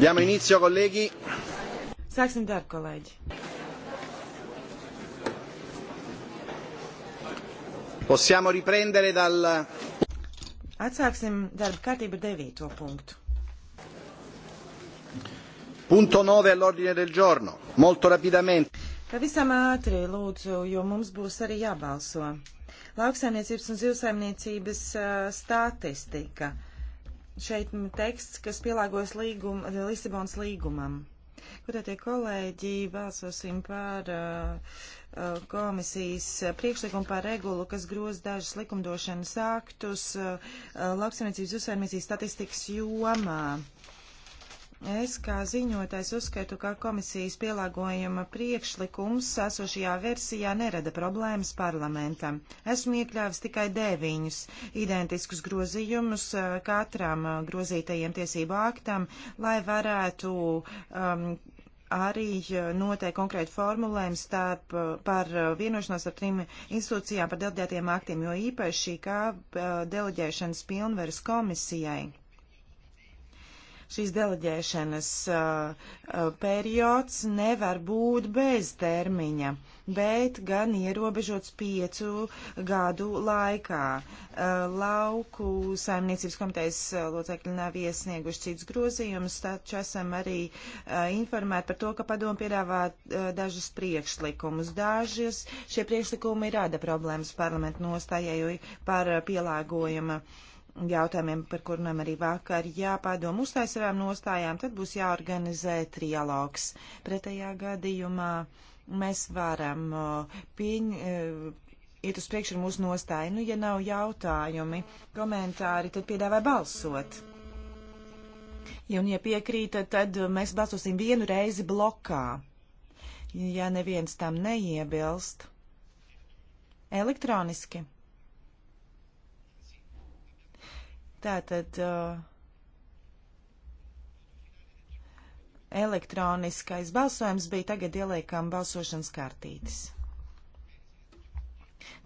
Diamo inizio, kolēģi. Sāksim darbu, kolēģi. Possiamo riprendere dal. Atsāksim darba kārtību devīto punktu. Punto 9 all'ordine del giorno, molto rapidamente. Pavisam ātri, lūdzu, jo mums būs arī jābalso. Lauksaimniecības un zivsaimniecības uh, statistika. Uh, šeit teksts, kas pielāgojas līguma, Lisabonas līgumam. Gudētie kolēģi, balsosim par uh, uh, komisijas priekšlikumu par regulu, kas groz dažas likumdošanas aktus uh, uh lauksaimniecības uzsvērmīcijas statistikas jomā. Uh, Es kā ziņotājs uzskatu, ka komisijas pielāgojuma priekšlikums esošajā versijā nerada problēmas parlamentam. Esmu iekļāvis tikai deviņus identiskus grozījumus eh, katram eh, grozītajiem tiesību aktam, lai varētu um, arī eh, noteikt konkrētu formulējumu starp, par vienošanos ar trim institūcijām par delegētiem aktiem, jo īpaši kā deleģēšanas pilnveres komisijai šīs deleģēšanas uh, uh, periods nevar būt bez termiņa, bet gan ierobežots piecu gadu laikā. Uh, lauku saimniecības komitejas uh, locekļi nav iesnieguši cits grozījums, taču esam arī uh, informēti par to, ka padomu piedāvā dažus priekšlikumus. Dažas šie priekšlikumi rada problēmas parlamentu nostājai par pielāgojuma uh, jautājumiem, par kuriem arī vakar jāpādomu uzstāj savām nostājām, tad būs jāorganizē trialogs. Pretējā gadījumā mēs varam pieņ, e, iet uz priekšu ar mūsu nostāju. Nu, ja nav jautājumi, komentāri, tad piedāvāju balsot. Ja un ja piekrīta, tad mēs balsosim vienu reizi blokā. Ja neviens tam neiebilst. Elektroniski. Tātad uh, elektroniskais balsojums bija tagad ieliekam balsošanas kartītes.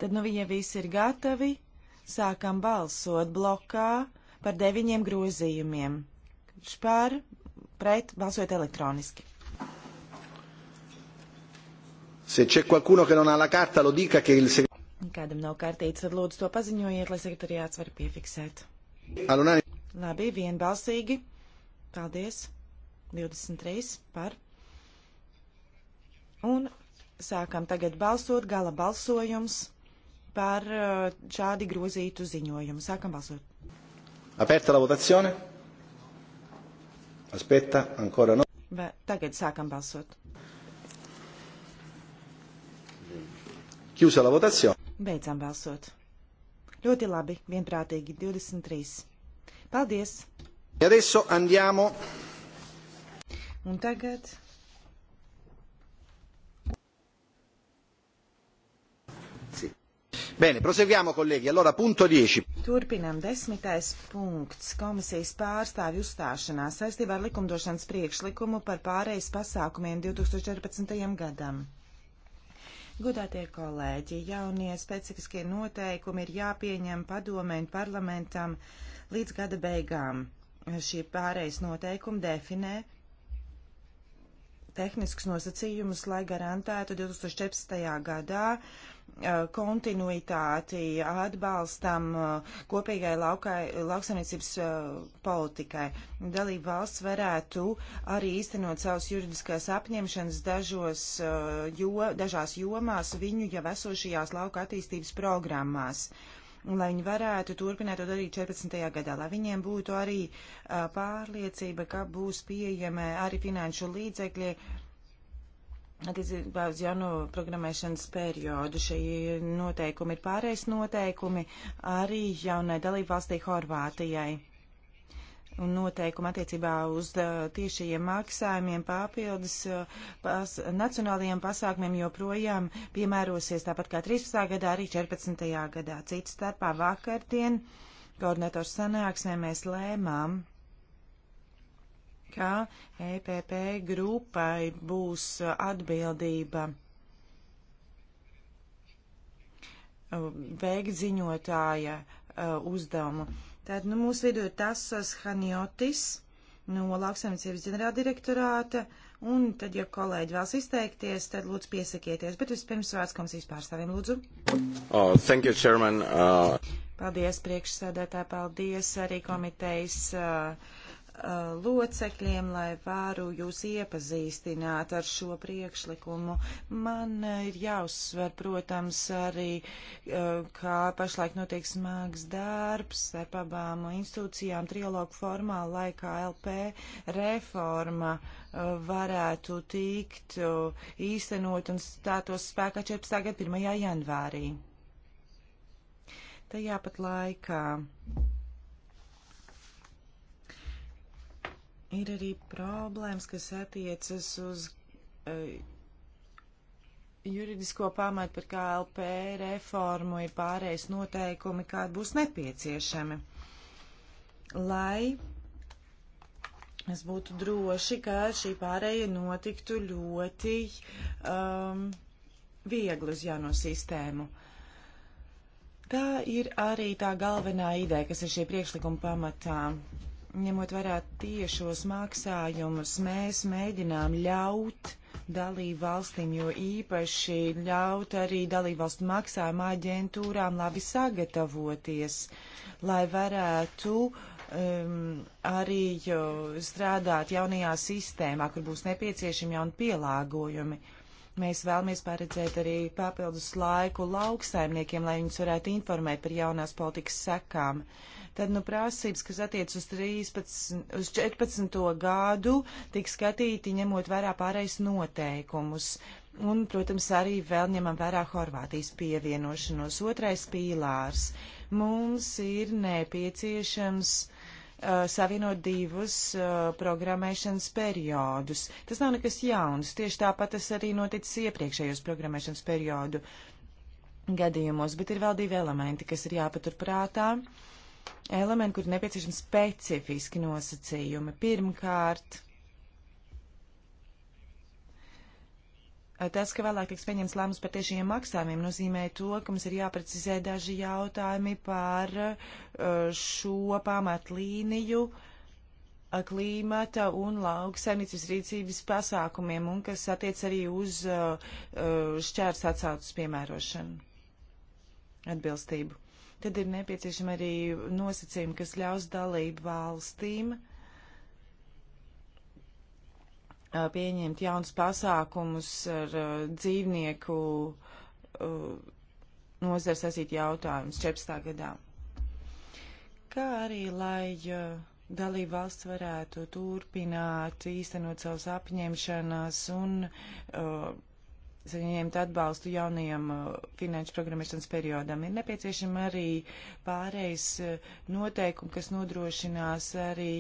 Tad nu viņi visi ir gatavi, sākam balsot blokā par deviņiem grozījumiem. Kurš pār, pret, balsojot elektroniski. Se c'è qualcuno che non ha la carta, lo dica che il Kādam nav kārtīts, tad lūdzu to paziņojiet, lai sekretariāts var piefiksēt. Labi, vienbalsīgi. Paldies. 23 par. Un sākam tagad balsot, gala balsojums par uh, šādi grozītu ziņojumu. Sākam balsot. Aperta la votazione. Aspetta, ancora no. Be, tagad sākam balsot. Chiusa la votazione. Beidzam balsot. Ļoti labi, vienprātīgi 23. Paldies! E adesso andiamo. Un tagad. Bene, proseguiamo colleghi. Allora, punto 10. Turpinam desmitais punkts komisijas pārstāvju uzstāšanās saistībā ar likumdošanas priekšlikumu par pārejas pasākumiem 2014. gadam. Godātie kolēģi, jaunie specifiskie noteikumi ir jāpieņem padomē un parlamentam līdz gada beigām. Šie pārējais noteikumi definē tehniskus nosacījumus, lai garantētu 2014. gadā Uh, kontinuitāti atbalstam uh, kopīgai laukai, lauksaimniecības uh, politikai. Dalība valsts varētu arī īstenot savus juridiskās apņemšanas dažos, jo, dažās jomās viņu jau esošajās lauka attīstības programmās. Un, lai viņi varētu turpināt to darīt 14. gadā, lai viņiem būtu arī uh, pārliecība, ka būs pieejama arī finanšu līdzekļi uh, Attiecībā uz jauno programmēšanas periodu šie noteikumi ir pārējais noteikumi arī jaunai dalībvalstī Horvātijai. Un noteikumi attiecībā uz tiešajiem maksājumiem papildus pas, nacionālajiem pasākumiem joprojām piemērosies tāpat kā 13. gadā, arī 14. gadā. Cits starpā vakardien koordinators sanāksmē mēs lēmām ka EPP grupai būs atbildība veikt ziņotāja uh, uzdevumu. Tātad nu, mūsu vidū ir Tasas uh, Haniotis no lauksaimniecības ģenerāldirektorāta, un tad, ja kolēģi vēlas izteikties, tad lūdzu piesakieties, bet vispirms vārds komisijas pārstāvim, lūdzu. Oh, thank you, Chairman. Uh... Paldies, priekšsēdētāji, paldies arī komitejas. Uh, Uh, locekļiem, lai varu jūs iepazīstināt ar šo priekšlikumu. Man uh, ir jāuzsver, protams, arī, uh, kā pašlaik notiek smags darbs ar abām institūcijām trilogu formā, lai kā LP reforma varētu tikt īstenot un stātos spēkā 14. gada 1. janvārī. Tajā pat laikā Ir arī problēmas, kas attiecas uz uh, juridisko pamatu par KLP reformu, ir pārējais noteikumi, kādi būs nepieciešami, lai es būtu droši, ka šī pārēja notiktu ļoti um, viegli uz jauno sistēmu. Tā ir arī tā galvenā ideja, kas ir šī priekšlikuma pamatā ņemot vērā tiešos maksājumus, mēs mēģinām ļaut dalību valstīm, jo īpaši ļaut arī dalību valstu maksājuma aģentūrām labi sagatavoties, lai varētu um, arī strādāt jaunajā sistēmā, kur būs nepieciešami jauni pielāgojumi. Mēs vēlamies paredzēt arī papildus laiku lauksaimniekiem, lai viņus varētu informēt par jaunās politikas sekām. Uh, Tad nu prasības, kas attiec uz, 13, uz 14. gadu, tiek skatīti ņemot vērā pārējais noteikumus. Un, protams, arī vēl ņemam vērā Horvātijas pievienošanos. Otrais pīlārs. Mums ir nepieciešams uh, savienot divus uh, programmēšanas periodus. Tas nav nekas jauns, tieši tāpat tas arī noticis iepriekšējos programmēšanas periodu gadījumos, bet ir vēl divi elementi, kas ir jāpatur prātā. Uh, elementi, kur nepieciešami specifiski nosacījumi. Pirmkārt, tas, ka vēlāk tiks pieņems lēmums par tiešajiem maksājumiem, nozīmē to, ka mums ir jāprecizē daži jautājumi par uh, šo pamatlīniju uh, klimata un lauksaimniecības rīcības pasākumiem, un kas attiec arī uz uh, šķērs atsaucas piemērošanu atbilstību. Tad ir nepieciešama arī nosacījumi, kas ļaus dalību valstīm pieņemt jaunus pasākumus ar dzīvnieku nozars esīt jautājumus 14. gadā. Kā arī, lai dalība valsts varētu turpināt īstenot savus apņemšanās un uh, saņemt atbalstu jaunajam uh, finanšu programmēšanas periodam. Ir nepieciešama arī pārējais uh, noteikumi, kas nodrošinās arī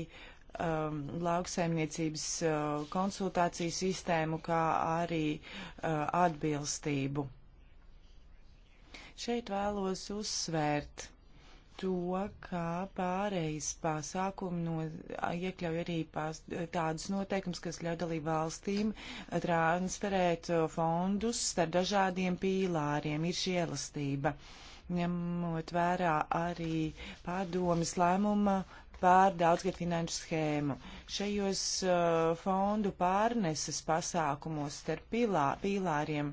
um, lauksaimniecības uh, konsultāciju sistēmu, kā arī uh, atbilstību. Šeit vēlos uzsvērt to, kā pārejas pasākumi no, iekļauj arī pās, tādus noteikums, kas ļauj dalību valstīm transferēt fondus starp dažādiem pīlāriem. Ir šī elastība, ņemot vērā arī pārdomas lēmuma pār daudzgad finanšu schēmu. Šajos uh, fondu pārneses pasākumos starp pīlā, pīlāriem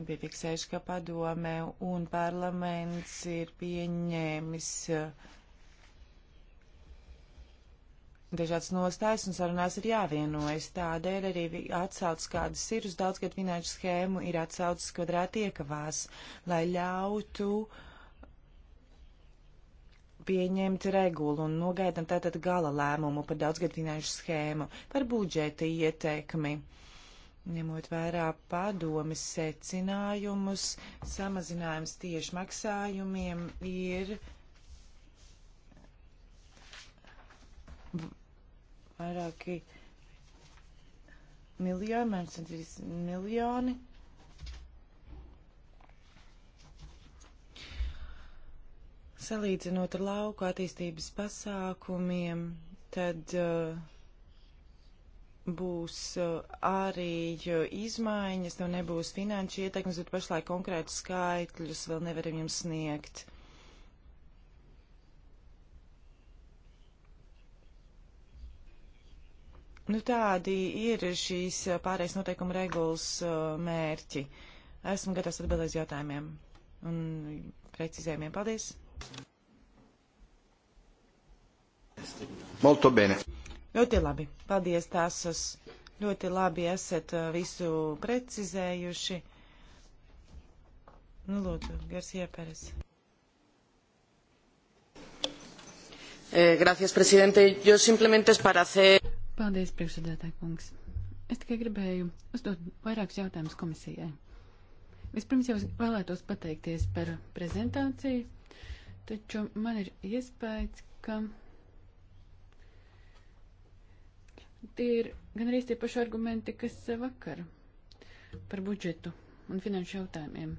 esam piefiksējuši, ka padome un parlaments ir pieņēmis uh, dažādas nostājas un sarunās ir jāvienojas. Tādēļ arī atsaucas, kādas ir uz daudzgad finanšu schēmu, ir atsaucas kvadrāti iekavās, lai ļautu pieņemt regulu un nogaidam tātad gala lēmumu par daudzgad finanšu schēmu, par budžeta ietekmi ņemot vērā padomis secinājumus, samazinājums tiešmaksājumiem ir vairāki miljoni, man centrīs miljoni. Salīdzinot ar lauku attīstības pasākumiem, tad uh, būs uh, arī uh, izmaiņas, tam nebūs finanšu ietekmes, bet pašlaik konkrētus skaitļus vēl nevaram jums sniegt. Nu, tādi ir šīs uh, pārējais noteikuma regulas mērķi. Esmu gatavs atbildēt jautājumiem un precizējumiem. Paldies! Molto bene. Ļoti labi. Paldies, Tāsos. Ļoti labi esat uh, visu precizējuši. Nu, lūdzu, Garcia Pérez. Eh, gracias, presidente. Yo simplemente es para hacer. Paldies, priekšsēdētāj kungs. Es tikai gribēju uzdot vairākus jautājumus komisijai. Vispirms jau vēlētos pateikties par prezentāciju, taču man ir iespējas, ka Tie ir gan arī tie paši argumenti, kas eh, vakar par budžetu un finanšu jautājumiem.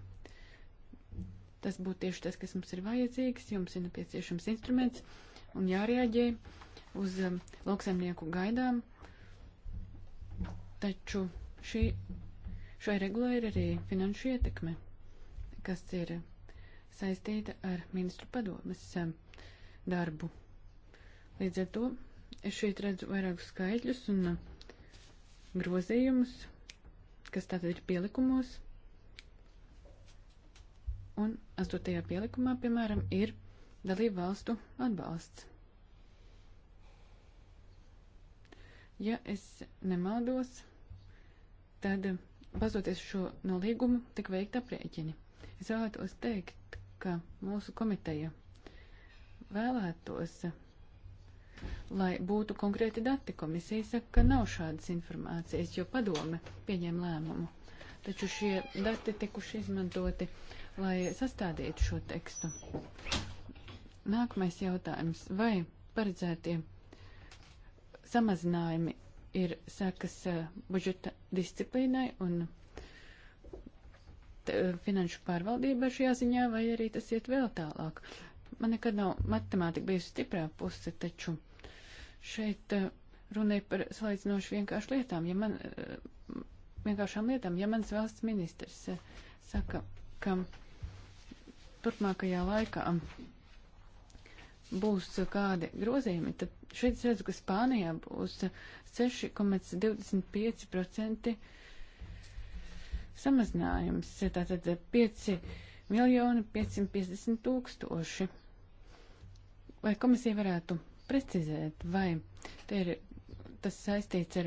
Tas būtu tieši tas, kas mums ir vajadzīgs. Jums ir nepieciešams instruments un jārēģē uz um, lauksaimnieku gaidām. Taču šī, šai regulai ir arī finanšu ietekme, kas ir saistīta ar ministru padomas um, eh, darbu. Līdz ar to Es šeit redzu vairākus skaitļus un uh, grozījumus, kas tātad ir pielikumos. Un 8. pielikumā, piemēram, ir dalību valstu atbalsts. Ja es nemaldos, tad uh, bazoties šo nolīgumu, tik veikt aprēķini. Es vēlētos teikt, ka mūsu komiteja vēlētos lai būtu konkrēti dati. Komisija saka, ka nav šādas informācijas, jo padome pieņem lēmumu. Taču šie dati tikuši izmantoti, lai sastādītu šo tekstu. Nākamais jautājums. Vai paredzētie samazinājumi ir sekas eh, budžeta disciplīnai un eh, finanšu pārvaldībai šajā ziņā, vai arī tas iet vēl tālāk? Man nekad nav matemātika bijusi stiprā puse, taču šeit eh, runai par salīdzinoši vienkāršu lietām. Ja man, eh, vienkāršām lietām, ja mans valsts ministrs eh, saka, ka turpmākajā laikā būs kādi grozījumi, tad šeit es redzu, ka Spānijā būs 6,25% samazinājums, tātad 5 miljoni 550 tūkstoši. Vai komisija varētu precizēt, vai te ir tas saistīts ar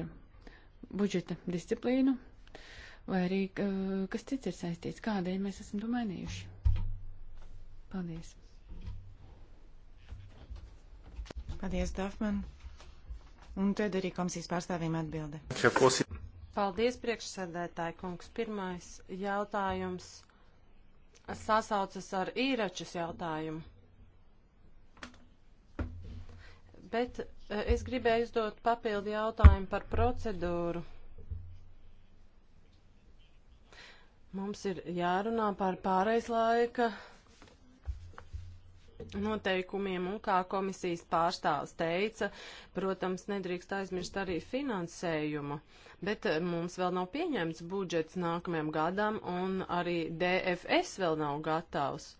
budžeta disciplīnu, vai arī kas cits ir saistīts, kādēļ mēs esam to mainījuši. Paldies! Paldies, Dafman! Un tad arī komisijas pārstāvīm atbilde. Paldies, priekšsēdētāji kungs. Pirmais jautājums sasaucas ar īračas jautājumu. bet eh, es gribēju uzdot papildu jautājumu par procedūru. Mums ir jārunā par pāreiz laika noteikumiem, un kā komisijas pārstāvs teica, protams, nedrīkst aizmirst arī finansējumu, bet eh, mums vēl nav pieņemts budžets nākamajam gadam, un arī DFS vēl nav gatavs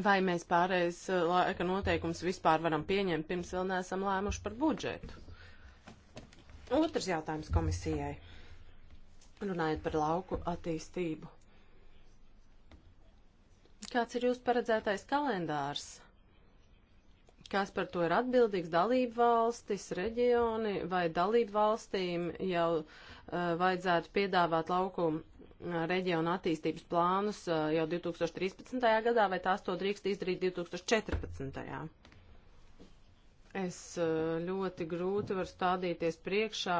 vai mēs pārējais uh, laika noteikums vispār varam pieņemt, pirms vēl neesam lēmuši par budžetu. Otrs jautājums komisijai. Runājot par lauku attīstību. Kāds ir jūsu paredzētais kalendārs? Kas par to ir atbildīgs? Dalību valstis, reģioni vai dalību valstīm jau uh, vajadzētu piedāvāt laukumu reģiona attīstības plānus jau 2013. gadā, vai tās to drīkst izdarīt 2014. Es ļoti grūti varu stādīties priekšā,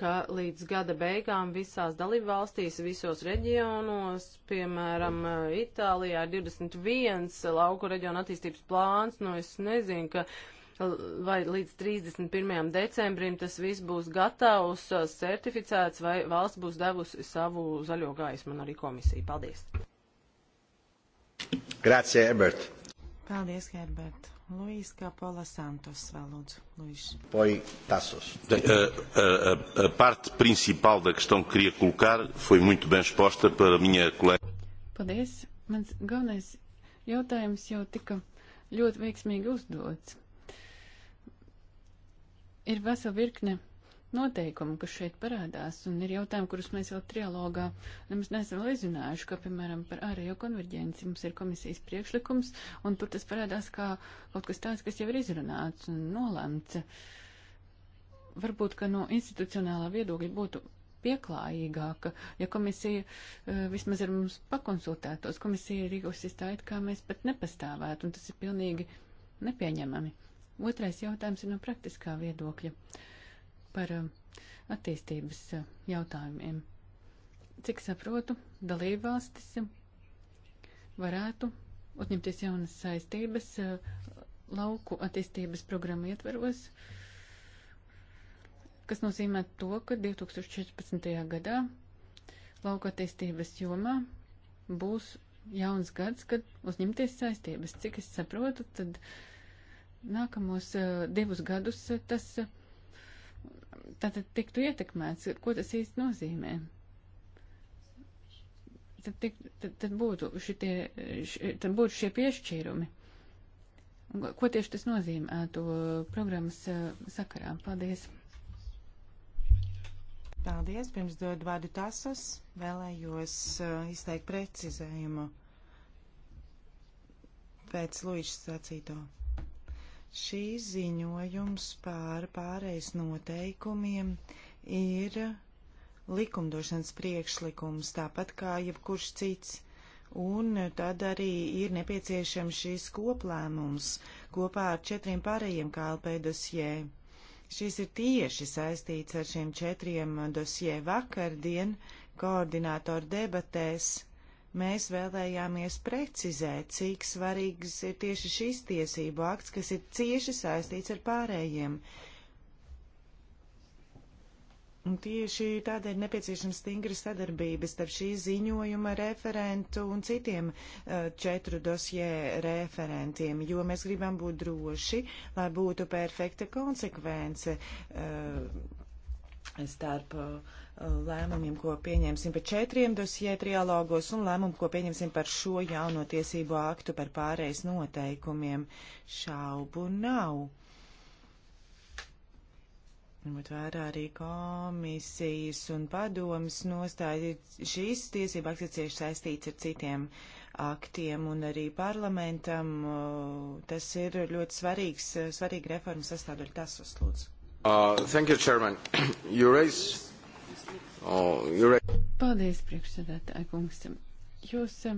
ka līdz gada beigām visās dalībvalstīs, visos reģionos, piemēram, Itālijā ir 21 lauku reģiona attīstības plāns, nu es nezinu, ka uh, vai līdz 31. decembrim tas viss būs gatavs, uh, certificēts, vai valsts būs devusi savu zaļo gaismu un arī komisiju. Paldies! Grazie, Herbert! Paldies, Herbert! Luis Capola Santos, vēl lūdzu. Luis. Poi Tassos. A, a, a parte principal da questão que queria colocar foi muito bem exposta para a minha colega. Paldies. Mans galvenais jautājums jau tika ļoti veiksmīgi uzdots ir vesela virkne noteikumu, kas šeit parādās, un ir jautājumi, kurus mēs vēl trialogā nemaz neesam aizinājuši, ka, piemēram, par ārējo konverģenci mums ir komisijas priekšlikums, un tur tas parādās kā kaut kas tāds, kas jau ir izrunāts un nolemts. Varbūt, ka no institucionālā viedokļa būtu pieklājīgāka, ja komisija uh, vismaz ar mums pakonsultētos. Komisija rīkosies tā, it kā mēs pat nepastāvētu, un tas ir pilnīgi nepieņemami. Otrais jautājums ir no praktiskā viedokļa par um, attīstības uh, jautājumiem. Cik saprotu, dalībvalstis varētu uzņemties jaunas saistības uh, lauku attīstības programmu ietveros, kas nozīmē to, ka 2014. gadā lauka attīstības jomā būs jauns gads, kad uzņemties saistības. Cik es saprotu, tad uh, nākamos eh, divus gadus eh, tas eh, tātad tiktu ietekmēts, ko tas īsti nozīmē. Tad, tik, tad, tad, būtu šitie, š, tad būtu šie piešķīrumi. Ko tieši tas nozīmē to programmas sakarā? Paldies! Paldies! Pirms dod vārdu tasas, vēlējos izteikt precizējumu pēc Luīšas sacīto. Šī ziņojums pār pārejas noteikumiem ir likumdošanas priekšlikums, tāpat kā jebkurš cits. Un tad arī ir nepieciešams šīs koplēmums kopā ar četriem pārējiem KLP dosjē. Šis ir tieši saistīts ar šiem četriem dosjē vakardien koordinātoru debatēs Mēs vēlējāmies precizēt, cik svarīgs ir tieši šis tiesību akts, kas ir cieši saistīts ar pārējiem. Un tieši tādēļ nepieciešama stingra sadarbība starp šī ziņojuma referentu un citiem uh, četru dosjē referentiem, jo mēs gribam būt droši, lai būtu perfekta konsekvence uh, starp uh, uh, lēmumiem, ko pieņemsim par četriem dosijai trialogos un lēmumu, ko pieņemsim par šo jauno tiesību aktu par pārējais noteikumiem. Šaubu nav. Ņemot vērā arī komisijas un padomas nostāja, šīs tiesība akts ir cieši saistīts ar citiem aktiem un arī parlamentam. Uh, tas ir ļoti svarīgs, svarīga reforma sastāvdaļa tas uzlūdzu. Uh, thank you, Chairman. You raise... Oh, you raise... Paldies, priekšsēdētāji kungs. Jūs uh,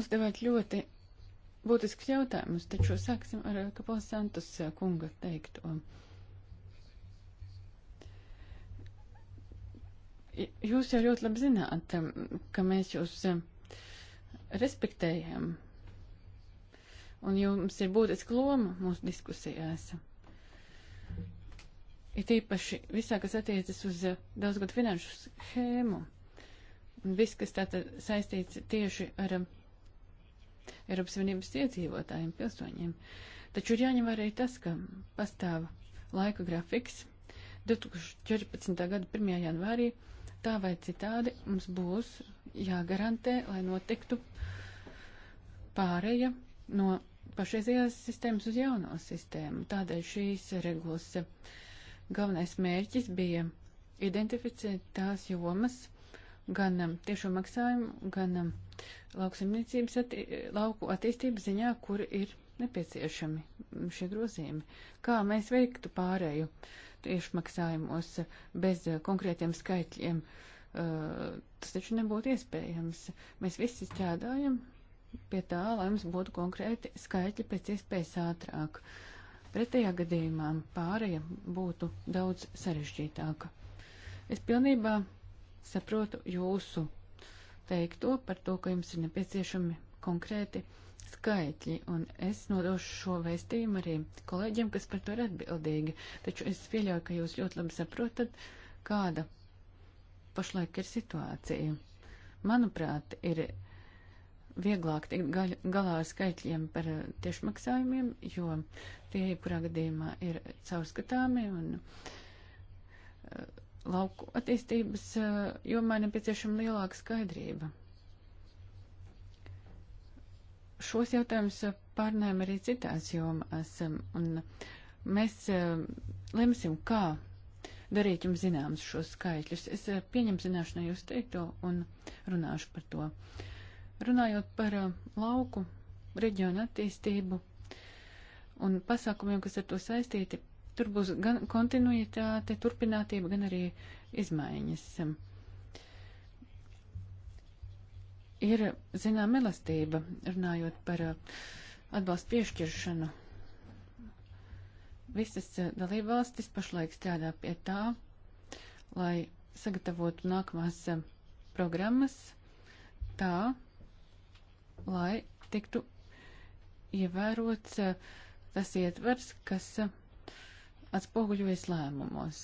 uzdevāt ļoti būtisks jautājumus, taču sāksim ar uh, Kapels Santos uh, kunga teikto. Jūs jau ļoti labi zināt, um, ka mēs jūs um, respektējam, un jums ir būtiska loma mūsu diskusijās. It īpaši visā, kas attiecas uz eh, daudzgadu finanšu schēmu. Un viss, kas tātad saistīts tieši ar um, Eiropas Savienības iedzīvotājiem, pilsoņiem. Taču ir jāņem arī tas, ka pastāv laika grafiks. 2014. gada 1. janvārī tā vai citādi mums būs jāgarantē, lai notiktu pāreja no pašreizējās sistēmas uz jauno sistēmu. Tādēļ šīs regulas eh, Galvenais mērķis bija identificēt tās jomas, gan um, tiešo maksājumu, gan um, lauksimniecības, atti lauku attīstības ziņā, kur ir nepieciešami um, šie grozījumi. Kā mēs veiktu pārēju tieši maksājumos uh, bez uh, konkrētiem skaitļiem? Uh, tas taču nebūtu iespējams. Mēs visi strādājam pie tā, lai mums būtu konkrēti skaitļi pēc iespējas ātrāk. Uh, Pretējā gadījumā pārēja būtu daudz sarežģītāka. Es pilnībā saprotu jūsu teikto par to, ka jums ir nepieciešami konkrēti skaitļi, un es nodošu šo vēstījumu arī kolēģiem, kas par to ir atbildīgi. Taču es pieļauju, ka jūs ļoti labi saprotat, kāda pašlaik ir situācija. Manuprāt, ir vieglāk tikt gaļ, galā ar skaitļiem par eh, tiešmaksājumiem, jo tie, kurā gadījumā ir caurskatāmi un eh, lauku attīstības eh, jomā nepieciešama lielāka skaidrība. Šos jautājumus pārnēm arī citās jomās, un mēs lemsim, kā darīt jums zināmas šos skaitļus. Es pieņemu zināšanai jūs teikto un runāšu par to. Uh, Runājot par uh, lauku reģionu attīstību un pasākumiem, kas ar to saistīti, tur būs gan kontinuitāte, turpinātība, gan arī izmaiņas. Ir zinām elastība, runājot par uh, atbalstu piešķiršanu. Visas uh, dalībvalstis pašlaik strādā pie tā, lai sagatavotu nākamās programmas tā, lai tiktu ievērots eh, tas ietvers, kas eh, atspoguļojas lēmumos.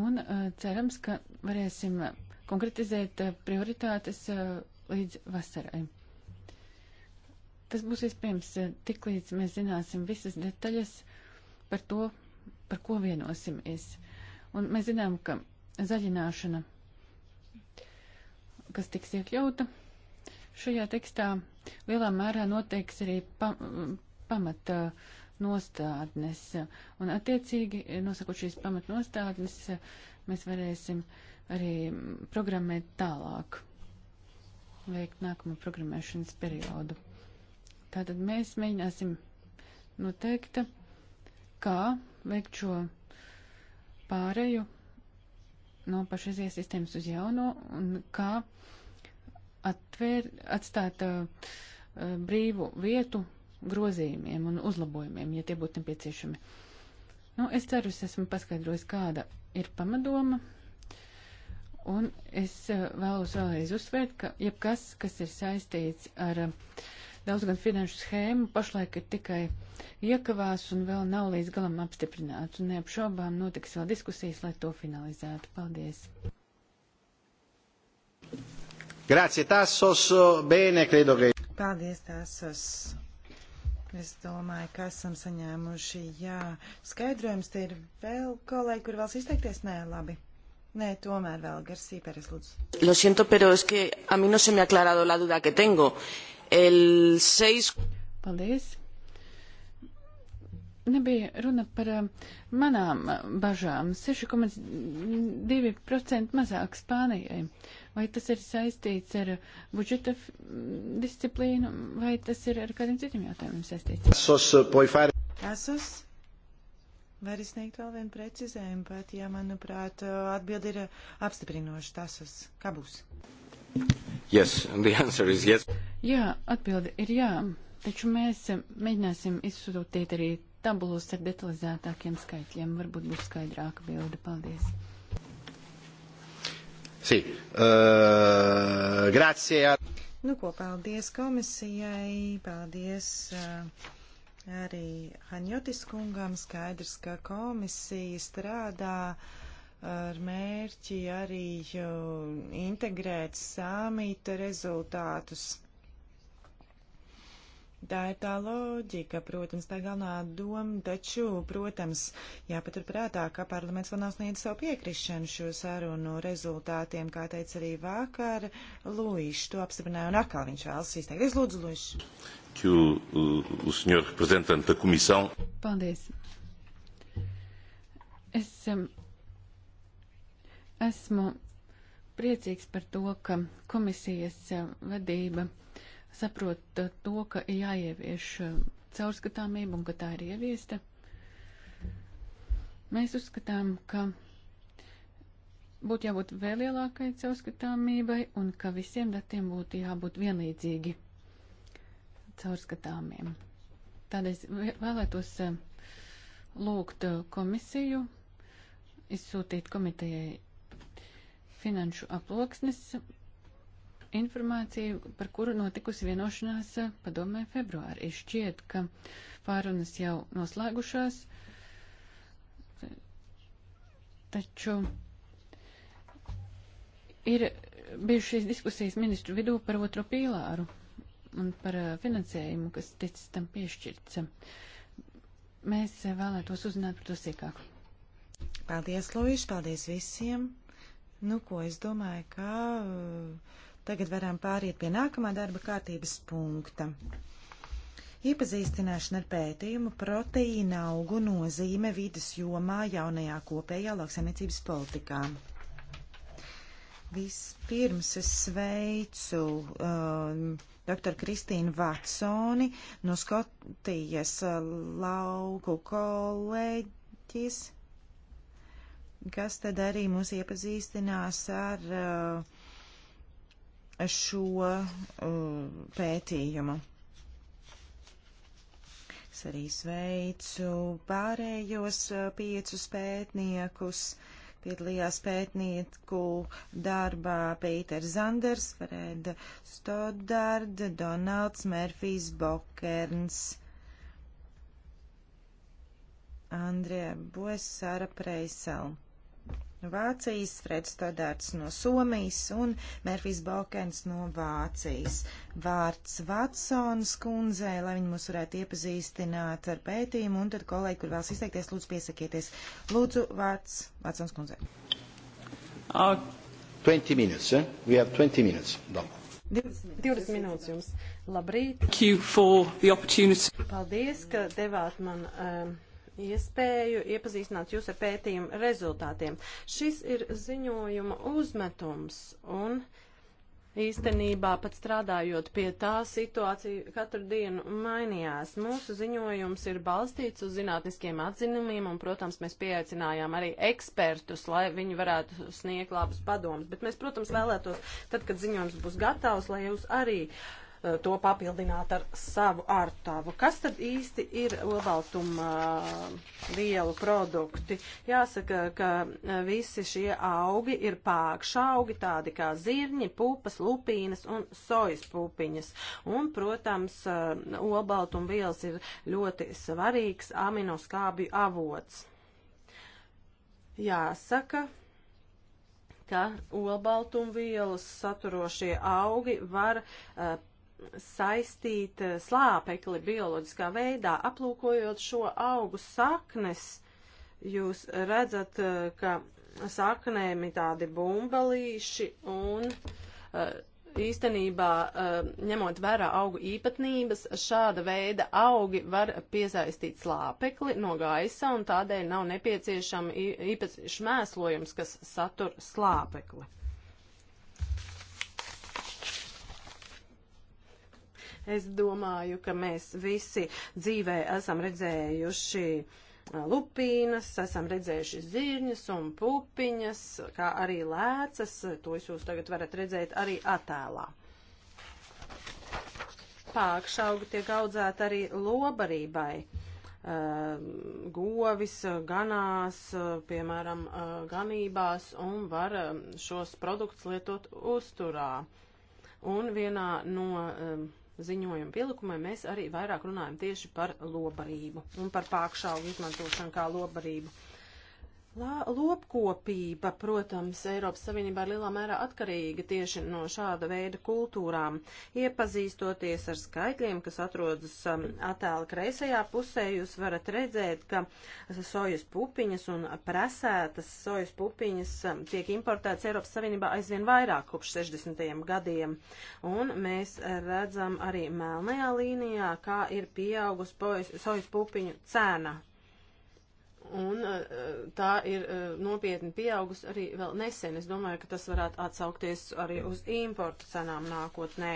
Un eh, cerams, ka varēsim konkretizēt prioritātes līdz vasarai. Tas būs iespējams tik līdz mēs zināsim visas detaļas par to, par ko vienosimies. Un mēs zinām, ka zaļināšana kas tiks iekļauta šajā tekstā, lielā mērā noteiks arī pa, pamata nostādnes. Un attiecīgi, nosakot šīs pamata nostādnes, mēs varēsim arī programmēt tālāk, veikt nākamo programmēšanas periodu. Tātad mēs mēģināsim noteikt, kā veikt šo pāreju no pašreizies sistēmas uz jauno un kā atvēr, atstāt uh, uh, brīvu vietu grozījumiem un uzlabojumiem, ja tie būtu nepieciešami. Nu, es ceru, es esmu paskaidrojis, kāda ir pamadoma. Un es uh, vēlos vēlreiz uzsvērt, ka jebkas, kas ir saistīts ar uh, daudz gan finanšu schēmu pašlaik ir tikai iekavās un vēl nav līdz galam apstiprināts. Un neapšaubām notiks vēl diskusijas, lai to finalizētu. Paldies! Grazie, Tassos. Bene, credo che. Paldies, Tassos. Es domāju, ka esam saņēmuši, jā, skaidrojums. Te ir vēl kolēģi, kur vēlas izteikties? Nē, labi. Nē, tomēr vēl Garsī Pēres, lūdzu. Lo siento, pero es que a mí no se me ha aclarado la duda que tengo el 6. Paldies. Nebija runa par um, manām bažām. 6,2% mazāk Spānijai. Vai tas ir saistīts ar budžeta disciplīnu, vai tas ir ar kādiem citiem jautājumiem saistīts? Asos, uh, var izsniegt vēl vienu precizējumu, bet, ja manuprāt, uh, atbildi ir uh, apstiprinoši tas, kas būs. Yes, the answer is yes. Jā, atbilde ir jā, taču mēs mēģināsim izsūtīt arī tabulos ar detalizētākiem skaitļiem. Varbūt būs skaidrāka bilde. Paldies. Sī. Uh, grazie. Nu, ko paldies komisijai, paldies uh, arī Haņotis kungam. Skaidrs, ka komisija strādā. Uh, ar mērķi arī integrēt samīta rezultātus. Tā ir tā loģika, protams, tā galvenā doma, taču, protams, jāpaturprātā, ka parlaments vēl nav sniedzis savu piekrišanu šo sarunu rezultātiem, kā teica arī vakar Lūīšs, to apstiprināja, un atkal viņš vēlas izteikties. Lūdzu, Lūīšs. Paldies. Es um, Esmu priecīgs par to, ka komisijas e, vadība saprot to, ka jāievieš e, caurskatāmība un ka tā ir ieviesta. Mēs uzskatām, ka būtu jābūt vēl lielākai caurskatāmībai un ka visiem datiem būtu jābūt vienlīdzīgi caurskatāmiem. Tādēļ vēlētos e, lūgt komisiju izsūtīt komitejai finanšu aploksnes informāciju, par kuru notikusi vienošanās padomē februārī. Šķiet, ka pārunas jau noslēgušās, taču ir bijušas diskusijas ministru vidū par otro pīlāru un par finansējumu, kas ticis tam piešķirts. Mēs vēlētos uzzināt par to sīkāk. Paldies, Lūīši, paldies visiem! Nu, ko es domāju, ka uh, tagad varam pāriet pie nākamā darba kārtības punkta. Iepazīstināšana ar pētījumu proteīna augu nozīme vidas jomā jaunajā kopējā lauksaimniecības politikā. Vispirms es sveicu um, dr. Kristīnu Vatsoni no Skotijas uh, lauku kolēģis kas tad arī mūs iepazīstinās ar uh, šo uh, pētījumu. Es arī sveicu pārējos uh, piecus pētniekus. Piedalījās pētnieku darbā Pīters Zanders, Freda Stodarda, Donalds Merfijs Bokerns. Andrija Boesara Preisela no Vācijas, Freds Stodārds no Somijas un Mērfijs Balkens no Vācijas. Vārds Vatsons kundzei, lai viņi mūs varētu iepazīstināt ar pētījumu, un tad kolēģi, kur vēlas izteikties, lūdzu piesakieties. Lūdzu, vārds Vatsons kundzei. Uh, ah, 20 minutes, eh? We have 20 minutes. Done. 20 minūtes jums. Labrīt. Paldies, ka devāt man um, iespēju iepazīstināt jūs ar pētījumu rezultātiem. Šis ir ziņojuma uzmetums un īstenībā pat strādājot pie tā situācija katru dienu mainījās. Mūsu ziņojums ir balstīts uz zinātniskiem atzinumiem un, protams, mēs pieaicinājām arī ekspertus, lai viņi varētu sniegt labus padomus. Bet mēs, protams, vēlētos, tad, kad ziņojums būs gatavs, lai jūs arī uh, Uh, to papildināt ar savu ārtavu. Kas tad īsti ir olbaltuma vielu uh, produkti? Jāsaka, ka uh, visi šie augi ir pākšaugi, tādi kā zirņi, pupas, lupīnas un sojas pupiņas. Un, protams, olbaltuma vielas ir ļoti svarīgs aminoskābju avots. Jāsaka, ka olbaltumvielas saturošie augi var uh, saistīt eh, slāpekli bioloģiskā veidā, aplūkojot šo augu saknes, jūs redzat, eh, ka saknēm ir tādi bumbelīši un eh, īstenībā, ņemot vērā augu īpatnības, šāda veida augi var piesaistīt slāpekli no gaisa un tādēļ nav nepieciešama īpašs mēslojums, kas satur slāpekli. Es domāju, ka mēs visi dzīvē esam redzējuši lupīnas, esam redzējuši zirņas un pupiņas, kā arī lēcas. To jūs tagad varat redzēt arī attēlā. Pākšaugi tiek audzēti arī lobarībai. Govis ganās, piemēram, ganībās un var šos produktus lietot uzturā. Un vienā no um, ziņojuma pielikumai mēs arī vairāk runājam tieši par lobarību un par pākšaugu izmantošanu kā lobarību. Lā, lopkopība, protams, Eiropas Savienībā ir lielā mērā atkarīga tieši no šāda veida kultūrām. Iepazīstoties ar skaitļiem, kas atrodas um, attēla kreisajā pusē, jūs varat redzēt, ka sojas pupiņas un presētas sojas pupiņas um, tiek importētas Eiropas Savienībā aizvien vairāk kopš 60. gadiem. Un mēs redzam arī melnajā līnijā, kā ir pieaugus sojas pupiņu cena Un eh, tā ir eh, nopietni pieaugusi arī vēl nesen. Es domāju, ka tas varētu atsaukties arī uz importu cenām nākotnē.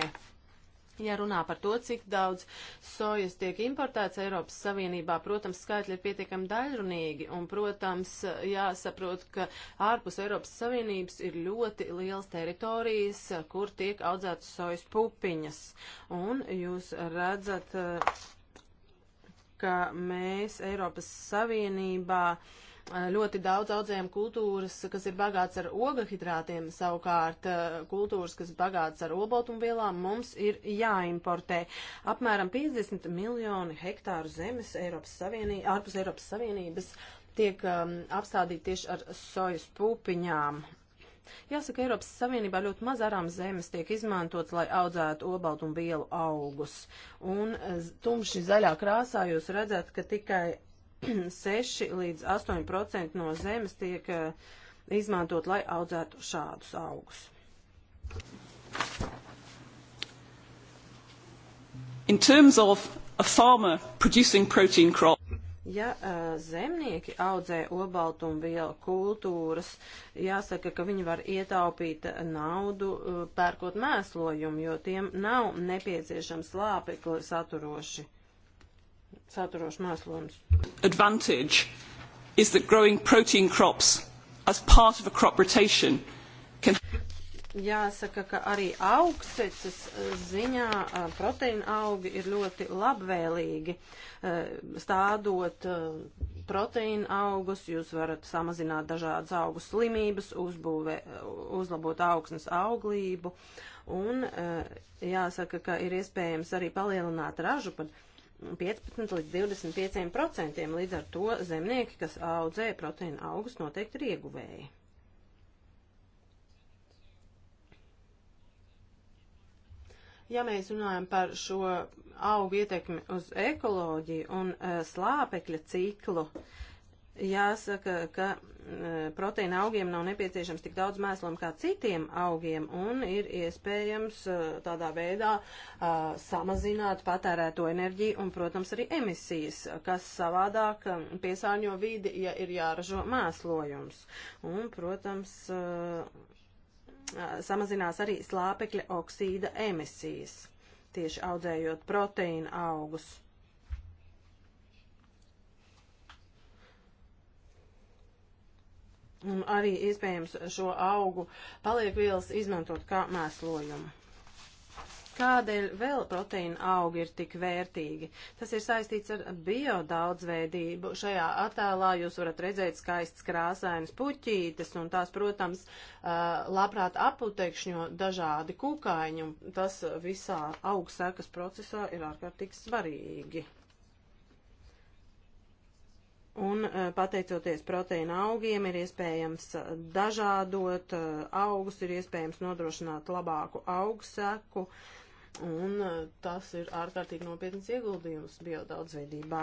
Ja runā par to, cik daudz sojas tiek importēts Eiropas Savienībā, protams, skaitļi ir pietiekami daļrunīgi, un, protams, jāsaprot, ka ārpus Eiropas Savienības ir ļoti liels teritorijas, kur tiek audzētas sojas pupiņas. Un jūs redzat eh, ka mēs Eiropas Savienībā eh, ļoti daudz audzējam kultūras, kas ir bagāts ar ogahidrātiem, savukārt eh, kultūras, kas bagāts ar olbaltumvielām, mums ir jāimportē. Apmēram 50 miljoni hektāru zemes Eiropas Savienī, ārpus Eiropas Savienības tiek um, apstādīti tieši ar sojas pupiņām. Jāsaka, Eiropas Savienībā ļoti maz arāmas zemes tiek izmantots, lai audzētu obaltumvielu augus. Un e, tumši zaļā krāsā jūs redzat, ka tikai 6 līdz 8% no zemes tiek e, izmantot, lai audzētu šādus augus. In terms of a farmer producing protein crop, Ja uh, zemnieki audzē obaltumvielu kultūras, jāsaka, ka viņi var ietaupīt naudu uh, pērkot mēslojumu, jo tiem nav nepieciešams lāpekli saturoši, saturoši mēslojums. Advantage is that growing protein crops as part of a crop rotation can Jāsaka, ka arī augstsecas eh, ziņā eh, proteīna augi ir ļoti labvēlīgi. Eh, stādot proteīna augus, jūs varat samazināt dažādas augu slimības, uzbūvē, uzlabot augsnes auglību. Un jāsaka, ka ir iespējams arī palielināt ražu par 15 līdz 25 procentiem. Līdz ar to zemnieki, kas audzē proteīna augus, noteikti ir ieguvēji. Ja mēs runājam par šo augu ietekmi uz ekoloģiju un uh, slāpekļa ciklu, jāsaka, ka uh, proteīna augiem nav nepieciešams tik daudz mēslam kā citiem augiem un ir iespējams uh, tādā veidā uh, samazināt patērēto enerģiju un, protams, arī emisijas, kas savādāk piesārņo vidi, ja ir jāražo mēslojums. Un, protams, uh, samazinās arī slāpekļa oksīda emisijas, tieši audzējot proteīna augus. Un arī iespējams šo augu paliekvielas izmantot kā mēslojumu. Kādēļ vēl proteīna augi ir tik vērtīgi? Tas ir saistīts ar biodaudzveidību. Šajā attēlā jūs varat redzēt skaistas krāsainas puķītes, un tās, protams, labprāt aputekšņo dažādi kukaiņi, un tas visā augstsekas procesā ir ārkārtīgi svarīgi. Un pateicoties proteīna augiem, ir iespējams dažādot augus, ir iespējams nodrošināt labāku augseku. Uh, Un e, tas ir ārkārtīgi nopietns ieguldījums biodaudzveidībā.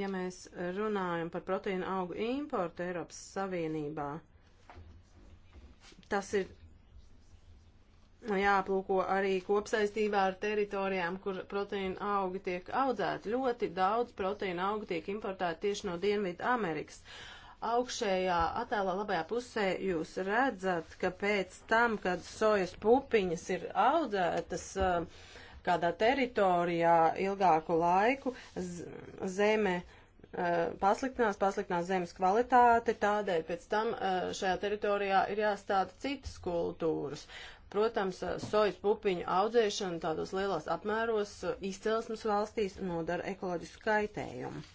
Ja mēs runājam par proteīna augu importu Eiropas Savienībā, tas ir jāaplūko arī kopsaistībā ar teritorijām, kur proteīna augi tiek audzēti. Ļoti daudz proteīna augu tiek importēti tieši no Dienvidu Amerikas. Uh, augšējā attēlā labajā pusē jūs redzat, ka pēc tam, kad sojas pupiņas ir audzētas eh, kādā teritorijā ilgāku laiku, zeme eh, pasliktinās, pasliktinās zemes kvalitāte, tādēļ pēc tam eh, šajā teritorijā ir jāstāda citas kultūras. Protams, sojas pupiņu audzēšana tādos lielos apmēros izcelsmes valstīs nodara ekoloģisku kaitējumu.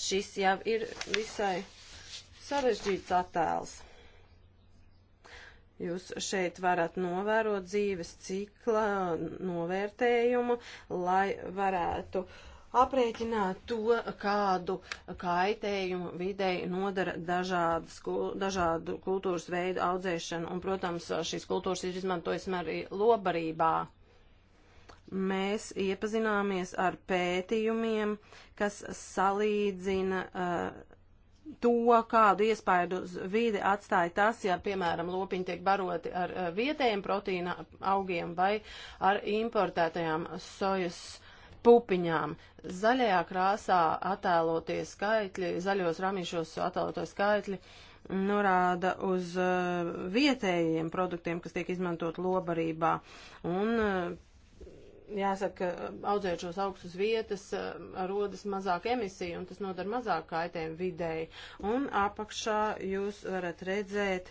Šis jau ir visai sarežģīts attēls. Jūs šeit varat novērot dzīves cikla novērtējumu, lai varētu aprēķināt to, kādu kaitējumu videi nodara dažādas, dažādu kultūras veidu audzēšana. Un, protams, šīs kultūras ir izmantojis arī lobarībā mēs iepazināmies ar pētījumiem, kas salīdzina uh, to, kādu iespaidu uz vidi atstāja tas, ja, piemēram, lopiņi tiek baroti ar uh, vietējiem proteīna augiem vai ar importētajām sojas pupiņām. Zaļajā krāsā attēlotie skaitļi, zaļos ramīšos attēlotie skaitļi norāda uz uh, vietējiem produktiem, kas tiek izmantot lobarībā. Un uh, jāsaka, audzējot šos augstus vietas, eh, rodas mazāk emisiju un tas nodara mazāk kaitējumu videi. Un apakšā jūs varat redzēt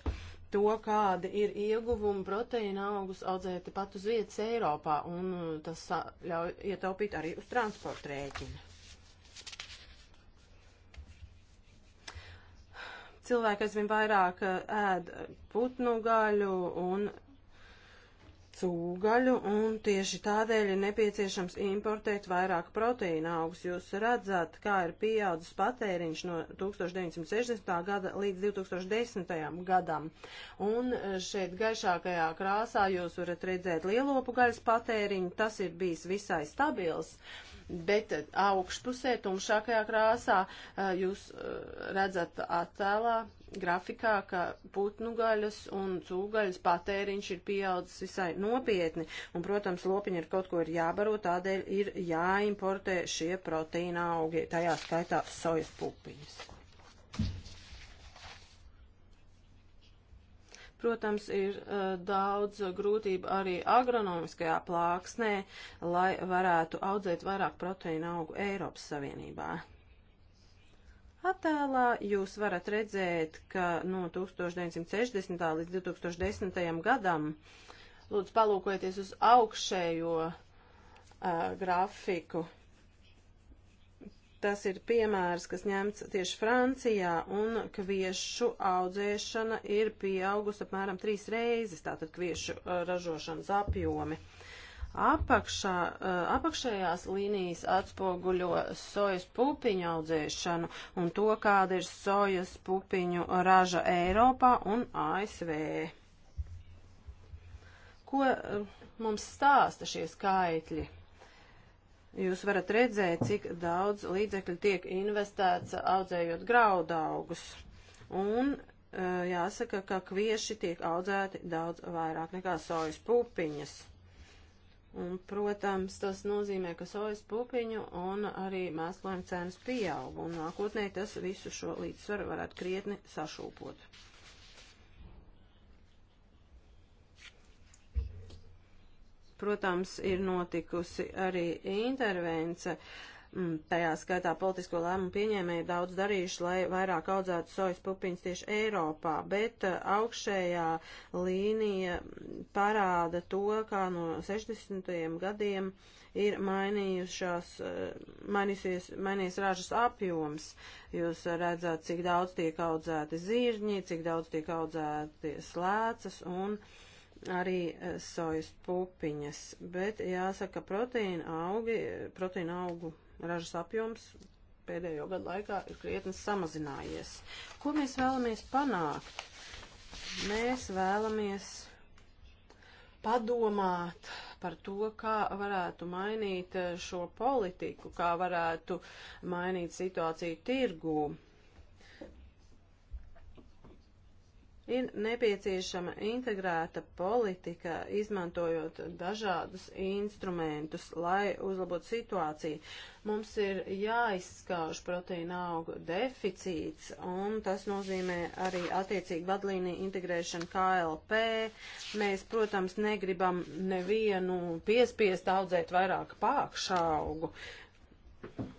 to, kādi ir ieguvumi proteīna augus audzēt pat uz vietas Eiropā, un eh, tas ļauj ietaupīt arī uz transporta rēķina. Cilvēki aizvien vairāk eh, ēd putnu gaļu un cūgaļu, un tieši tādēļ ir nepieciešams importēt vairāk proteīna augus. Jūs redzat, kā ir pieaudzis patēriņš no 1960. gada līdz 2010. gadam. Un e, šeit gaišākajā krāsā jūs varat redzēt lielopu gaļas patēriņu, tas ir bijis visai stabils. Bet e, augšpusē, tumšākajā krāsā, e, jūs redzat attēlā, grafikā, ka putnu gaļas un cūgaļas patēriņš ir pieaudzis visai nopietni, un, protams, lopiņi ir kaut ko ir jābaro, tādēļ ir jāimportē šie proteīna augi, tajā skaitā sojas pupiņas. Protams, ir uh, daudz grūtību arī agronomiskajā plāksnē, lai varētu audzēt vairāk proteīna augu Eiropas Savienībā. Attēlā jūs varat redzēt, ka no 1960. līdz 2010. gadam, lūdzu, palūkojieties uz augšējo uh, grafiku. Tas ir piemērs, kas ņemts tieši Francijā, un kviešu audzēšana ir pieaugusi apmēram trīs reizes, tātad kviešu uh, ražošanas apjomi apakšā, eh, apakšējās līnijas atspoguļo sojas pupiņu audzēšanu un to, kāda ir sojas pupiņu raža Eiropā un ASV. Ko eh, mums stāsta šie skaitļi? Jūs varat redzēt, cik daudz līdzekļu tiek investēts eh, audzējot graudaugus. Un jāsaka, ka kvieši tiek audzēti daudz vairāk nekā sojas pupiņas. Un, protams, tas nozīmē, ka sojas pupiņu un arī mēslojuma cenas pieaug, un nākotnē tas visu šo līdzsvaru varētu krietni sašūpot. Protams, ir notikusi arī intervence Mm, tajā skaitā politisko lēmumu pieņēmēji daudz darījuši, lai vairāk audzētu sojas pupiņas tieši Eiropā, bet uh, augšējā līnija parāda to, kā no 60. gadiem ir mainījušās, uh, mainīsies, mainījies ražas apjoms. Jūs redzat, cik daudz tiek audzēti zirņi, cik daudz tiek audzēti slēcas un arī uh, sojas pupiņas, bet jāsaka, proteīna augi, proteīna augu Ražas apjoms pēdējo gadu laikā ir krietni samazinājies. Ko mēs vēlamies panākt? Mēs vēlamies padomāt par to, kā varētu mainīt eh, šo politiku, kā varētu mainīt situāciju tirgū. Ir nepieciešama integrēta politika, izmantojot dažādus instrumentus, lai uzlabotu situāciju. Mums ir jāizskauž proteīna augu deficīts, un tas nozīmē arī attiecīgi vadlīniju integrēšanu KLP. Mēs, protams, negribam nevienu piespiest audzēt vairāk pākšaugu. Thank you.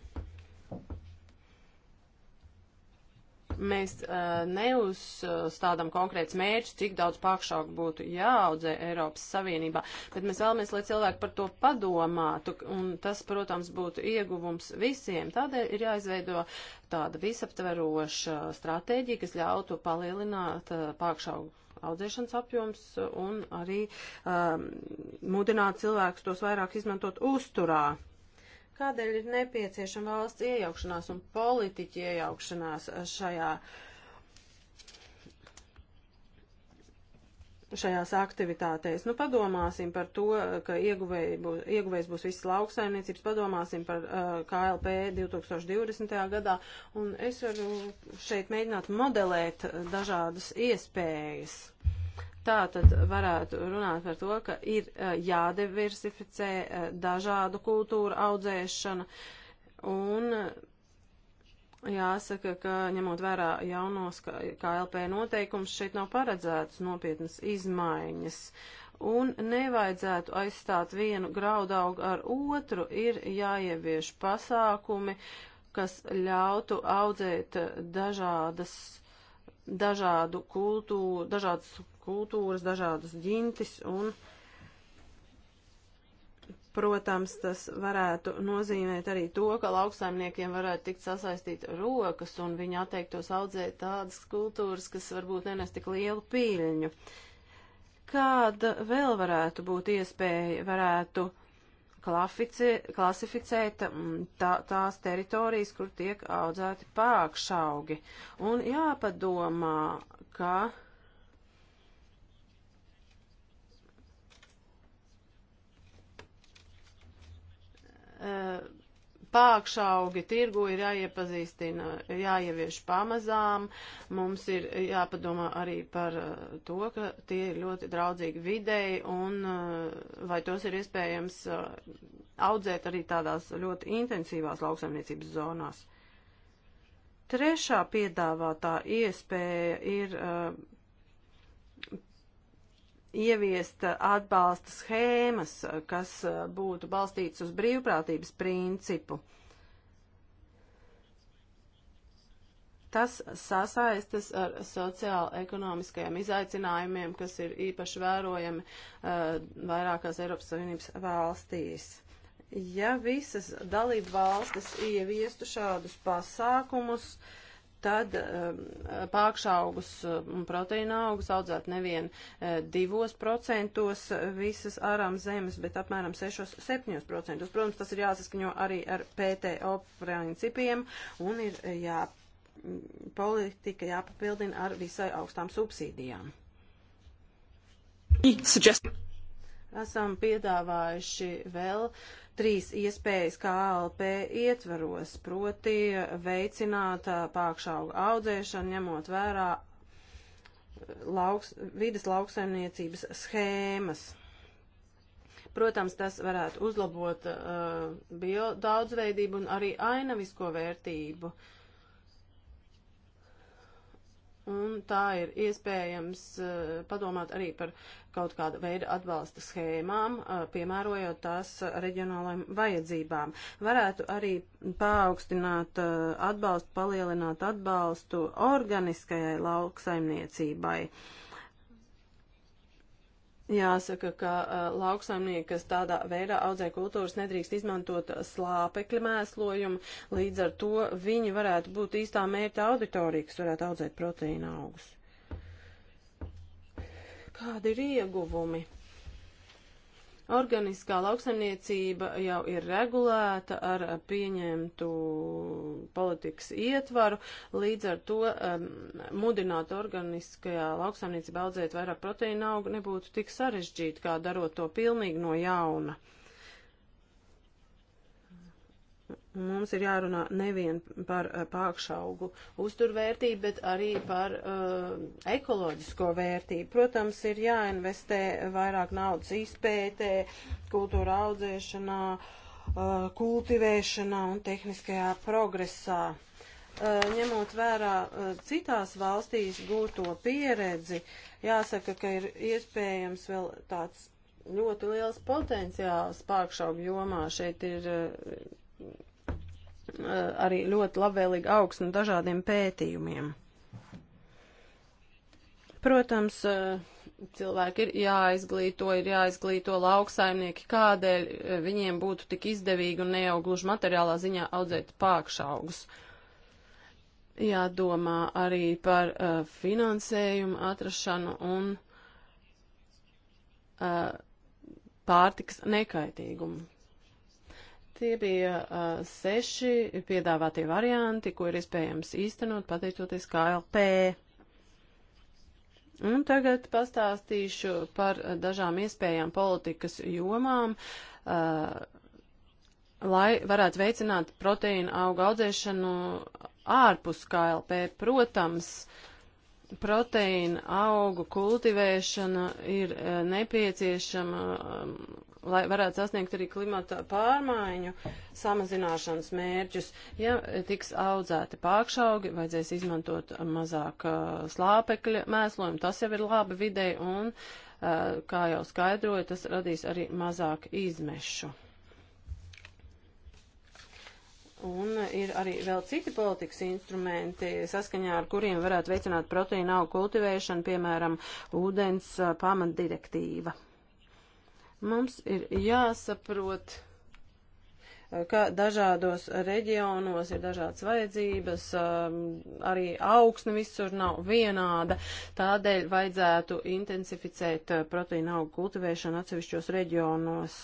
Mēs uh, neuzstādām konkrēts mērķis, cik daudz pakšauku būtu jāaudzē Eiropas Savienībā, bet mēs vēlamies, lai cilvēki par to padomātu, un tas, protams, būtu ieguvums visiem. Tādēļ ir jāizveido tāda visaptveroša stratēģija, kas ļautu palielināt uh, pakšauku audzēšanas apjoms un arī um, mudināt cilvēkus tos vairāk izmantot uzturā. Kādēļ ir nepieciešama valsts iejaukšanās un politiķi iejaukšanās šajā, šajās aktivitātēs? Nu, padomāsim par to, ka ieguvējs būs, ieguvējs būs visas lauksaimniecības, padomāsim par uh, KLP 2020. gadā, un es varu šeit mēģināt modelēt dažādas iespējas. Uh, Tā tad varētu runāt par to, ka ir jādiversificē dažādu kultūru audzēšana un jāsaka, ka ņemot vērā jaunos KLP noteikums, šeit nav paredzētas nopietnas izmaiņas. Un nevajadzētu aizstāt vienu graudaugu ar otru, ir jāievieš pasākumi, kas ļautu audzēt dažādas dažādu kultūru, dažādas kultūras, dažādas ģintis un, protams, tas varētu nozīmēt arī to, ka lauksaimniekiem varētu tikt sasaistīt rokas un viņi atteiktos audzēt tādas kultūras, kas varbūt nenes tik lielu pīļņu. Kāda vēl varētu būt iespēja, varētu klasificēt mm, tā, tās teritorijas, kur tiek audzēti pākšaugi. Un jāpadomā, ka Eh, pākšaugi tirgu ir jāiepazīstina, jāievieš pamazām, mums ir jāpadomā arī par eh, to, ka tie ir ļoti draudzīgi videi un eh, vai tos ir iespējams audzēt arī tādās ļoti intensīvās lauksaimniecības zonās. Trešā piedāvātā iespēja ir ieviest uh, atbalsta schēmas, uh, kas uh, būtu balstītas uz brīvprātības principu. Tas sasaistas ar sociāla-ekonomiskajiem izaicinājumiem, kas ir īpaši vērojami uh, vairākās Eiropas Savienības valstīs. Ja visas dalību valstis ieviestu šādus pasākumus, uh, tad um, pākšaugus un um, proteīna augus audzētu nevien uh, divos procentos uh, visas ārām zemes, bet apmēram 6-7 procentos. Protams, tas ir jāsaskaņo arī ar PTO principiem un ir uh, jā, politika jāpapildina ar visai augstām subsīdijām. Suggest esam piedāvājuši vēl trīs iespējas KLP ietvaros, proti veicināt pākšaugu audzēšanu, ņemot vērā lauks, vidas lauksaimniecības schēmas. Protams, tas varētu uzlabot uh, bio daudzveidību un arī ainavisko vērtību. Un tā ir iespējams uh, padomāt arī par kaut kādu veidu atbalsta schēmām, piemērojot tās reģionālajām vajadzībām. Varētu arī paaugstināt atbalstu, palielināt atbalstu organiskajai lauksaimniecībai. Jāsaka, ka uh, lauksaimnieki, kas tādā veidā audzē kultūras, nedrīkst izmantot slāpekļa mēslojumu, līdz ar to viņi varētu būt īstā mērķa auditorija, kas varētu audzēt proteīna augus. Kādi ir ieguvumi? Organiskā lauksaimniecība jau ir regulēta ar pieņemtu politikas ietvaru, līdz ar to um, mudināt organiskajā lauksaimniecībā audzēt vairāk proteīna augu nebūtu tik sarežģīti, kā darot to pilnīgi no jauna. Uh, mums ir jārunā nevien par eh, pākšaugu uzturvērtību, bet arī par uh, ekoloģisko vērtību. Protams, ir jāinvestē vairāk naudas izpētē, kultūra audzēšanā, uh, kultivēšanā un tehniskajā progresā. Uh, ņemot vērā uh, citās valstīs gūto pieredzi, jāsaka, ka ir iespējams vēl tāds ļoti liels potenciāls pārkšaugu jomā. Šeit ir uh, Eh, arī ļoti labvēlīga augsne dažādiem pētījumiem. Protams, eh, cilvēki ir jāizglīto, ir jāizglīto lauksaimnieki, kādēļ eh, viņiem būtu tik izdevīgi un neaugluži materiālā ziņā audzēt pākšaugus. Jādomā arī par uh, finansējumu atrašanu un uh, pārtiks nekaitīgumu. Tie bija uh, seši piedāvātie varianti, ko ir iespējams īstenot pateicoties KLP. Un tagad pastāstīšu par dažām iespējām politikas jomām, uh, lai varētu veicināt proteīna auga audzēšanu ārpus KLP. Protams, proteīna augu kultivēšana ir uh, nepieciešama um, lai varētu sasniegt arī klimata pārmaiņu samazināšanas mērķus. Ja tiks audzēti pākšaugi, vajadzēs izmantot mazāk uh, slāpekļa mēslojumu, tas jau ir labi videi un, uh, kā jau skaidroju, tas radīs arī mazāk izmešu. Un ir arī vēl citi politikas instrumenti, saskaņā ar kuriem varētu veicināt proteīna augu kultivēšanu, piemēram, ūdens uh, pamatdirektīva. direktīva. Mums ir jāsaprot, ka dažādos reģionos ir dažādas vajadzības, um, arī augsne visur nav vienāda, tādēļ vajadzētu intensificēt uh, proteīna augu kultivēšanu atsevišķos reģionos.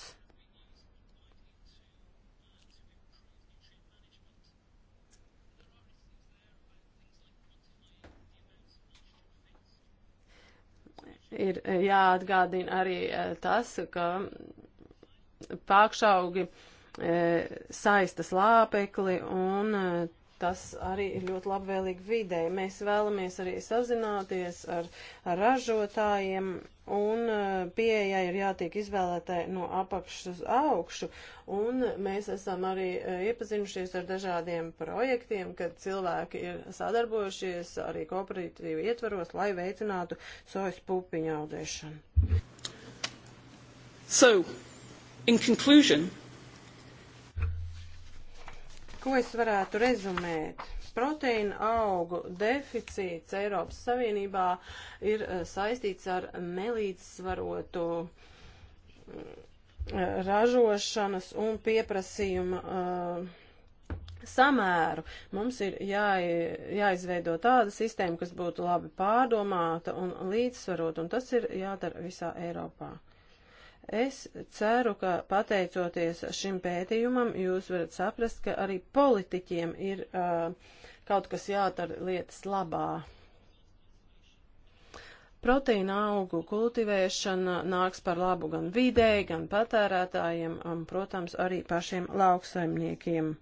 Ir eh, jāatgādina arī eh, tas, ka pākšaugi eh, saista slāpekli un tas arī ir ļoti labvēlīgi videi. Mēs vēlamies arī sazināties ar, ar ražotājiem, un eh, pieejai ir jātiek izvēlētai no apakšas uz augšu, un mēs esam arī eh, iepazinušies ar dažādiem projektiem, kad cilvēki ir sadarbojušies arī kooperatīvu ietvaros, lai veicinātu sojas pupiņu audēšanu. So, in conclusion, Ko es varētu rezumēt? Proteīna augu deficīts Eiropas Savienībā ir eh, saistīts ar nelīdzsvarotu eh, ražošanas un pieprasījuma uh, samēru. Mums ir jāi, jāizveido tāda sistēma, kas būtu labi pārdomāta un līdzsvarota, un tas ir jādara visā Eiropā. Es ceru, ka pateicoties šim pētījumam, jūs varat saprast, ka arī politiķiem ir uh, kaut kas jādara lietas labā. Proteīna augu kultivēšana nāks par labu gan videi, gan patērētājiem un, protams, arī pašiem lauksaimniekiem.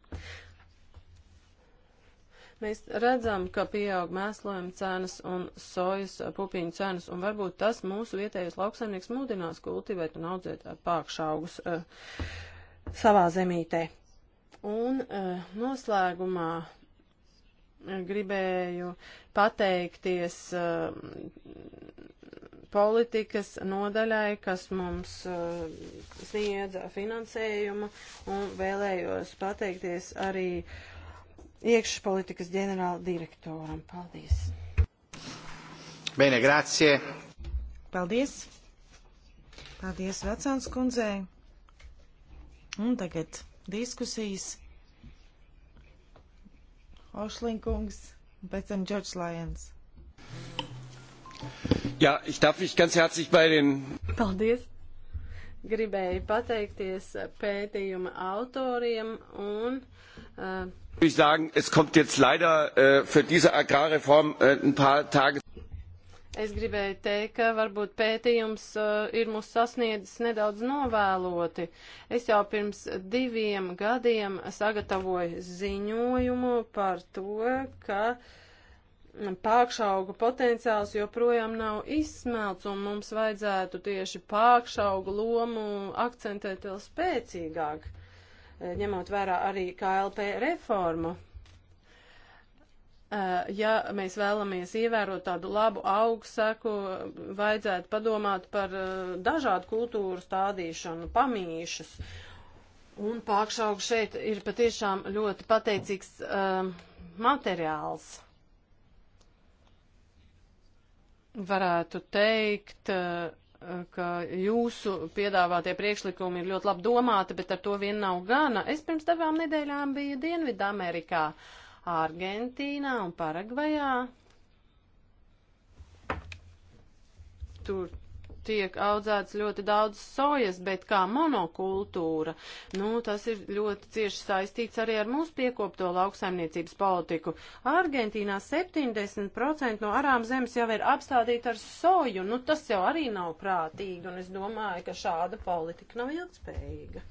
Mēs redzam, ka pieaug mēslojuma cenas un sojas pupiņu cenas, un varbūt tas mūsu vietējos lauksaimnieks mudinās kultivēt un audzēt uh, pākšaugus uh, savā zemītē. Un uh, noslēgumā uh, gribēju pateikties uh, politikas nodaļai, kas mums uh, sniedza finansējumu, un vēlējos pateikties arī uh, iekšpolitikas ģenerāla direktoram. Paldies! Bene, grazie! Paldies! Paldies vecāns kundzei! Un tagad diskusijas. Ošlinkungs, pēc tam George Lyons. Jā, ja, ich darf mich ganz herzlich bei den. Paldies! Gribēju pateikties pētījuma autoriem un uh, Ich sagen, es kommt jetzt leider äh, für diese Agrarreform äh, ein paar Tage. Es gribēju teikt, ka varbūt pētījums uh, ir mūs sasniedzis nedaudz novēloti. Es jau pirms diviem gadiem sagatavoju ziņojumu par to, ka pākšaugu potenciāls joprojām nav izsmelts, un mums vajadzētu tieši pākšaugu lomu akcentēt vēl spēcīgāk. Uh, Eh, ņemot vērā arī KLP reformu. Eh, ja mēs vēlamies ievērot tādu labu augstsaku, vajadzētu padomāt par eh, dažādu kultūru stādīšanu, pamīšus. Un pākšaugu šeit ir patiešām ļoti pateicīgs uh, materiāls. Varētu teikt, uh, ka jūsu piedāvātie priekšlikumi ir ļoti labi domāti, bet ar to vien nav gana. Es pirms divām nedēļām biju Dienvidamerikā, Argentīnā un Paragvajā. Tur tiek audzēts ļoti daudz sojas, bet kā monokultūra, nu, tas ir ļoti cieši saistīts arī ar mūsu piekopto lauksaimniecības politiku. Argentīnā 70% no arām zemes jau ir apstādīta ar soju, nu, tas jau arī nav prātīgi, un es domāju, ka šāda politika nav ilgspējīga.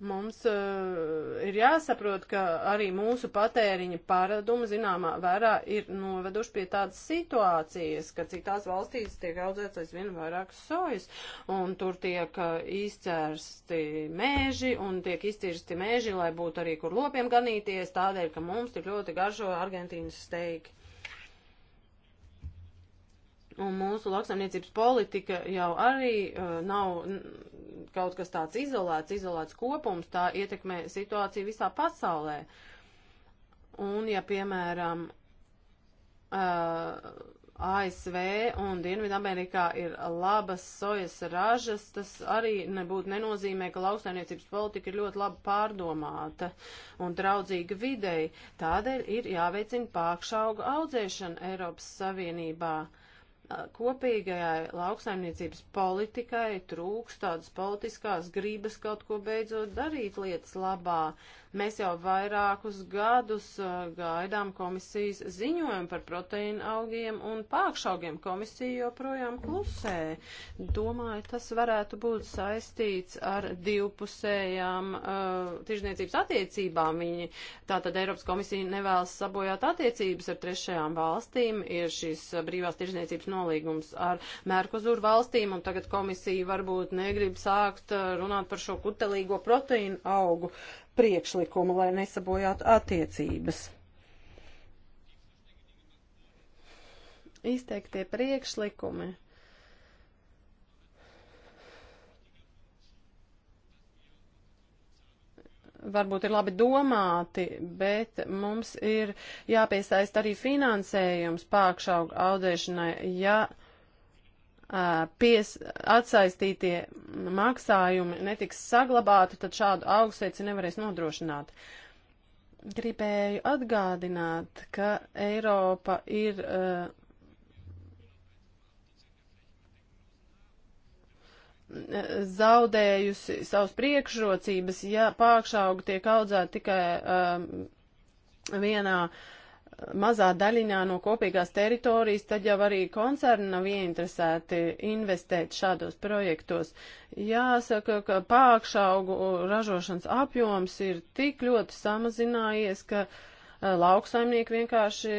Mums uh, ir jāsaprot, ka arī mūsu patēriņa paradumi zināmā vērā ir noveduši pie tādas situācijas, ka citās valstīs tiek audzēts aizvien vairāk sojas, un tur tiek uh, izcērsti mēži, un tiek izcirsti mēži, lai būtu arī kur lopiem ganīties, tādēļ, ka mums tik ļoti garšo Argentīnas steigi. Un mūsu lauksaimniecības politika jau arī uh, nav kaut kas tāds izolēts, izolēts kopums, tā ietekmē situāciju visā pasaulē. Un, ja, piemēram, uh, ASV un Dienvidamerikā ir labas sojas ražas, tas arī nebūtu nenozīmē, ka lauksainiecības politika ir ļoti labi pārdomāta un draudzīga videi. Tādēļ ir jāveicina pākšauga audzēšana Eiropas Savienībā. Uh, kopīgajai lauksaimniecības politikai trūks tādas politiskās gribas kaut ko beidzot darīt lietas labā. Mēs jau vairākus gadus gaidām komisijas ziņojumu par proteīna augiem un pākšaugiem. Komisija joprojām klusē. Domāju, tas varētu būt saistīts ar divpusējām uh, tirzniecības attiecībām. Viņi, tātad Eiropas komisija nevēlas sabojāt attiecības ar trešajām valstīm. Ir šis brīvās tirzniecības nolīgums ar Merkozuru valstīm, un tagad komisija varbūt negrib sākt runāt par šo kutelīgo proteīnu augu priekšlikumu, lai nesabojātu attiecības. Izteiktie priekšlikumi. varbūt ir labi domāti, bet mums ir jāpiesaist arī finansējums pākšauga audēšanai. Ja pies, atsaistītie maksājumi netiks saglabāti, tad šādu augstsveici nevarēs nodrošināt. Gribēju atgādināt, ka Eiropa ir. Uh, zaudējusi savus priekšrocības, ja pākšaugi tiek audzēti tikai um, uh, vienā uh, mazā daļiņā no kopīgās teritorijas, tad jau arī koncerni nav ieinteresēti investēt šādos projektos. Jāsaka, ka pākšaugu ražošanas apjoms ir tik ļoti samazinājies, ka eh, lauksaimnieki vienkārši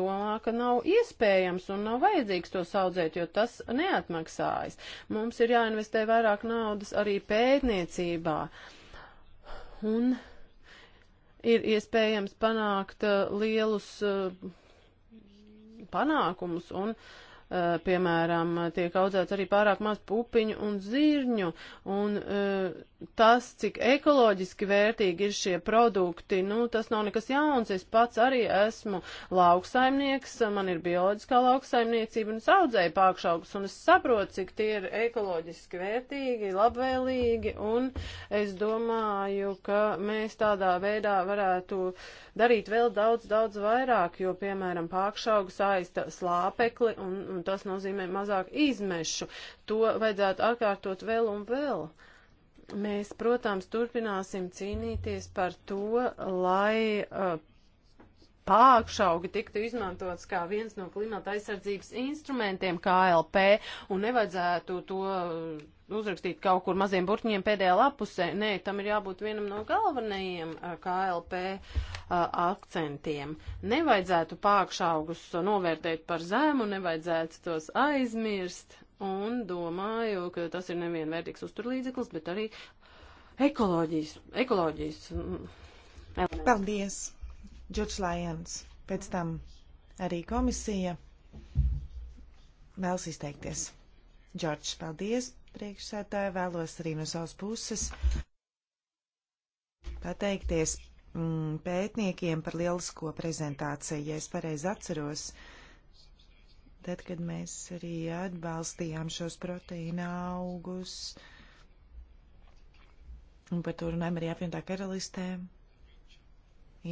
domā, ka nav iespējams un nav vajadzīgs to saudzēt, jo tas neatmaksājas. Mums ir jāinvestē vairāk naudas arī pētniecībā. Un ir iespējams panākt uh, lielus uh, panākumus un uh, piemēram, tiek audzēts arī pārāk maz pupiņu un zirņu, un uh, tas, cik ekoloģiski vērtīgi ir šie produkti, nu, tas nav nekas jauns. Es pats arī esmu lauksaimnieks, man ir bioloģiskā lauksaimniecība un es audzēju pākšaugus, un es saprotu, cik tie ir ekoloģiski vērtīgi, labvēlīgi, un es domāju, ka mēs tādā veidā varētu darīt vēl daudz, daudz vairāk, jo, piemēram, pākšaugus aizta slāpekli, un, un tas nozīmē mazāk izmešu. To vajadzētu atkārtot vēl un vēl. Mēs, protams, turpināsim cīnīties par to, lai uh, pākšaugi tiktu izmantots kā viens no klimata aizsardzības instrumentiem KLP un nevajadzētu to uzrakstīt kaut kur maziem burtiņiem pēdējā lapusē. Nē, tam ir jābūt vienam no galvenajiem uh, KLP uh, akcentiem. Nevajadzētu pākšaugus novērtēt par zēmu, nevajadzētu tos aizmirst un domāju, ka tas ir nevienvērtīgs uzturlīdzeklis, bet arī ekoloģijas, ekoloģijas mm, elements. Paldies, Džordžs Lajans. Pēc tam arī komisija vēlas izteikties. Džordžs, paldies, priekšsētāji, vēlos arī no savas puses pateikties mm, pētniekiem par lielisko prezentāciju, ja es pareizi atceros. Uh, Tad, kad mēs arī atbalstījām šos proteīna augus, un par to runājam arī apvienotā karalistē,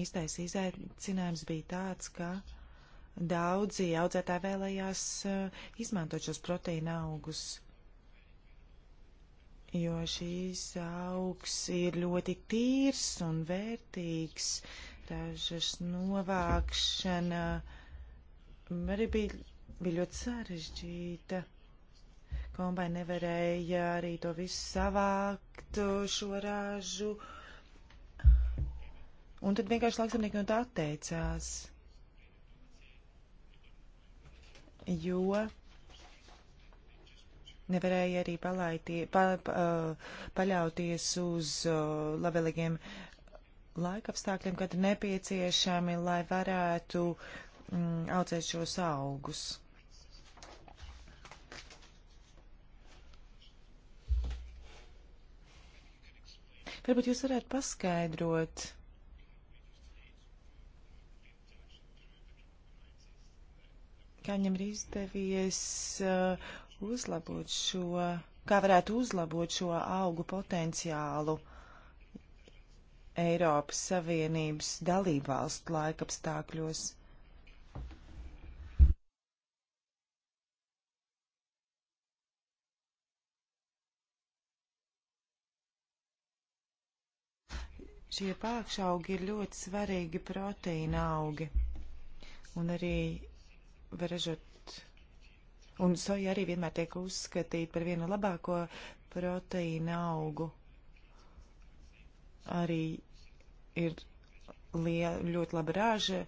īstais izaicinājums bija tāds, ka daudzi audzētāji vēlējās uh, izmantot šos proteīna augus, jo šīs augs ir ļoti tīrs un vērtīgs, ražas novākšana arī bija bija ļoti sarežģīta. Kombai nevarēja arī to visu savākt, šo rāžu. Un tad vienkārši lauksamnieki no tā atteicās. Jo nevarēja arī palaidie, pa, pa, paļauties uz labvēlīgiem laika apstākļiem, kad nepieciešami, lai varētu mm, audzēt šos augus. Varbūt jūs varētu paskaidrot. Kā viņam ir izdevies uh, uzlabot šo, kā varētu uzlabot šo augu potenciālu Eiropas Savienības dalībvalstu laikapstākļos? Šie pākšaugi ir ļoti svarīgi proteīna augi. Un arī var ražot. Un soja arī vienmēr tiek uzskatīta par vienu labāko proteīna augu. Arī ir liela, ļoti laba rāža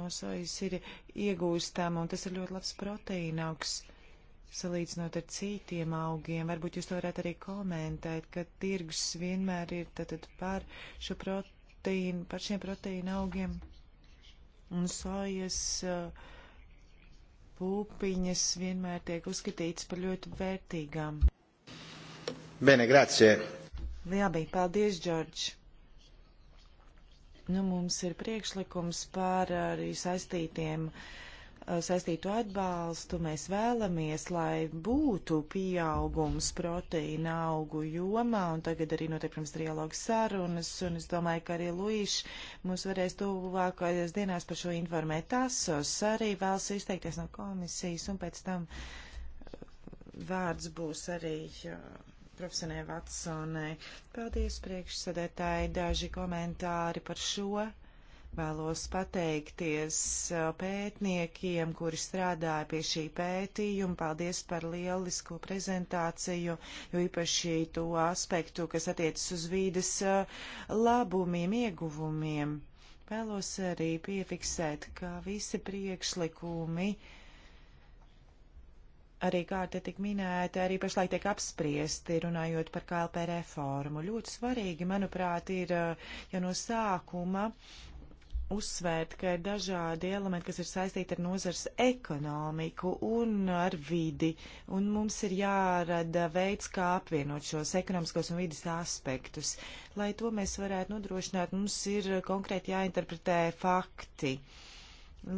no sojas ir iegūstama, un tas ir ļoti labs proteīna augs salīdzinot ar citiem augiem. Varbūt jūs to varētu arī komentēt, ka tirgus vienmēr ir tātad par šo proteīnu, par šiem proteīnu augiem un sojas uh, pupiņas vienmēr tiek uzskatīts par ļoti vērtīgām. Bene, grazie. Labi, paldies, Džordž. Nu, mums ir priekšlikums par arī saistītiem uh, Eh, saistītu atbalstu. Mēs vēlamies, lai būtu pieaugums proteīna augu jomā, un tagad arī notiek, protams, dialogu sarunas, un es domāju, ka arī Luīši mūs varēs tuvākajās dienās par šo informēt. Tasos arī vēlas izteikties no komisijas, un pēc tam eh, vārds būs arī. Eh, profesionē Vatsonē. Paldies priekšsadētāji, daži komentāri par šo Vēlos pateikties pētniekiem, kuri strādāja pie šī pētījuma. Paldies par lielisko prezentāciju, jo īpaši to aspektu, kas attiecas uz vīdes labumiem, ieguvumiem. Vēlos arī piefiksēt, ka visi priekšlikumi, arī kā te tik minēti, arī pašlaik tiek apspriesti, runājot par KLP reformu. Ļoti svarīgi, manuprāt, ir jau no sākuma uzsvērt, ka ir dažādi elementi, kas ir saistīti ar nozars ekonomiku un ar vidi, un mums ir jārada veids, kā apvienot šos ekonomiskos un vidas aspektus. Lai to mēs varētu nodrošināt, mums ir konkrēti jāinterpretē fakti.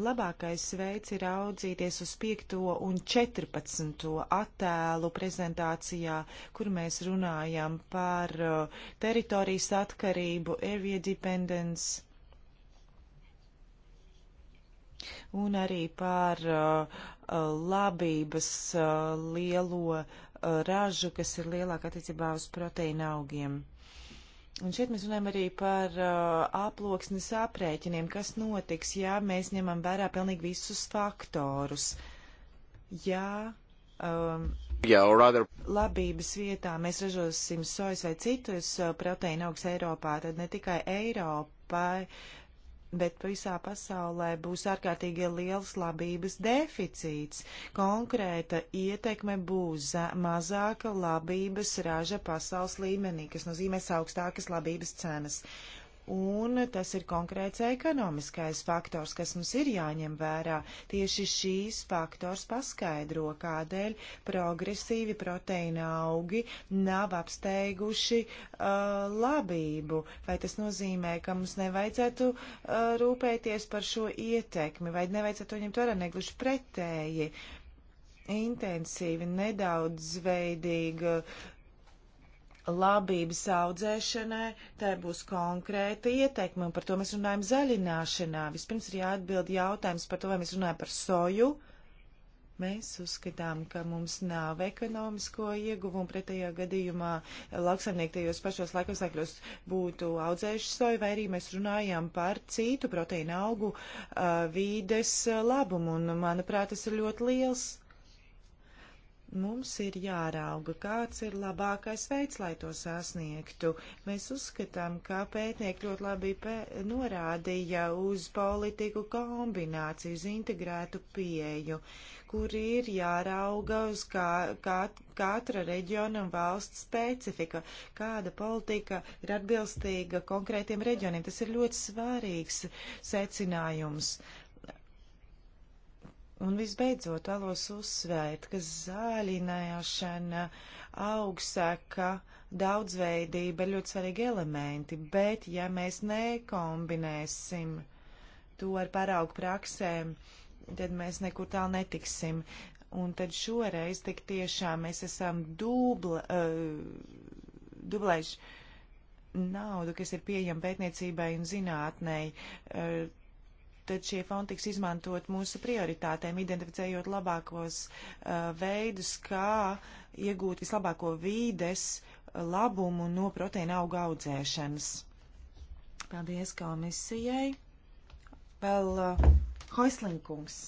Labākais veids ir audzīties uz 5. un 14. attēlu prezentācijā, kur mēs runājam par uh, teritorijas atkarību, area dependence, un arī par uh, labības uh, lielo uh, ražu, kas ir lielāka attiecībā uz proteīna augiem. Un šeit mēs runājam arī par uh, aploksnes aprēķiniem, kas notiks, ja mēs ņemam vērā pilnīgi visus faktorus. Jā, um, yeah, rather... labības vietā mēs ražosim sojas vai citus uh, proteīna augs Eiropā, tad ne tikai Eiropai bet visā pasaulē būs ārkārtīgi liels labības deficīts. Konkrēta ietekme būs mazāka labības raža pasaules līmenī, kas nozīmēs augstākas labības cenas un tas ir konkrēts ekonomiskais faktors, kas mums ir jāņem vērā. Tieši šīs faktors paskaidro, kādēļ progresīvi proteīna augi nav apsteiguši uh, labību. Vai tas nozīmē, ka mums nevajadzētu uh, rūpēties par šo ietekmi, vai nevajadzētu to ņemt vērā negluši pretēji? Intensīvi, nedaudz veidīgi. Uh, labības audzēšanai, tai būs konkrēta ieteikuma, un par to mēs runājam zaļināšanā. Vispirms ir jāatbild jautājums par to, vai mēs runājam par soju. Mēs uzskatām, ka mums nav ekonomisko ieguvumu, pretējā gadījumā lauksaimnieki tajos pašos laikapstākļos būtu audzējuši soju, vai arī mēs runājam par citu proteīna augu uh, vīdes labumu, un manuprāt, tas ir ļoti liels Mums ir jārauga, kāds ir labākais veids, lai to sasniegtu. Mēs uzskatām, ka pētnieki ļoti labi pē norādīja uz politiku kombināciju, uz integrētu pieeju, kur ir jārauga uz kā, kā, katra reģiona un valsts specifika, kāda politika ir atbilstīga konkrētiem reģioniem. Tas ir ļoti svārīgs secinājums. Un visbeidzot vēlos uzsvērt, ka zāļināšana, augsaka, daudzveidība ir ļoti svarīgi elementi, bet ja mēs nekombinēsim to ar paraugu praksēm, tad mēs nekur tālu netiksim. Un tad šoreiz tik tiešām mēs esam dubla, uh, dublējuši naudu, kas ir pieejama pētniecībai un zinātnei. Uh, tad šie fondi tiks izmantot mūsu prioritātēm, identificējot labākos uh, veidus, kā iegūt vislabāko vīdes labumu no proteīna auga audzēšanas. Paldies komisijai. Vēl uh, eh, Hoislinkungs.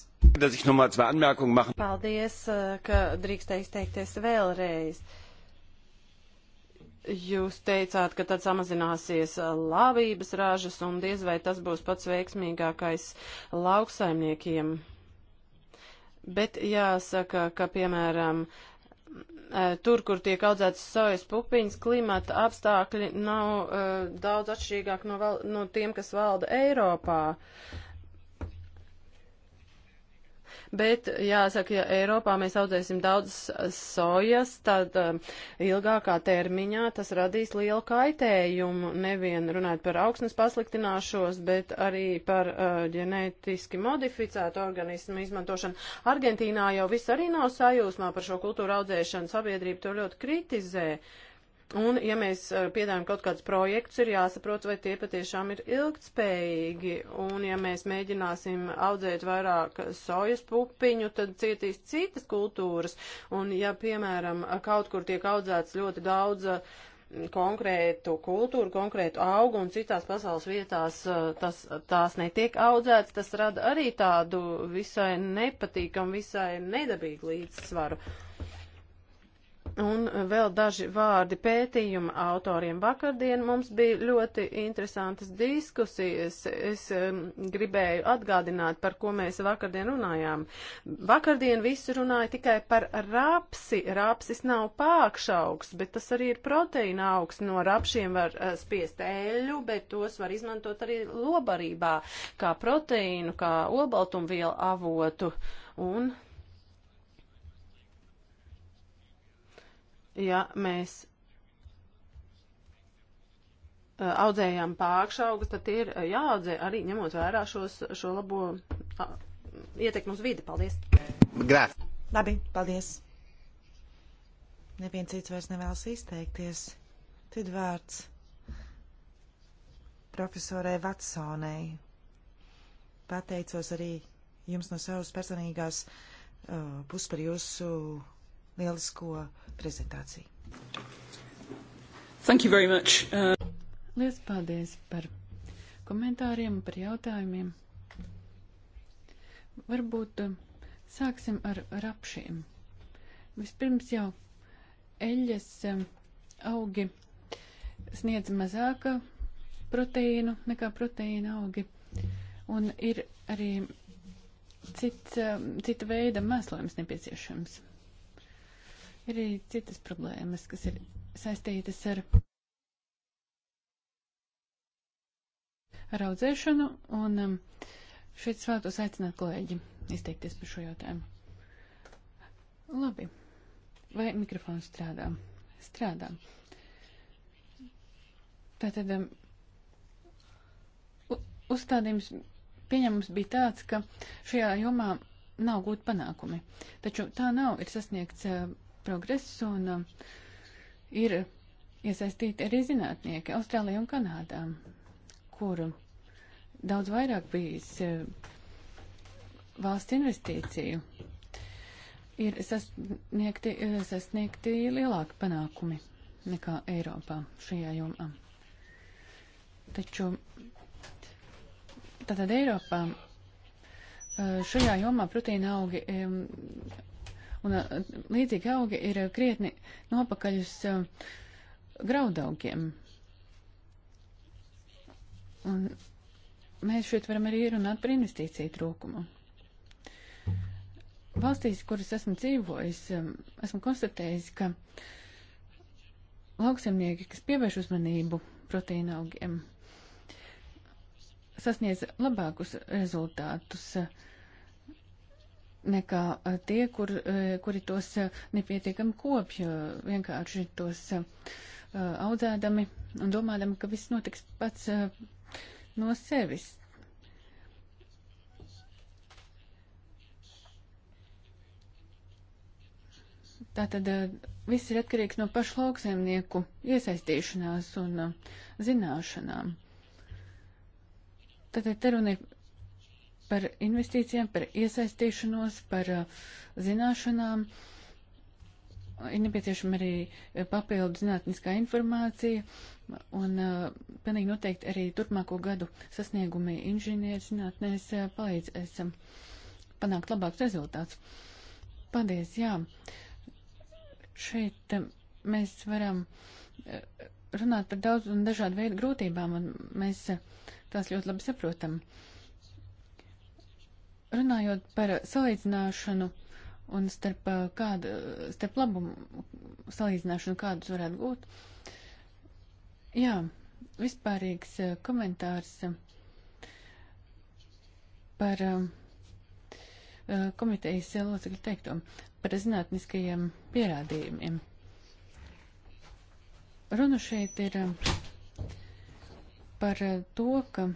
Paldies, eh, ka drīkstēju izteikties vēlreiz. Uh, Jūs teicāt, ka tad samazināsies uh, labības ražas un diez vai tas būs pats veiksmīgākais lauksaimniekiem. Bet jāsaka, ka piemēram uh, tur, kur tiek audzētas sojas pupiņas, klimata apstākļi nav uh, daudz atšķirīgāk no, val, no tiem, kas valda Eiropā. Uh, bet jāsaka, ja Eiropā mēs audzēsim daudz sojas, tad um, ilgākā termiņā tas radīs lielu kaitējumu, nevien runājot par augsnes pasliktināšos, bet arī par uh, ģenētiski modificētu organismu izmantošanu. Argentīnā jau viss arī nav sajūsmā par šo kultūra audzēšanu, sabiedrība to ļoti kritizē. Uh, Un, ja mēs eh, piedāvājam kaut kādus projektus, ir jāsaprot, vai tie patiešām ir ilgtspējīgi. Un, ja mēs mēģināsim audzēt vairāk sojas pupiņu, tad cietīs citas kultūras. Un, ja, piemēram, kaut kur tiek audzēts ļoti daudz eh, konkrētu kultūru, konkrētu augu un citās pasaules vietās eh, tas, tās netiek audzēts, tas rada arī tādu visai nepatīkamu, visai nedabīgu līdzsvaru. Uh, Un vēl daži vārdi pētījuma autoriem. Vakardien mums bija ļoti interesantas diskusijas. Es um, gribēju atgādināt, par ko mēs vakardien runājām. Vakardien visi runāja tikai par rapsi. Rapsis nav pākšaugs, bet tas arī ir proteīna augs. No rapšiem var uh, spiest eļļu, bet tos var izmantot arī lobarībā, kā proteīnu, kā olbaltumvielu avotu. Un ja mēs e, audzējām pārākšaugus, tad tie ir e, jāaudzē arī ņemot vērā šos, šo labo ietekmi uz vidi. Paldies! Grāf. Labi, paldies! Neviens cits vairs nevēlas izteikties. Tad vārds profesorai Vatsonai. Pateicos arī jums no savas personīgās uh, puses par jūsu lielisko prezentāciju. Thank you very much. Uh... Lielas paldies par komentāriem un par jautājumiem. Varbūt uh, sāksim ar rapšiem. Vispirms jau eļas um, augi sniedz mazāka proteīnu nekā proteīna augi. Un ir arī cits, um, cita veida mēslojums nepieciešams. Ir arī citas problēmas, kas ir saistītas ar, ar audzēšanu, un um, šeit vēlētos aicināt kolēģi izteikties par šo jautājumu. Labi. Vai mikrofons strādā? Strādā. Tātad um, uzstādījums pieņemums bija tāds, ka šajā jomā nav gūt panākumi. Taču tā nav, ir sasniegts uh, progress un uh, ir iesaistīti arī zinātnieki Austrālijā un Kanādā, kur daudz vairāk bijis uh, valsts investīciju. Ir sasniegti, uh, sasniegti lielāki panākumi nekā Eiropā šajā jomā. Taču tātad Eiropā uh, šajā jomā proteīna augi um, Un eh, līdzīgi augi ir eh, krietni nopakaļ uz eh, graudaugiem. Un mēs šeit varam arī runāt par investīciju trūkumu. Valstīs, kuras esmu dzīvojis, esmu konstatējis, ka lauksemnieki, kas pievērš uzmanību proteīna augiem, sasniedz labākus rezultātus uh, nekā eh, tie, kur, eh, kuri tos eh, nepietiekami kopja, vienkārši tos audzēdami un domādami, ka viss notiks pats no sevis. Tātad viss ir atkarīgs no pašu lauksaimnieku iesaistīšanās un zināšanām. Tātad te runa ir par investīcijām, par iesaistīšanos, par uh, zināšanām. Ir nepieciešama arī uh, papildu zinātniskā informācija un uh, pilnīgi noteikti arī turpmāko gadu sasniegumi inženieru zinātnēs palīdzēs panākt labāks rezultāts. Paldies, jā. Šeit um, mēs varam runāt par daudz un dažādu veidu grūtībām, un mēs tās ļoti labi saprotam. Uh, Runājot par salīdzināšanu un starp, uh, kādu, starp labumu salīdzināšanu, kādus varētu būt, jā, vispārīgs uh, komentārs uh, par um, komitejas locekļu teikto par zinātniskajiem pierādījumiem. Runa šeit ir um, par to, ka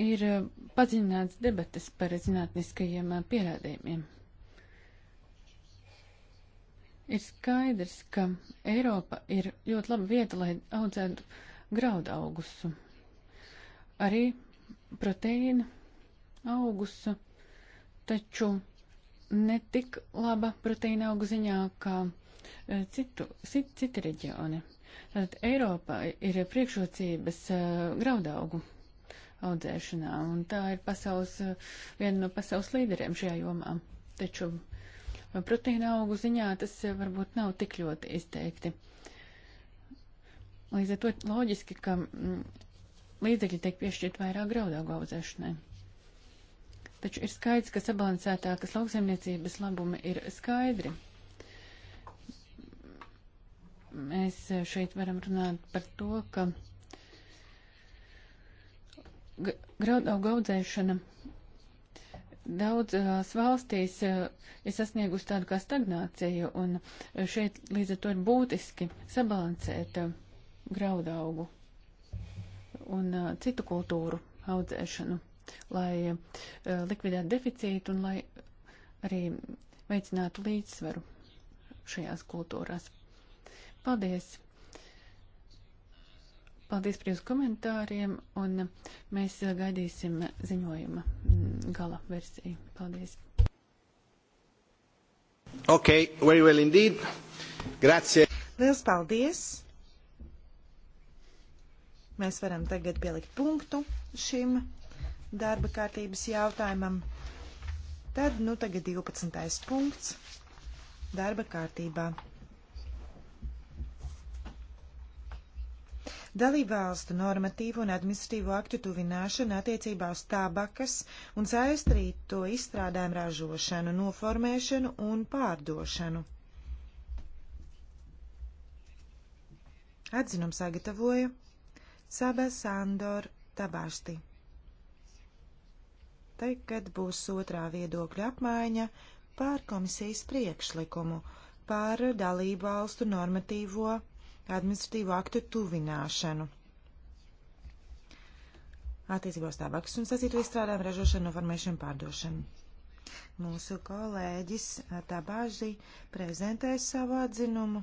ir eh, padziļināts debatas par zinātniskajiem eh, pierādījumiem. Ir skaidrs, ka Eiropa ir ļoti laba vieta, lai audzētu graudu augusu, arī proteīnu augusu, taču ne tik laba proteīna augu ziņā kā eh, citu, cit, citi reģioni. Tātad Eiropā ir priekšrocības graudaugu audzēšanā. Un tā ir pasaules, viena no pasaules līderiem šajā jomā. Taču proteīna augu ziņā tas varbūt nav tik ļoti izteikti. Līdz ar to loģiski, ka mm, līdzekļi tiek piešķirt vairāk graudaugu audzēšanai. Taču ir skaidrs, ka sabalansētākas lauksaimniecības labumi ir skaidri. Mēs šeit varam runāt par to, ka graudaugu audzēšana daudzās valstīs ir sasniegusi tādu kā stagnāciju, un šeit līdz ar to ir būtiski sabalansēt graudaugu un citu kultūru audzēšanu, lai likvidētu deficītu un lai arī veicinātu līdzsvaru šajās kultūrās. Paldies! Paldies par jūsu komentāriem, un mēs gaidīsim ziņojuma mm, gala versiju. Paldies. Ok, very well indeed. Grazie. Liels paldies. Mēs varam tagad pielikt punktu šim darba kārtības jautājumam. Tad, nu, tagad 12. punkts darba kārtībā. Dalībvalstu normatīvu un administratīvu aktu tuvināšana attiecībā uz tabakas un saistīto izstrādājumu ražošanu, noformēšanu un pārdošanu. Atzinumu sagatavoja Saba Sandor Tabasti. Tagad būs otrā viedokļa apmaiņa pār komisijas priekšlikumu par dalību valstu normatīvo administratīvu aktu tuvināšanu. Attiecībā uz tabakas un sasītu izstrādājumu ražošanu, noformēšanu, pārdošanu. Mūsu kolēģis eh, Tabāži prezentēs savu atzinumu.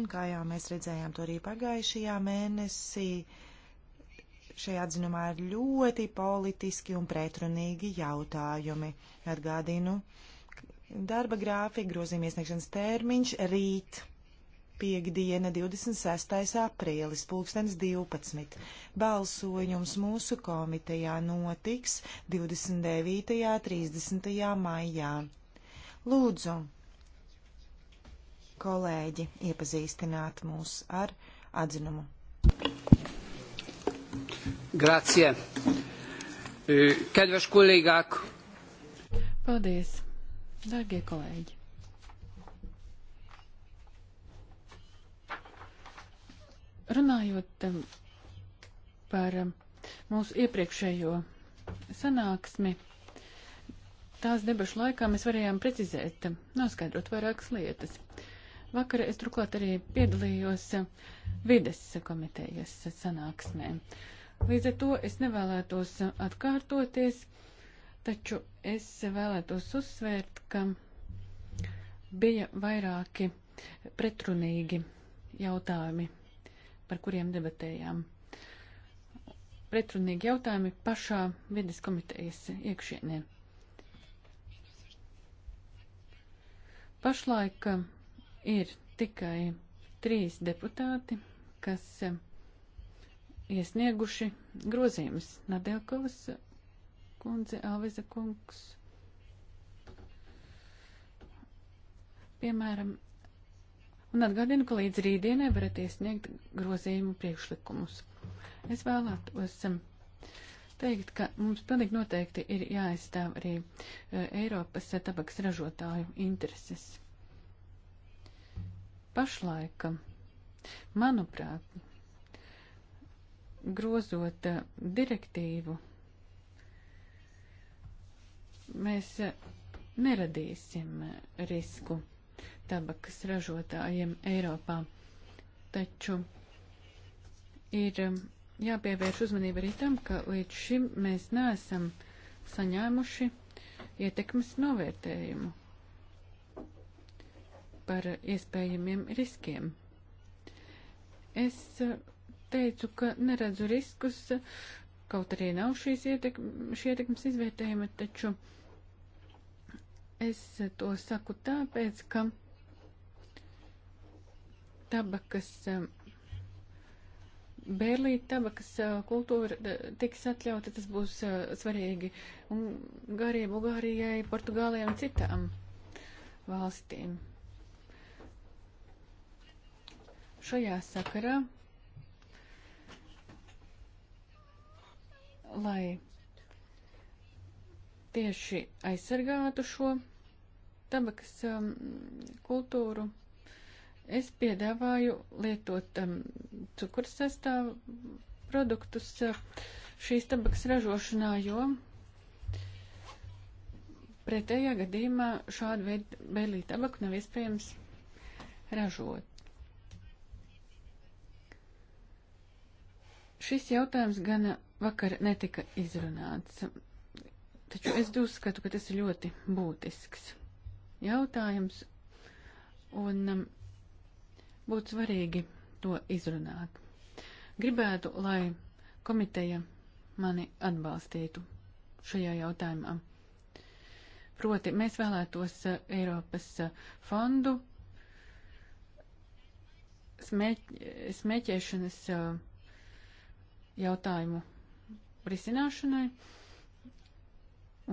Un kā jau mēs redzējām to arī pagājušajā mēnesī, šajā atzinumā ir ļoti politiski un pretrunīgi jautājumi. Atgādinu, darba grāfika, grozījuma iesniegšanas termiņš rīt piekdiena, 26. aprīlis, pulkstens 12. Balsojums mūsu komitejā notiks 29. 30. maijā. Lūdzu, kolēģi, iepazīstināt mūs ar atzinumu. Grazie. Eh, kedves kollégák! Paldies, dārgie kolēģi! Runājot um, par um, mūsu iepriekšējo sanāksmi, tās debašu laikā mēs varējām precizēt, um, noskaidrot vairākas lietas. Vakar es turklāt arī piedalījos vides komitejas sanāksmē. Līdz ar to es nevēlētos atkārtoties, taču es vēlētos uzsvērt, ka bija vairāki pretrunīgi jautājumi par kuriem debatējām. Pretrunīgi jautājumi pašā vides komitejas iekšienē. Pašlaik ir tikai trīs deputāti, kas iesnieguši grozījumus. Nadelkovas kundze, Alveza kungs. Piemēram, un atgādinu, ka līdz rītdienai varat iesniegt grozījumu priekšlikumus. Es vēlētos um, teikt, ka mums pilnīgi noteikti ir jāaizstāv arī uh, Eiropas tabaks ražotāju intereses. Pašlaik, um, manuprāt, grozot uh, direktīvu, mēs uh, neradīsim risku tabakas ražotājiem Eiropā. Taču ir um, jāpievērš uzmanība arī tam, ka līdz šim mēs neesam saņēmuši ietekmes novērtējumu par iespējamiem riskiem. Es uh, teicu, ka neredzu riskus, kaut arī nav šīs ietekmes, šī ietekmes izvērtējuma, taču es uh, to saku tāpēc, ka tabakas, um, bērlīt tabakas uh, kultūra tiks atļauta, tas būs uh, svarīgi Ungārijai, Bulgārijai, Portugālijai un citām valstīm. Šajā sakarā, lai tieši aizsargātu šo tabakas um, kultūru, Es piedāvāju lietot um, cukuras sastāvu produktus uh, šīs tabakas ražošanā, jo pretējā gadījumā šādu veidu bēlīju tabaku nav iespējams ražot. Šis jautājums gana vakar netika izrunāts, taču es uzskatu, ka tas ir ļoti būtisks jautājums. Un um, Būtu svarīgi to izrunāt. Gribētu, lai komiteja mani atbalstītu šajā jautājumā. Proti, mēs vēlētos eh, Eiropas eh, fondu smēķ, smēķēšanas eh, jautājumu risināšanai.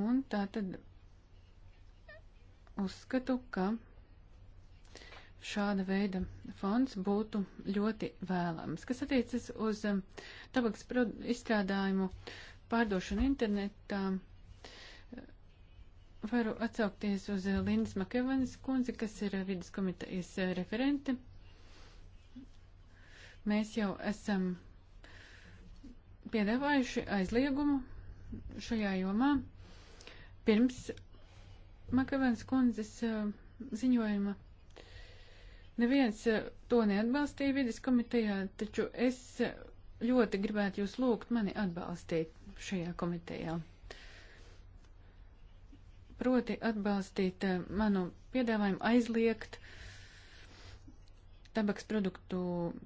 Un tā tad uzskatu, ka šāda veida fonds būtu ļoti vēlams. Kas attiecas uz um, tabaks izstrādājumu pārdošanu internetā, uh, varu atsaukties uz uh, Lindas Makevanas kundzi, kas ir uh, vidas komitejas referente. Mēs jau esam piedāvājuši aizliegumu šajā jomā pirms Makavens kundzes ziņojuma Neviens eh, to neatbalstīja vidas komitejā, taču es eh, ļoti gribētu jūs lūgt mani atbalstīt šajā komitejā. Proti atbalstīt eh, manu piedāvājumu aizliegt tabaks produktu,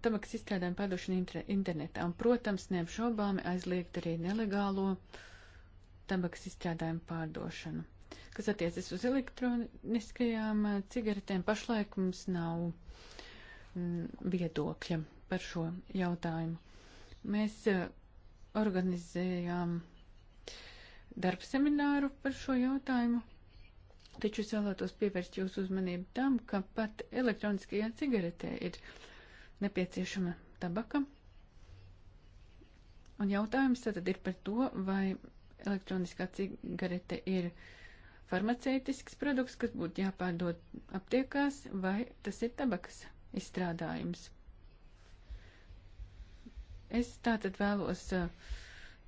tabaks izstrādājumu pārdošanu internetā. Un, protams, neapšaubāmi aizliegt arī nelegālo tabaks izstrādājumu pārdošanu kas attiecas uz elektroniskajām eh, cigaretēm, pašlaik mums nav mm, viedokļa par šo jautājumu. Mēs eh, organizējām darba semināru par šo jautājumu, taču es vēlētos pievērst jūsu uzmanību tam, ka pat elektroniskajā cigaretē ir nepieciešama tabaka. Un jautājums tad ir par to, vai elektroniskā cigarete ir uh, farmaceitisks produkts, kas būtu jāpārdod aptiekās, vai tas ir tabakas izstrādājums. Es tātad vēlos eh,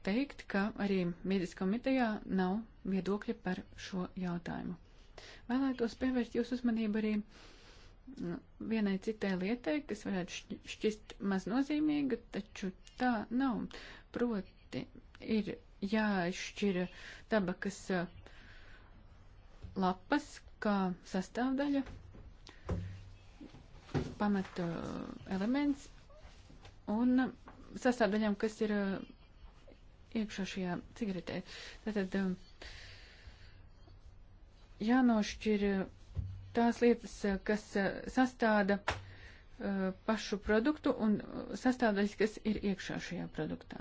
teikt, ka arī Mīdas komitejā nav viedokļa par šo jautājumu. Vēlētos pievērst jūsu uzmanību arī mm, vienai citai lietai, kas varētu šķist maznozīmīga, taču tā nav. Proti ir jāizšķira tabakas eh, lapas kā sastāvdaļa, pamata elements un sastāvdaļām, kas ir uh, iekšā šajā cigaretē. Tātad um, jānošķir uh, tās lietas, uh, kas sastāda pašu produktu un sastāvdaļas, kas ir iekšā šajā produktā.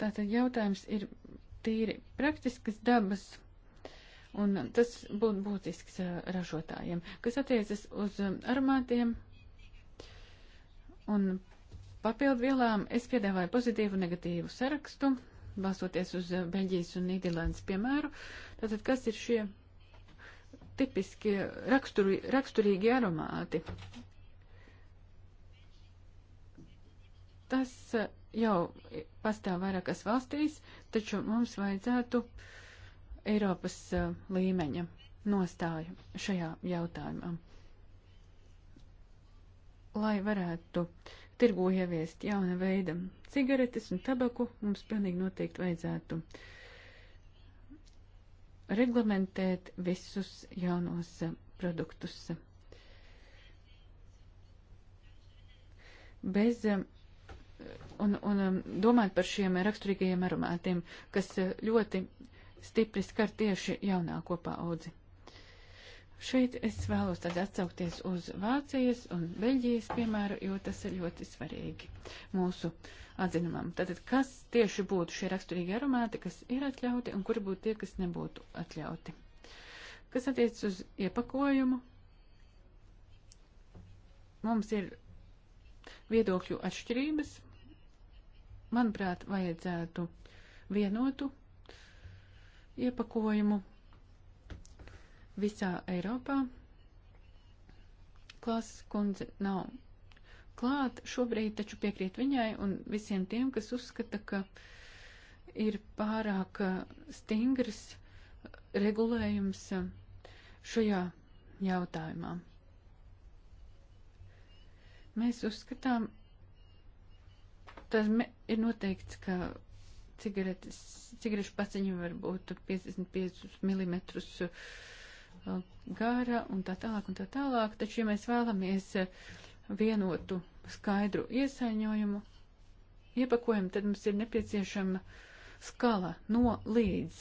Tātad jautājums ir tīri praktiskas dabas Un tas būtu būtisks eh, ražotājiem, kas attiecas uz eh, aromātiem un papildvielām. Es piedāvāju pozitīvu un negatīvu sarakstu, balstoties uz eh, Beļģijas un Nīderlandes piemēru. Tātad, kas ir šie tipiski raksturi, raksturīgi aromāti? Tas jau pastāv vairākas valstīs, taču mums vajadzētu uh, Eiropas eh, līmeņa nostāju šajā jautājumā. Lai varētu tirgu ieviest jauna veida cigaretes un tabaku, mums pilnīgi noteikti vajadzētu reglamentēt visus jaunos eh, produktus. Bez eh, un, un domāt par šiem raksturīgajiem aromātiem, kas ļoti uh, stipri skar tieši jaunāko paudzi. Šeit es vēlos tad atsaukties uz Vācijas un Beļģijas piemēru, jo tas ir ļoti svarīgi mūsu atzinumam. Tātad, kas tieši būtu šie raksturīgi aromāti, kas ir atļauti un kuri būtu tie, kas nebūtu atļauti? Kas attiec uz iepakojumu, mums ir viedokļu atšķirības. Manuprāt, vajadzētu vienotu iepakojumu visā Eiropā. Klāsas kundze nav klāt šobrīd, taču piekrīt viņai un visiem tiem, kas uzskata, ka ir pārāk uh, stingrs uh, regulējums uh, šajā jautājumā. Mēs uzskatām, tas ir noteikts, ka cigaretes, cigarešu paciņu var būt 55 mm gara un tā tālāk un tā tālāk. Taču, ja mēs vēlamies uh, vienotu skaidru iesaņojumu iepakojumu, tad mums ir nepieciešama skala no līdz.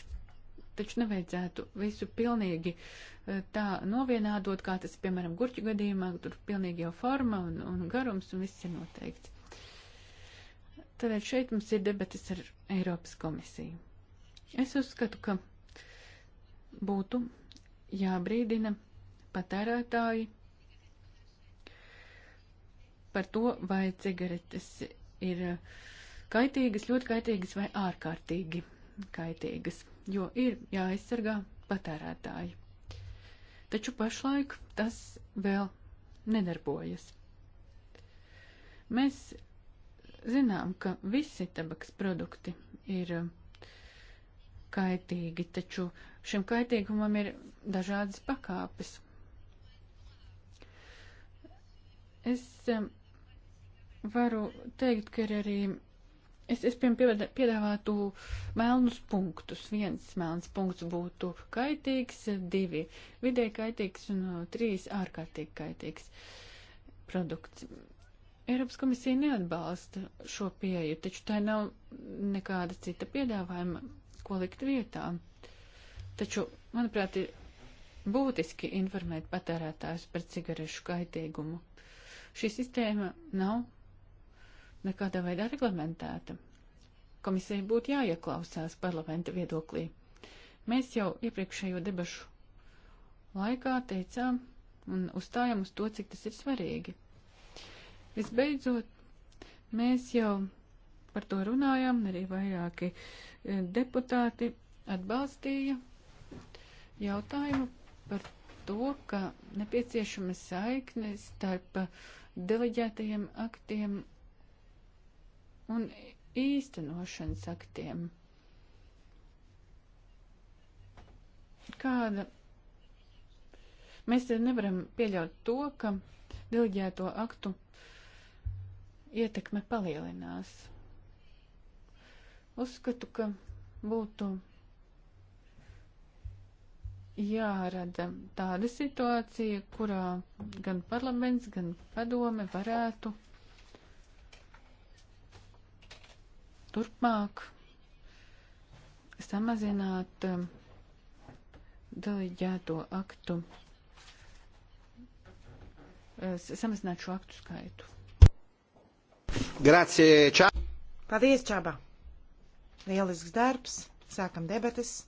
Taču nevajadzētu visu pilnīgi uh, tā novienādot, kā tas, piemēram, gurķu gadījumā, tur pilnīgi jau forma un, un garums un viss ir noteikts. Tātad šeit mums ir debatas ar Eiropas komisiju. Es uzskatu, ka būtu jābrīdina patērētāji par to, vai cigaretes ir kaitīgas, ļoti kaitīgas vai ārkārtīgi kaitīgas, jo ir jāaizsargā patērētāji. Taču pašlaik tas vēl nedarbojas. Mēs Zinām, ka visi tabaks produkti ir um, kaitīgi, taču šim kaitīgumam ir dažādas pakāpes. Es um, varu teikt, ka ir arī. Es, es piemēram, piedāvātu melnus punktus. Viens melns punkts būtu kaitīgs, divi vidē kaitīgs un uh, trīs ārkārtīgi kaitīgs produkts. Eiropas komisija neatbalsta šo pieeju, taču tai nav nekāda cita piedāvājuma, ko likt vietā. Taču, manuprāt, ir būtiski informēt patērētājus par cigarešu kaitīgumu. Šī sistēma nav nekādā veidā reglamentēta. Komisija būtu jāieklausās parlamenta viedoklī. Mēs jau iepriekšējo debašu laikā teicām un uzstājām uz to, cik tas ir svarīgi. Visbeidzot, mēs jau par to runājām, arī vairāki e, deputāti atbalstīja jautājumu par to, ka nepieciešama saikne starp deleģētajiem aktiem un īstenošanas aktiem. Kāda? Mēs nevaram pieļaut to, ka deleģēto aktu ietekme palielinās. Uzskatu, ka būtu jārada tāda situācija, kurā gan parlaments, gan padome varētu turpmāk samazināt um, deleģēto aktu, samazināt šo aktu skaitu. Grazie, Čā. Paldies, Čāba. Lielisks darbs. Sākam debatas.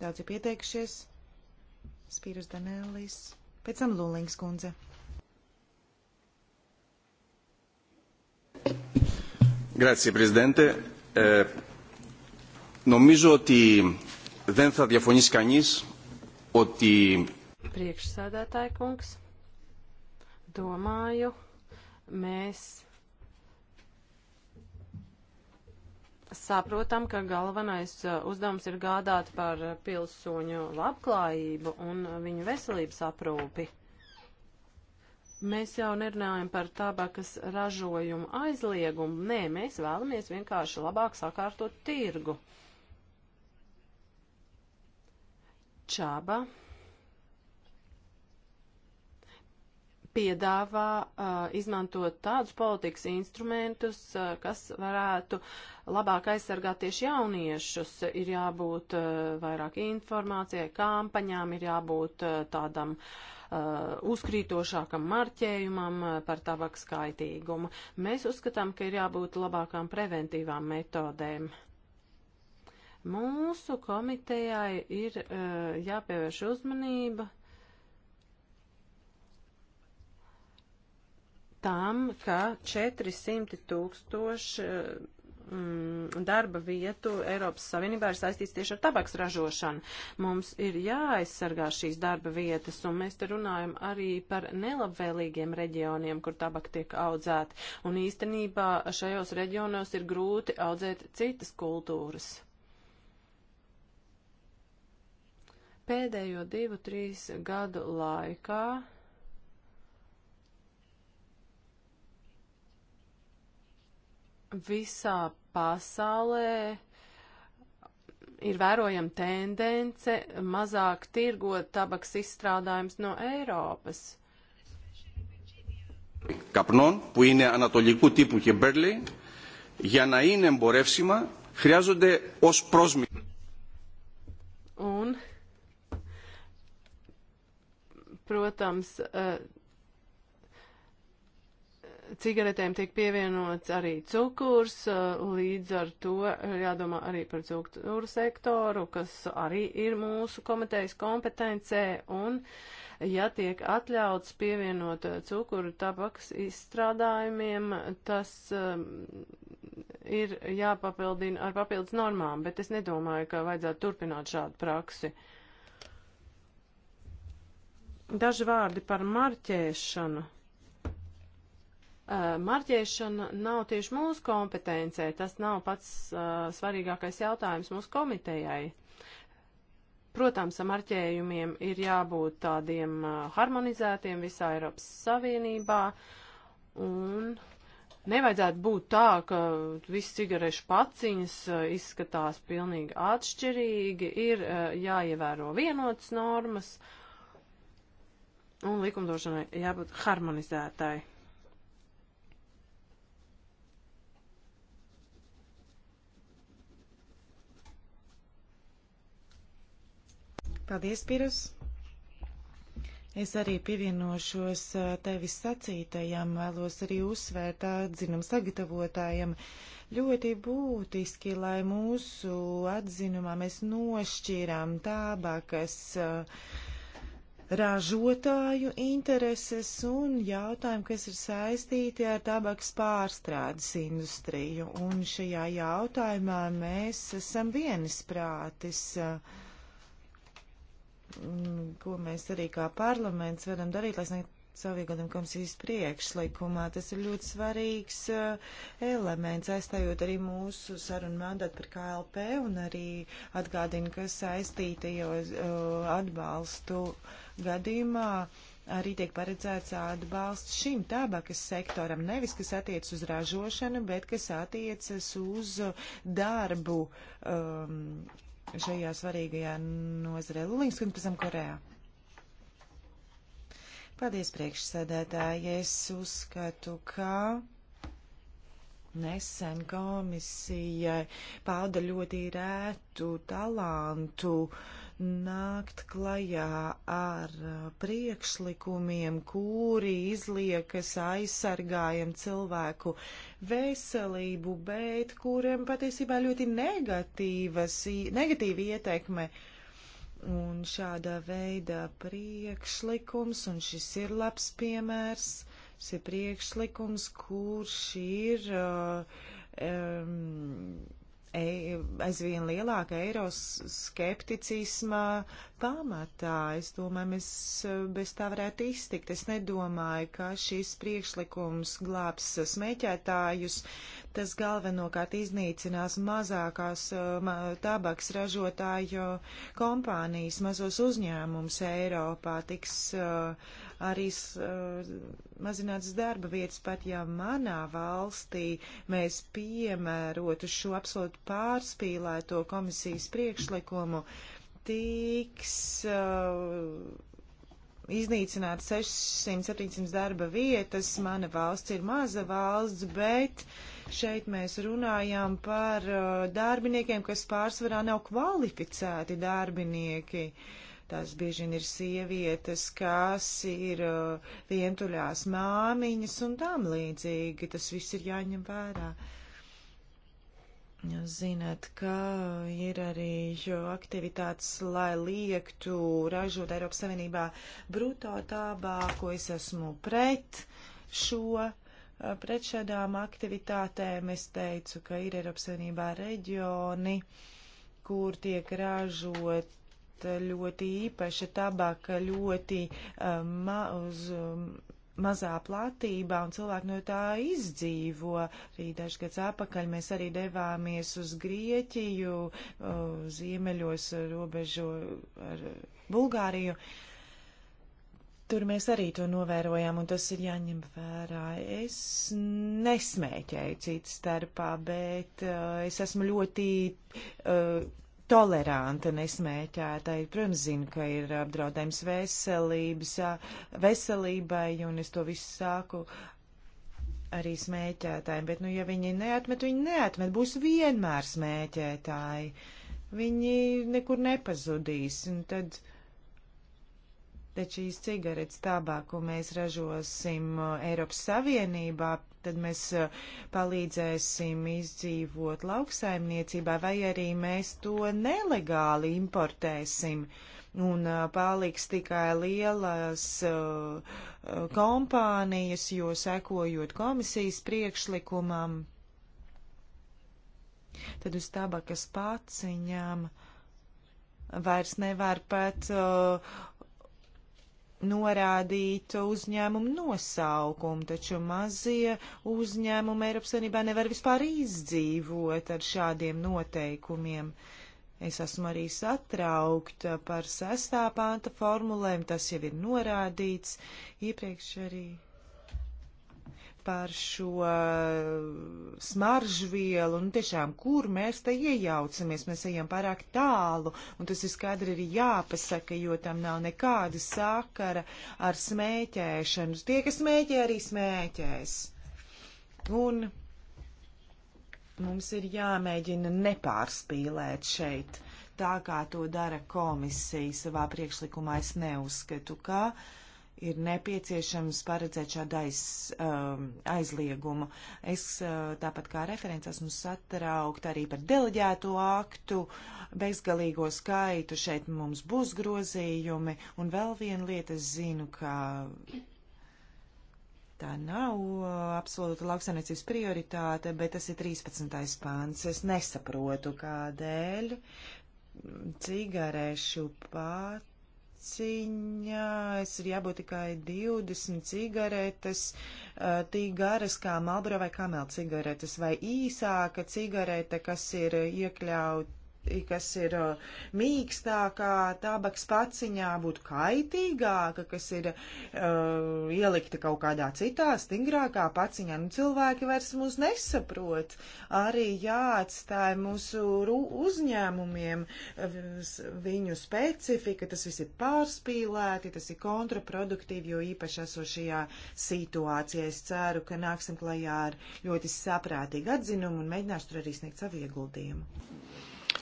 Daudzi pieteikušies. Spīrus Danēlis. Pēc tam Lūlings kundze. Grazie, Presidente. Ε, νομίζω ότι δεν θα διαφωνήσει κανείς ότι... Priekšsēdētāji kungs, domāju, mēs saprotam, ka galvenais uh, uzdevums ir gādāt par uh, pilsoņu labklājību un uh, viņu veselības aprūpi. Mēs jau nerunājam par tabakas ražojumu aizliegumu. Nē, mēs vēlamies vienkārši labāk sakārtot tirgu. Čaba. piedāvā uh, izmantot tādus politikas instrumentus, uh, kas varētu labāk aizsargāt tieši jauniešus. Ir jābūt uh, vairāk informācijai, kampaņām, ir jābūt uh, tādam uh, uzkrītošākam marķējumam uh, par tabakas kaitīgumu. Mēs uzskatām, ka ir jābūt labākām preventīvām metodēm. Mūsu komitejai ir uh, jāpievērš uzmanība tam, ka 400 tūkstoši eh, mm, darba vietu Eiropas Savienībā ir saistīts tieši ar tabaks ražošanu. Mums ir jāaizsargā šīs darba vietas, un mēs te runājam arī par nelabvēlīgiem reģioniem, kur tabaka tiek audzēta. Un īstenībā šajos reģionos ir grūti audzēt citas kultūras. Pēdējo divu, trīs gadu laikā visā pasaulē ir vērojama tendence mazāk tirgot tabaks izstrādājums no Eiropas. Καπνών που είναι ανατολικού τύπου και μπέρλι για να είναι εμπορεύσιμα χρειάζονται ως πρόσμη. Un, protams, uh, cigaretēm tiek pievienots arī cukurs, eh, līdz ar to jādomā arī par cukuru sektoru, kas arī ir mūsu komitejas kompetencē, un ja tiek atļauts pievienot eh, cukuru tabaks izstrādājumiem, tas um, ir jāpapildina ar papildus normām, bet es nedomāju, ka vajadzētu turpināt šādu praksi. Daži vārdi par marķēšanu marķēšana nav tieši mūsu kompetencē, tas nav pats svarīgākais jautājums mūsu komitejai. Protams, marķējumiem ir jābūt tādiem harmonizētiem visā Eiropas Savienībā, un nevajadzētu būt tā, ka viss cigarešu paciņas izskatās pilnīgi atšķirīgi, ir jāievēro vienotas normas, un likumdošanai jābūt harmonizētai. Paldies, Pirus! Es arī pievienošos tevis sacītajam, vēlos arī uzsvērt atzinumu sagatavotājiem. Ļoti būtiski, lai mūsu atzinumā mēs nošķīrām tābakas ražotāju intereses un jautājumu, kas ir saistīti ar tabakas pārstrādes industriju. Un šajā jautājumā mēs esam vienisprātis. prātis Mm, ko mēs arī kā parlaments varam darīt, lai sniegtu savīgadam komisijas priekšlikumā. Tas ir ļoti svarīgs uh, elements, aizstājot arī mūsu sarunu mandātu par KLP un arī atgādina, ka saistītajos uh, atbalstu gadījumā arī tiek paredzēts atbalsts šim tabakas sektoram, nevis kas attiec uz ražošanu, bet kas attiecas uz darbu. Um, šajā svarīgajā nozarē. Lūlīgs, kad pēc tam Korejā. Paldies, priekšsēdētāji. Es uzskatu, ka nesen komisija pauda ļoti rētu talantu. Uh, nākt klajā ar uh, priekšlikumiem, kuri izliekas aizsargājam cilvēku veselību, bet kuriem patiesībā ļoti negatīvas, negatīva ietekme. Un šāda veida priekšlikums, un šis ir labs piemērs, šis ir priekšlikums, kurš ir. Uh, um, E, aizvien lielāka eiroskepticisma pamatā. Es domāju, mēs e, bez tā varētu iztikt. Es nedomāju, ka šis priekšlikums glābs smēķētājus. Uh, Tas galvenokārt iznīcinās mazākās uh, tabaks ražotāju kompānijas, mazos uzņēmumus Eiropā. Tiks uh, arī uh, mazināts darba vietas, pat ja manā valstī mēs piemērotu šo absolūti pārspīlēto komisijas priekšlikumu tiks uh, iznīcināt 600-700 darba vietas. Mana valsts ir maza valsts, bet šeit mēs runājām par uh, darbiniekiem, kas pārsvarā nav kvalificēti darbinieki. Tās bieži vien ir sievietes, kas ir uh, vientuļās māmiņas un tam līdzīgi. Tas viss ir jāņem vērā. Uh, Jūs zināt, ka ir arī aktivitātes, lai liektu ražot Eiropas Savienībā bruto tābāku. Es esmu pret šo, eh, pret šādām aktivitātēm. Es teicu, ka ir Eiropas Savienībā reģioni, kur tiek ražot ļoti īpaša tabaka, ļoti um, uz. Um, mazā platībā un cilvēki no tā izdzīvo. Arī dažs gads atpakaļ mēs arī devāmies uz Grieķiju, uh, ziemeļos uh, robežo ar uh, Bulgāriju. Tur mēs arī to novērojām, un tas ir jāņem vērā. Es nesmēķēju citu starpā, bet uh, es esmu ļoti uh, toleranta, nesmēķētāji. Protams, zinu, ka ir apdraudējums veselības, veselībai, un es to visu sāku arī smēķētājiem, bet, nu, ja viņi neatmet, viņi neatmet, būs vienmēr smēķētāji. Viņi nekur nepazudīs, un tad. Uh, Bet šīs cigaretes tabāku mēs ražosim uh, Eiropas Savienībā, tad mēs uh, palīdzēsim izdzīvot lauksaimniecībā, vai arī mēs to nelegāli importēsim. Un uh, paliks tikai lielas kompānijas, jo sekojot komisijas priekšlikumam, tad uz tabakas paciņām vairs nevar pat uh, norādīt uzņēmumu nosaukumu, taču mazie uzņēmumi Eiropas Savienībā nevar vispār izdzīvot ar šādiem noteikumiem. Es esmu arī satraukta par sestā panta formulēm, tas jau ir norādīts iepriekš arī par šo uh, smaržvielu, un nu, tiešām, kur mēs te iejaucamies, mēs ejam pārāk tālu, un tas ir skaidri arī jāpasaka, jo tam nav nekāda sakara ar smēķēšanu. Tie, kas smēķē, arī smēķēs. Un mums ir jāmēģina nepārspīlēt šeit, tā kā to dara komisija savā priekšlikumā, es neuzskatu, ka. Uh, ir nepieciešams paredzēt šādu aiz, um, aizliegumu. Es uh, tāpat kā referents esmu satraukt arī par deleģēto aktu, bezgalīgo skaitu, šeit mums būs grozījumi, un vēl viena lieta es zinu, ka tā nav uh, absolūta lauksainiecības prioritāte, bet tas ir 13. pāns. Es nesaprotu, kādēļ cigarešu pat maciņā, es ir jābūt tikai 20 cigaretes, tik garas kā Malboro vai Kamel cigaretes, vai īsāka cigarete, kas ir iekļaut kas ir uh, mīkstākā, tabaks paciņā būtu kaitīgāka, kas ir uh, ielikta kaut kādā citā, stingrākā paciņā. Nu, cilvēki vairs mūs nesaprot. Arī jāatstāja mūsu uzņēmumiem uh, viņu specifika, tas viss ir pārspīlēti, tas ir kontraproduktīvi, jo īpaši esošajā situācijā es ceru, ka nāksim klajā ar ļoti saprātīgu atzinumu un mēģināšu tur arī sniegt savu ieguldījumu.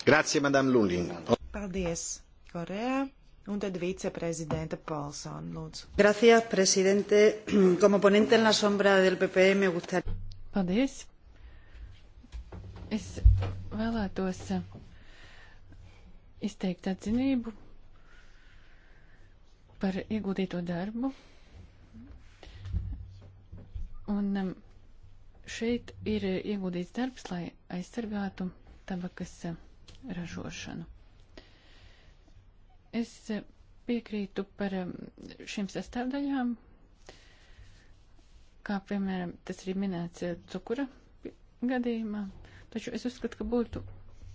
Grazie, madam Lulling. Paldies, Koreja. Un tad viceprezidenta Paulsona, lūdzu. Gracias, presidente. Como ponente en la sombra del PP e, me gustaría. Paldies. Es vēlētos eh, izteikt atzinību par ieguldīto darbu. Un šeit ir ieguldīts darbs, lai aizsargātu tabakas. Uh, ražošanu. Es eh, piekrītu par eh, šīm sastāvdaļām, kā piemēram tas arī minēts eh, cukura gadījumā, taču es uzskatu, ka būtu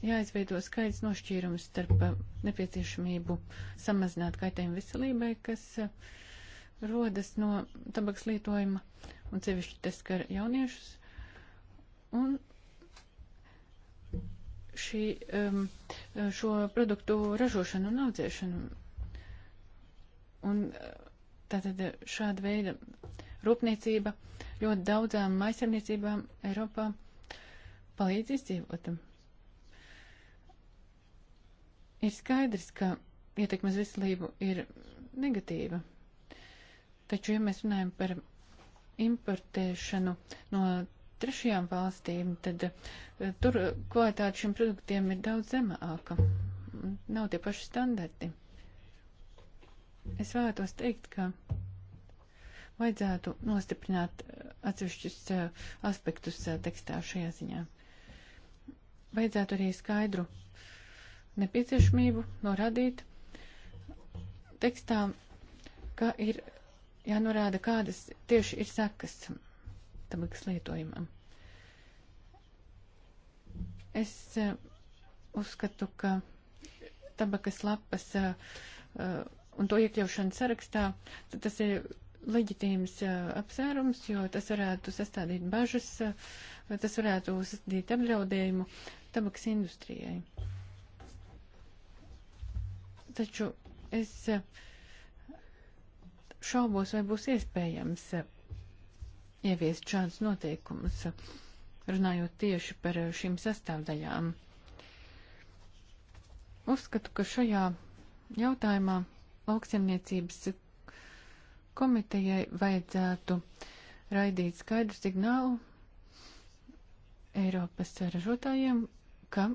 jāizveido skaidrs nošķīrums starp nepieciešamību samazināt kaitējumu veselībai, kas rodas no tabaks lietojuma, un sevišķi tas skar jauniešus, un šī, um, šo produktu ražošanu un audzēšanu. Un uh, tātad šāda veida rūpniecība ļoti daudzām maisaimniecībām Eiropā palīdz izdzīvot. Ir skaidrs, ka ietekmes veselību ir negatīva. Taču, ja mēs runājam par importēšanu no trešajām valstīm, tad eh, tur kvalitāte šiem produktiem ir daudz zemāka. Nav tie paši standarti. Es vēlētos teikt, ka vajadzētu nostiprināt eh, atsevišķus eh, aspektus tekstā šajā ziņā. Vajadzētu arī skaidru nepieciešamību norādīt tekstā, ka ir jānorāda, kādas tieši ir sekas tabakas lietojumam. Es eh, uzskatu, ka tabakas lapas eh, eh, un to iekļaušana sarakstā, tad tas ir leģitīms apsvērums, jo tas varētu sastādīt bažas, tas varētu sastādīt apdraudējumu tabakas industrijai. Taču es šaubos, vai būs iespējams ieviest šādus noteikumus. Uh, runājot tieši par eh, šīm sastāvdaļām. Uzskatu, ka šajā jautājumā lauksaimniecības komitejai vajadzētu raidīt skaidru signālu Eiropas ražotājiem, ka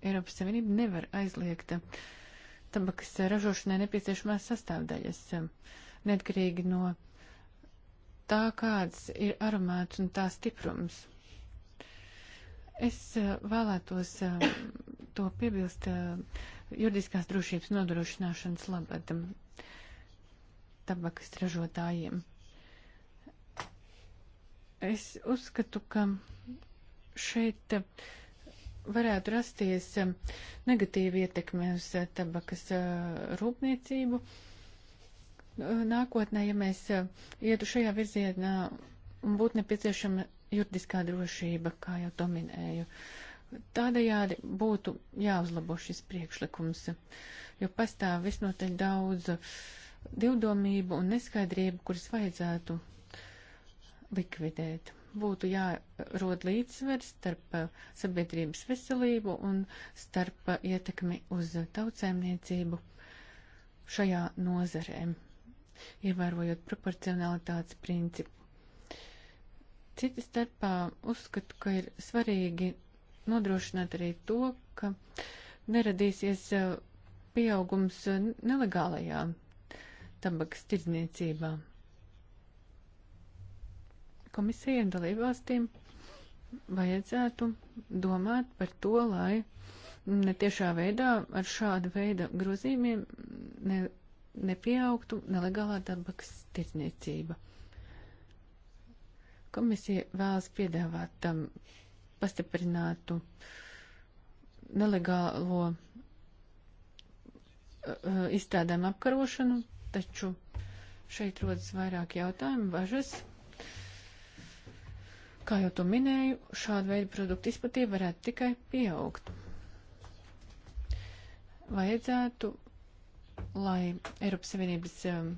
Eiropas Savienība nevar aizliegt tabakas ražošanai nepieciešamās sastāvdaļas, neatkarīgi no tā, kāds ir aromāts un tā stiprums. Es eh, vēlētos eh, to piebilst eh, juridiskās drošības nodrošināšanas labad mm, tabakas ražotājiem. Es uzskatu, ka šeit varētu rasties negatīva ietekme uz tabakas rūpniecību. Nākotnē, ja mēs ietu šajā virzienā un būtu nepieciešama juridiskā drošība, kā jau to minēju. Tādējādi būtu jāuzlabo šis priekšlikums, jo pastāv visnotaļ daudz divdomību un neskaidrību, kuras vajadzētu likvidēt. Būtu jārod līdzsvers starp sabiedrības veselību un starp ietekmi uz tautsēmniecību šajā nozarē, ievērojot proporcionalitātes principu. Cita starpā uzskatu, ka ir svarīgi nodrošināt arī to, ka neradīsies uh, pieaugums uh, nelegālajā tabakas tirdzniecībā. Komisija un dalībvalstīm vajadzētu domāt par to, lai netiešā veidā ar šādu veidu grozījumiem ne, nepieaugtu nelegālā tabakas tirdzniecība. Komisija vēlas piedāvāt tam pastiprinātu nelegālo uh, uh, izstādēm apkarošanu, taču šeit rodas vairāk jautājumu, bažas. Kā jau to minēju, šāda veida produktu izplatība varētu tikai pieaugt. Vajadzētu, lai Eiropas Savienības um,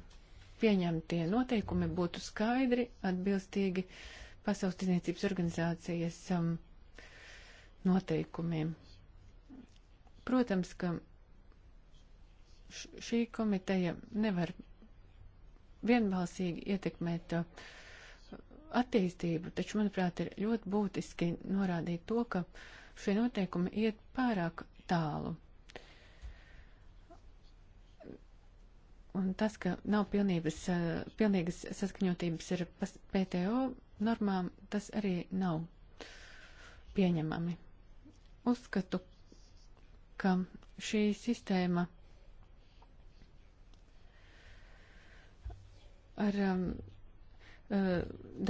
pieņemtie noteikumi būtu skaidri, atbilstīgi Pasaules tirniecības organizācijas um, noteikumiem. Protams, ka šī komiteja nevar vienbalsīgi ietekmēt uh, attīstību, taču, manuprāt, ir ļoti būtiski norādīt to, ka šie noteikumi iet pārāk tālu. Un tas, ka nav pilnības, eh, pilnīgas saskaņotības ar PTO normām, tas arī nav pieņemami. Uzskatu, ka šī sistēma ar um, eh,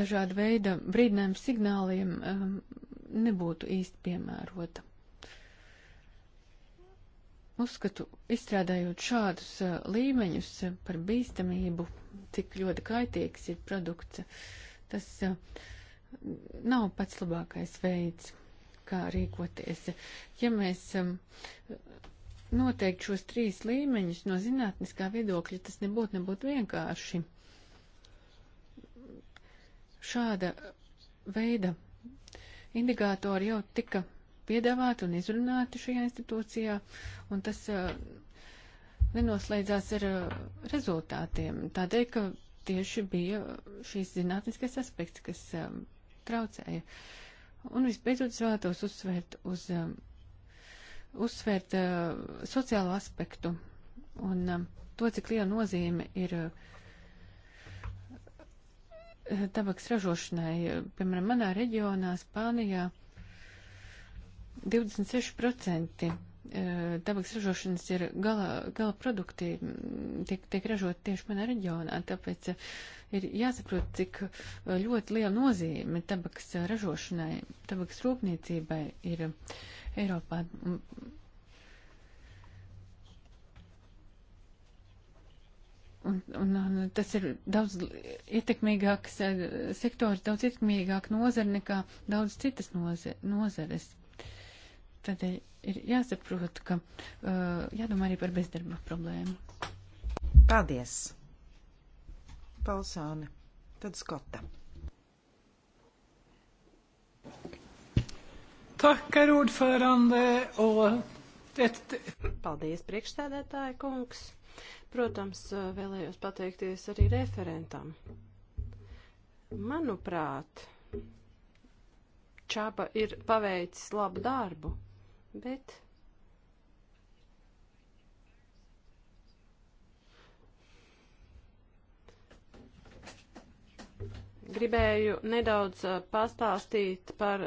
dažādu veidu brīdinājumu signāliem um, nebūtu īsti piemērota. Uzskatu, izstrādājot šādus eh, līmeņus eh, par bīstamību, cik ļoti kaitīgs ir produkts, eh, tas nav pats labākais veids, kā rīkoties. Ja mēs noteikti šos trīs līmeņus no zinātniskā viedokļa, tas nebūtu, nebūtu vienkārši. Šāda veida indikātori jau tika piedāvāti un izrunāti šajā institūcijā, un tas uh, nenoslēdzās ar uh, rezultātiem. Tādēļ, ka tieši bija šīs zinātniskais aspekts, kas um, traucēja. Un visbeidzot, es vēlētos uzsvērt uz um, uzsvērt uh, sociālo aspektu un uh, to, cik liela nozīme ir uh, tabaks ražošanai. Uh, piemēram, manā reģionā, Spānijā, uh, 26% e, tabaks ražošanas ir gala, gala produkti, tiek, tiek ražot tieši manā reģionā, tāpēc e, ir jāsaprot, cik e, ļoti liela nozīme tabaks ražošanai, tabaks rūpniecībai ir Eiropā. Un, un, un tas ir daudz ietekmīgāks sektors, daudz ietekmīgāk nozara nekā daudz citas noze, nozares. Tādēļ ir jāsaprot, ka uh, jādomā arī par bezdarba problēmu. Paldies! Palsāne, tad Skota. Tackar ordförande og et... Paldies, priekšstādētāja kungs. Protams, uh, vēlējos pateikties arī referentam. Manuprāt, Čaba ir paveicis labu darbu bet gribēju nedaudz pastāstīt par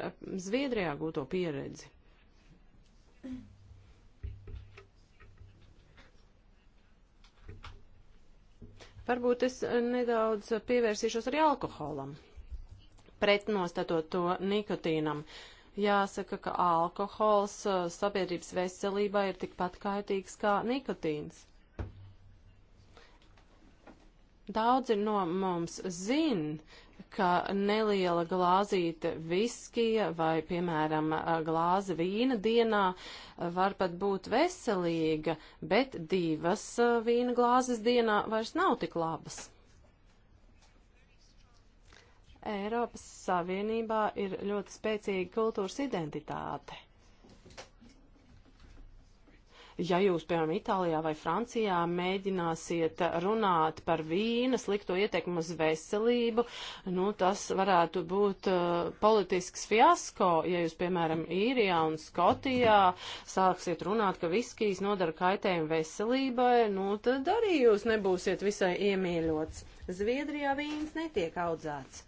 Zviedrijā gūto pieredzi. Varbūt es nedaudz pievērsīšos arī alkoholam, pretnostatot to nikotīnam. Uh, Jāsaka, ka alkohols uh, sabiedrības veselībai ir tikpat kaitīgs kā nikotīns. Daudzi no mums zin, ka neliela glāzīte viskija vai, piemēram, uh, glāze vīna dienā uh, var pat būt veselīga, bet divas vīna glāzes dienā vairs nav tik labas. Eiropas Savienībā ir ļoti spēcīga kultūras identitāte. Ja jūs, piemēram, Itālijā vai Francijā mēģināsiet runāt par vīna slikto ietekmu uz veselību, nu, tas varētu būt uh, politisks fiasko, ja jūs, piemēram, Īrijā un Skotijā sāksiet runāt, ka viskijas nodara kaitējumu veselībai, nu, tad arī jūs nebūsiet visai iemīļots. Zviedrijā vīns netiek audzēts.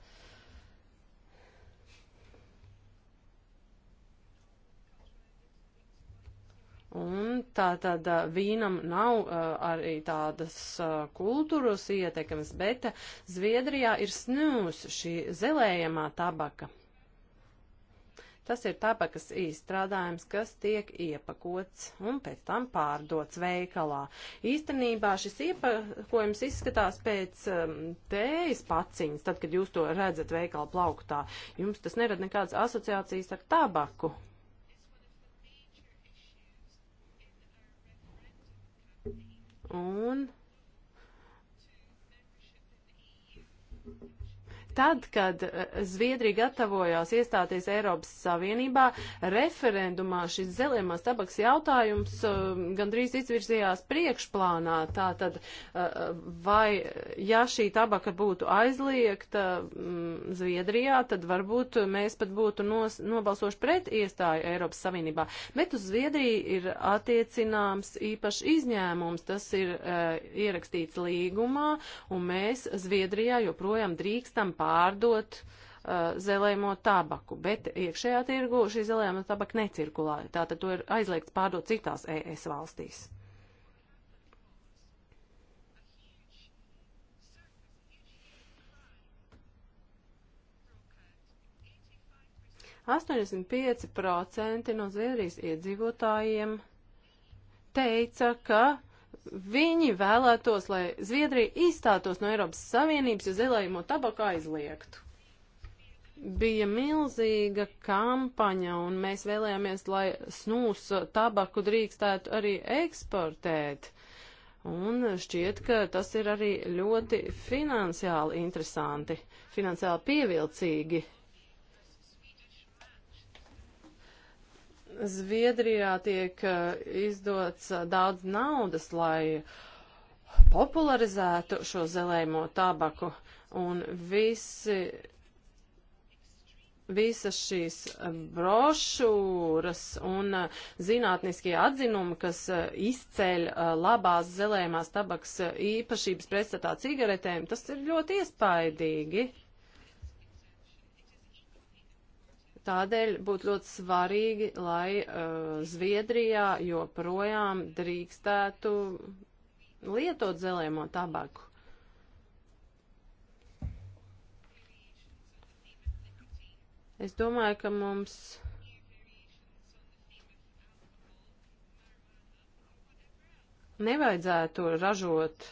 Un tā tad vīnam nav uh, arī tādas uh, kultūras ietekmes, bet Zviedrijā ir snus šī zelējamā tabaka. Tas ir tabakas izstrādājums, kas tiek iepakots un pēc tam pārdots veikalā. Īstenībā šis iepakojums izskatās pēc um, tējas paciņas, tad, kad jūs to redzat veikala plauktā. Jums tas nerada nekādas asociācijas ar tabaku. un Tad, kad eh, Zviedrija gatavojās iestāties Eiropas Savienībā, referendumā šis zelēmās tabaks jautājums uh, gandrīz izvirzījās priekšplānā. Tātad, uh, vai ja šī tabaka būtu aizliegta um, Zviedrijā, tad varbūt mēs pat būtu nos, nobalsoši pret iestāju Eiropas Savienībā. Bet uz Zviedriju ir attiecināms īpašs izņēmums. Tas ir uh, ierakstīts līgumā, un mēs Zviedrijā joprojām drīkstam pārdot uh, zelēmo tabaku, bet iekšējā tirgu šī zelēma tabaka necirkulē. Tātad to ir aizliegts pārdot citās ES valstīs. Astoņdesmit pieci procenti no Zviedrijas iedzīvotājiem teica, ka viņi vēlētos, lai Zviedrija izstātos no Eiropas Savienības, ja zilējumu tabaku aizliegtu. Bija milzīga kampaņa, un mēs vēlējāmies, lai snūs tabaku drīkstētu arī eksportēt. Un šķiet, ka tas ir arī ļoti finansiāli interesanti, finansiāli pievilcīgi Zviedrijā tiek eh, izdots eh, daudz naudas, lai popularizētu šo zelēmo tabaku, un visi, visas šīs eh, brošūras un zinātniskie atzinumi, kas izceļ labās zelēmās tabakas īpašības pretstatā cigaretēm, tas ir ļoti iespaidīgi. Tādēļ būtu ļoti svarīgi, lai uh, Zviedrijā joprojām drīkstētu lietot zelēmo tabaku. Es domāju, ka mums nevajadzētu ražot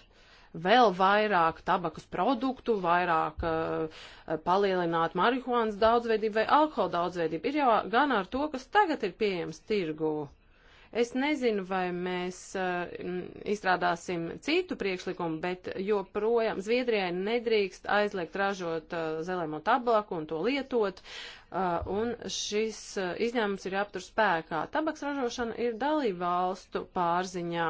vēl vairāk tabakas produktu, vairāk uh, palielināt marihuānas daudzveidību vai alkohola daudzveidību. Ir jau gan ar to, kas tagad ir pieejams tirgū. Es nezinu, vai mēs uh, izstrādāsim citu priekšlikumu, bet joprojām Zviedrijai nedrīkst aizliegt ražot uh, eh, zelēmo tabaku un to lietot, uh, un šis uh, izņēmums ir jāaptur spēkā. Tabaks ražošana ir dalība valstu pārziņā,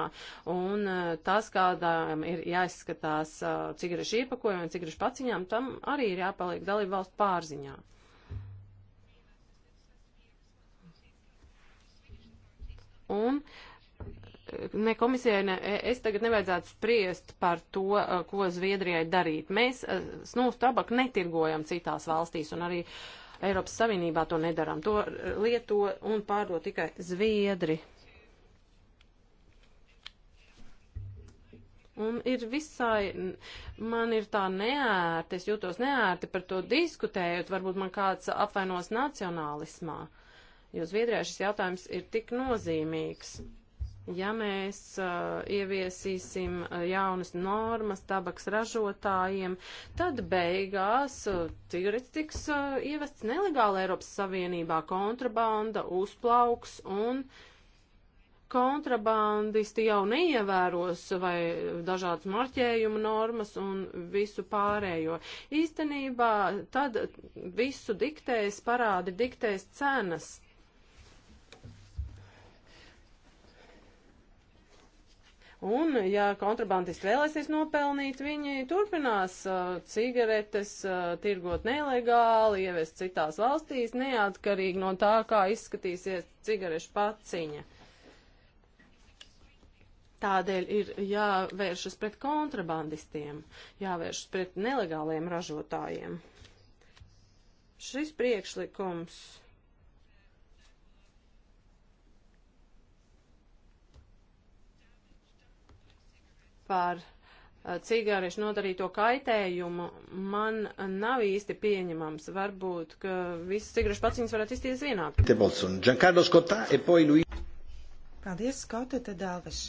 un uh, tas, kādām ir jāizskatās uh, cigarešu iepakojumi un cigarešu paciņām, tam arī ir jāpaliek dalība valstu pārziņā. un eh, ne komisijai, ne es tagad nevajadzētu spriest par to, eh, ko Zviedrijai darīt. Mēs eh, snus tabaku netirgojam citās valstīs un arī Eiropas Savienībā to nedaram. To lieto un pārdo tikai Zviedri. Un ir visai, man ir tā neērti, es jūtos neērti par to diskutējot, varbūt man kāds apvainos nacionālismā. Uh, jo Zviedrijā šis jautājums ir tik nozīmīgs. Ja mēs uh, ieviesīsim uh, jaunas normas tabaks ražotājiem, tad beigās uh, cigaretes tiks uh, ievests nelegāli Eiropas Savienībā, kontrabanda uzplauks un uh, kontrabandisti jau neievēros vai dažādas marķējuma normas un visu pārējo. Īstenībā tad visu diktēs parādi, diktēs cenas. Un, ja kontrabandisti vēlēsies nopelnīt, viņi turpinās uh, cigaretes uh, tirgot nelegāli, ievest citās valstīs, neatkarīgi no tā, kā izskatīsies cigarešu paciņa. Tādēļ ir jāvēršas pret kontrabandistiem, jāvēršas pret nelegāliem ražotājiem. Šis priekšlikums par eh, cigārišu nodarīto kaitējumu man nav īsti pieņemams. Varbūt, ka visas cigārišu paciņas varētu izties vienā. E Paldies, Skota Tadalveš.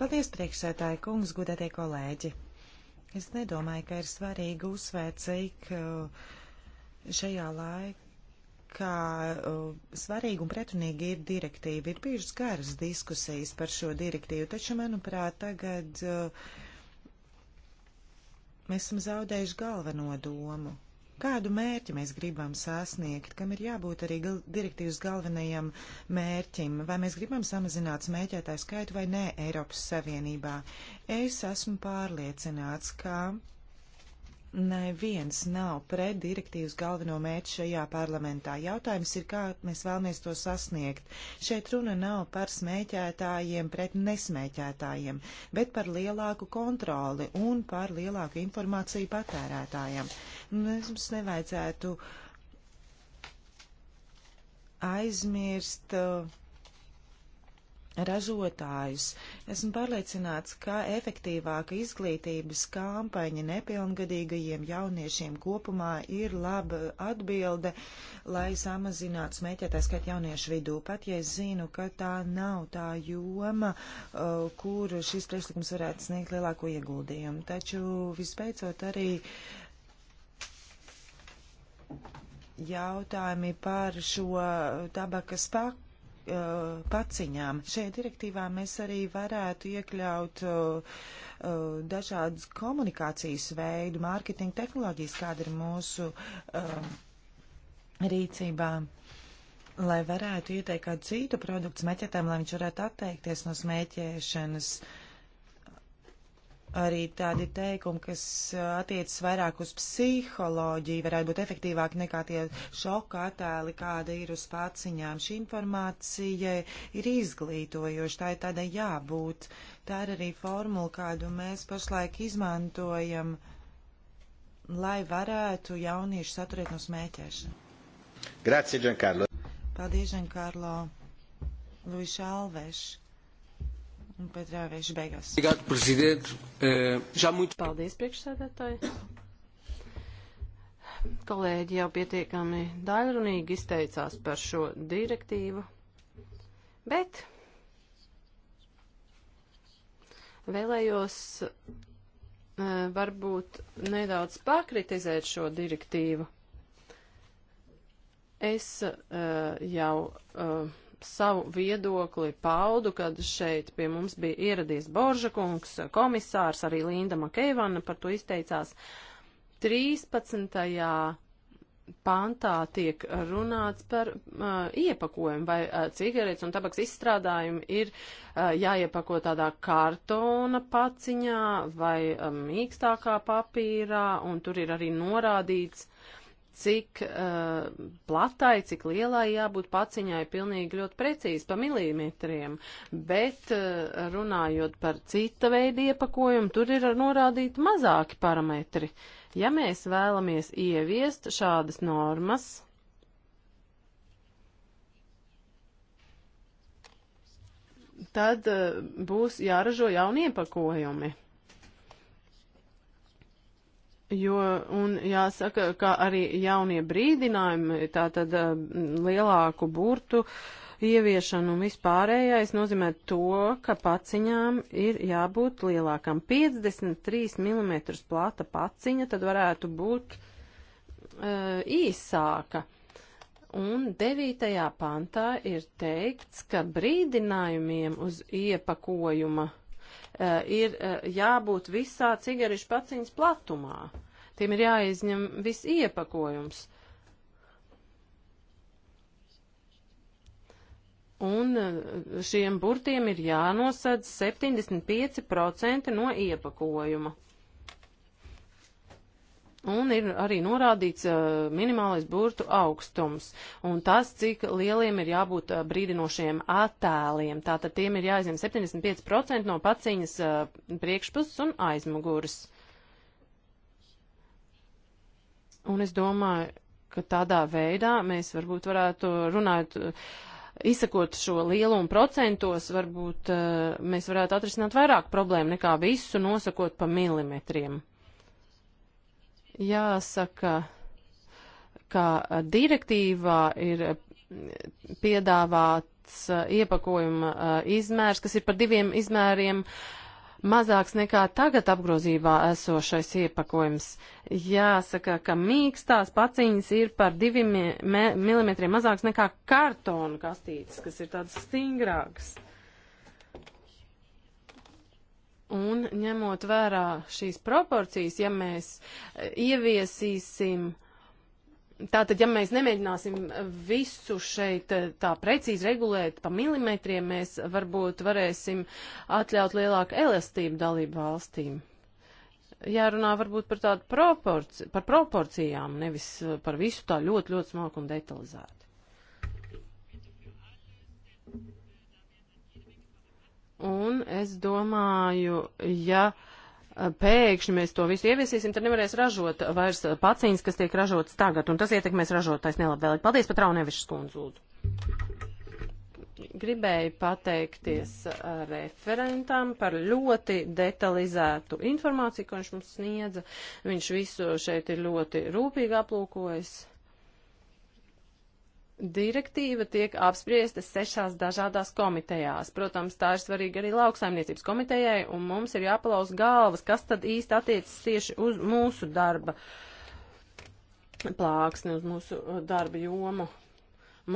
Paldies, priekšsētāji kungs, gudētie kolēģi. Es nedomāju, ka ir svarīgi uzsvērt, cik eh, šajā laik, kā uh, svarīgi un pretrunīgi ir direktīva. Ir bijušas garas diskusijas par šo direktīvu, taču, manuprāt, tagad uh, mēs esam zaudējuši galveno domu. Kādu mērķi mēs gribam sasniegt, kam ir jābūt arī gal direktīvas galvenajam mērķim, vai mēs gribam samazināt smēķētāju skaitu vai nē Eiropas Savienībā? Es esmu pārliecināts, ka neviens nav pret direktīvas galveno mērķi šajā parlamentā. Jautājums ir, kā mēs vēlamies to sasniegt. Šeit runa nav par smēķētājiem pret nesmēķētājiem, bet par lielāku kontroli un par lielāku informāciju patērētājiem. Mums nevajadzētu aizmirst. Uh, ražotājus. Esmu pārliecināts, ka efektīvāka izglītības kampaņa nepilngadīgajiem jauniešiem kopumā ir laba atbilde, lai samazinātu smēķētājs skait jauniešu vidū. Pat ja es zinu, ka tā nav tā joma, uh, kur šis priekšlikums varētu sniegt lielāko ieguldījumu. Taču vispēcot arī jautājumi par šo tabakas paku uh, paciņām. Šajā direktīvā mēs arī varētu iekļaut uh, uh, dažādas komunikācijas veidu, mārketinga tehnoloģijas, kāda ir mūsu uh, rīcībā. Lai varētu ieteikt kādu citu produktu smēķētājiem, lai viņš varētu atteikties no smēķēšanas uh, arī tādi teikumi, kas uh, attiecas vairāk uz psiholoģiju, varētu būt efektīvāki nekā tie šoka attēli, kāda ir uz paciņām. Šī informācija ir izglītojoša, tā ir tādai jābūt. Tā ir arī formula, kādu mēs pašlaik izmantojam, lai varētu jauniešu saturēt no smēķēšana. Grazie, Giancarlo. Paldies, Giancarlo. Luis Alves Un pēc jāvēršu beigās. Eh, Paldies, priekšsēdētāji. Kolēģi jau pietiekami daļrunīgi izteicās par šo direktīvu, bet vēlējos eh, varbūt nedaudz pakritizēt šo direktīvu. Es uh, jau uh, savu viedokli paudu, kad šeit pie mums bija ieradies Boržakungs, komisārs, arī Linda Makeivana par to izteicās. 13 pantā tiek runāts par uh, iepakojumu vai uh, cigaretes un tabaks izstrādājumi ir uh, jāiepako tādā kartona paciņā vai uh, um, mīkstākā papīrā, un tur ir arī norādīts, cik uh, platai, cik lielai jābūt paciņai, pilnīgi ļoti precīzi pa milimetriem, bet uh, runājot par cita veida iepakojumu, tur ir norādīti mazāki parametri. Ja mēs vēlamies ieviest šādas normas, tad uh, būs jāražo jauni iepakojumi. Jo, un jāsaka, ka arī jaunie brīdinājumi, tā tad eh, lielāku burtu ieviešana un vispārējais nozīmē to, ka paciņām ir jābūt lielākam. 53 mm plata paciņa tad varētu būt uh, īsāka. Un 9. pantā ir teikts, ka brīdinājumiem uz iepakojuma Eh, ir eh, jābūt visā cigarešu paciņas platumā. Tiem ir jāizņem viss iepakojums. Un eh, šiem burtiem ir jānosedz 75% no iepakojuma. Un ir arī norādīts uh, minimālais burtu augstums un tas, cik lieliem ir jābūt uh, brīdinošiem attēliem. Tātad tiem ir jāizņem 75% no paciņas uh, priekšpuses un aizmuguras. Un es domāju, ka tādā veidā mēs varbūt varētu runāt. Uh, izsakot šo lielumu procentos, varbūt uh, mēs varētu atrisināt vairāk problēmu nekā visu nosakot pa milimetriem. Jāsaka, ka direktīvā ir mm, piedāvāts uh, iepakojuma uh, izmērs, kas ir par diviem izmēriem mazāks nekā tagad apgrozībā esošais iepakojums. Jāsaka, ka mīkstās paciņas ir par diviem milimetriem mazāks nekā kartona kastītes, kas ir tādas stingrākas. Uh, Un ņemot vērā šīs proporcijas, ja mēs e, ieviesīsim, tātad, ja mēs nemēģināsim visu šeit e, tā precīzi regulēt pa milimetriem, mēs varbūt varēsim atļaut lielāku elastību dalību valstīm jārunā varbūt par tādu proporci, par proporcijām, nevis e, par visu tā ļoti, ļoti smalku un detalizētu. Un es domāju, ja e, pēkšņi mēs to visu ieviesīsim, tad nevarēs ražot vairs paciņas, kas tiek ražotas tagad, un tas ietekmēs ražotājs nelabvēlīgi. Paldies pat Raunevišas kundzu lūdzu. Gribēju pateikties e, referentam par ļoti detalizētu informāciju, ko viņš mums sniedza. Viņš visu šeit ir ļoti rūpīgi aplūkojis. Direktīva tiek apspriesta sešās dažādās komitejās. Protams, tā ir svarīga arī lauksaimniecības komitejai, un mums ir jāpalauz galvas, kas tad īsti attiecas tieši uz mūsu darba plāksni, uz mūsu uh, darba jomu.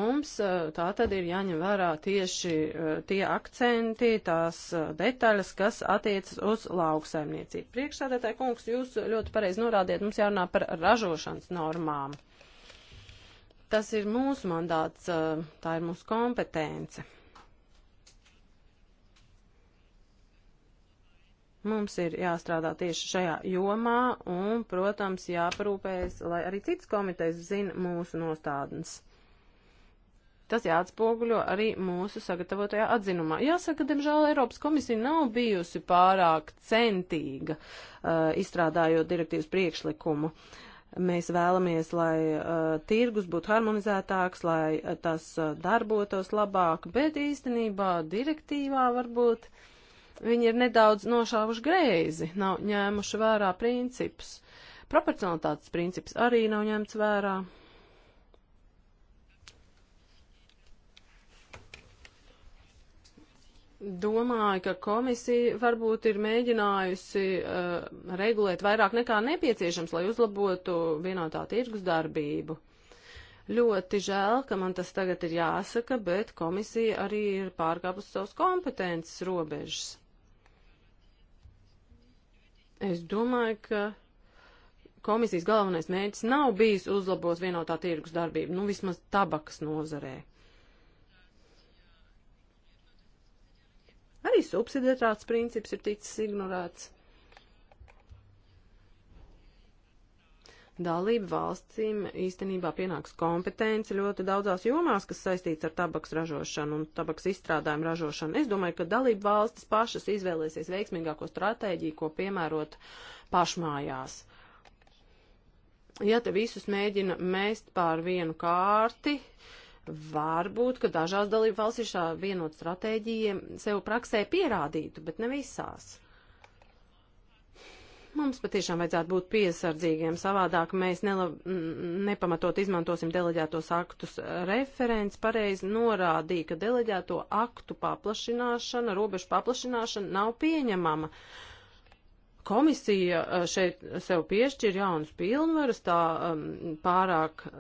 Mums uh, tā tad ir jāņem vērā tieši uh, tie akcenti, tās detaļas, kas attiecas uz lauksaimniecību. Priekšsādātāji kungs, jūs ļoti pareizi norādiet, mums jārunā par ražošanas normām. Tas ir mūsu mandāts, eh, tā ir mūsu kompetence. Mums ir jāstrādā tieši šajā jomā un, protams, jāparūpējas, lai arī citas komitejas zina mūsu nostādnes. Tas jāatspoguļo arī mūsu sagatavotajā atzinumā. Jāsaka, diemžēl Eiropas komisija nav bijusi pārāk centīga uh, izstrādājot direktīvas priekšlikumu. Uh, Mēs vēlamies, lai uh, tirgus būtu harmonizētāks, lai uh, tas uh, darbotos labāk, bet īstenībā direktīvā varbūt viņi ir nedaudz nošāvuši greizi, nav ņēmuši vērā principus. Proporcionalitātes princips arī nav ņemts vērā. Uh, domāju, ka komisija varbūt ir mēģinājusi uh, regulēt vairāk nekā nepieciešams, lai uzlabotu vienotā tirgus darbību. Ļoti žēl, ka man tas tagad ir jāsaka, bet komisija arī ir pārkāpusi savus kompetences robežas. Es domāju, ka komisijas galvenais mērķis nav bijis uzlabot vienotā tirgus darbību, nu vismaz tabakas nozarē. Arī subsidiatāts princips ir ticis ignorēts. Dalību valstīm īstenībā pienāks kompetence ļoti daudzās jomās, kas saistīts ar tabaks ražošanu un tabaks izstrādājumu ražošanu. Es domāju, ka dalību valstis pašas izvēlēsies veiksmīgāko stratēģiju, ko piemērot pašmājās. Ja te visus mēģina mēst pār vienu kārti, uh, Varbūt, ka dažās dalību valstīs šā vienot stratēģija sev praksē pierādītu, bet ne visās. Mums patiešām vajadzētu būt piesardzīgiem, savādāk mēs nelab, nepamatot izmantosim deleģētos aktus. Referents pareizi norādīja, ka deleģēto aktu paplašināšana, robežu paplašināšana nav pieņemama. Uh, Komisija uh, šeit sev piešķir jaunas pilnvaras, tā um, pārāk uh,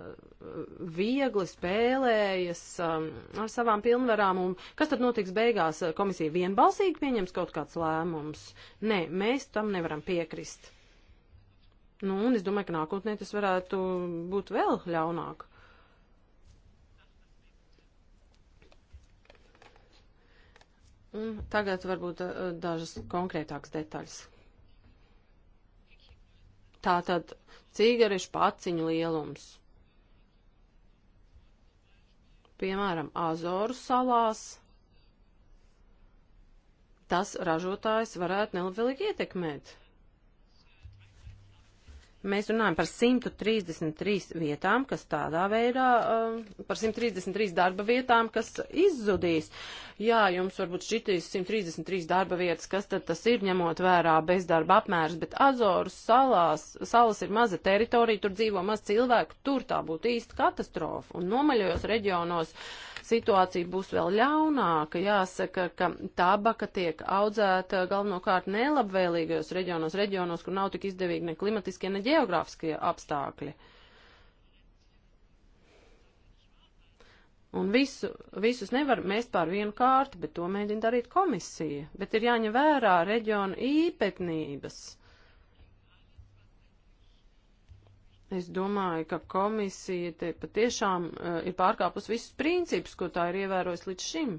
viegli spēlējas um, ar savām pilnvarām, un kas tad notiks beigās? Uh, komisija vienbalsīgi pieņems kaut kāds lēmums? Nē, mēs tam nevaram piekrist. Nu, un es domāju, ka nākotnē tas varētu būt vēl ļaunāk. Un tagad varbūt dažas konkrētākas detaļas. Tātad cigarešu paciņu lielums. Piemēram, Azoru salās tas ražotājs varētu nelabvēlīgi ietekmēt. Mēs runājam par 133 vietām, kas tādā veidā, uh, par 133 darba vietām, kas izzudīs. Jā, jums varbūt šitīs 133 darba vietas, kas tad tas ir, ņemot vērā bezdarba apmērs, bet Azoru salās, salas ir maza teritorija, tur dzīvo maz cilvēku, tur tā būtu īsta katastrofa. Un nomaļojos reģionos. Uh, situācija būs vēl ļaunāka. Jāsaka, ka tabaka tiek audzēta galvenokārt nelabvēlīgajos reģionos, reģionos, kur nav tik izdevīgi ne klimatiskie, ne geogrāfiskie apstākļi. Un visu, visus nevar mēst pār vienu kārtu, bet to mēģina darīt komisija. Bet ir jāņem vērā reģiona īpatnības. Uh, Es domāju, ka komisija te patiešām uh, ir pārkāpus visus principus, ko tā ir ievērojusi līdz šim.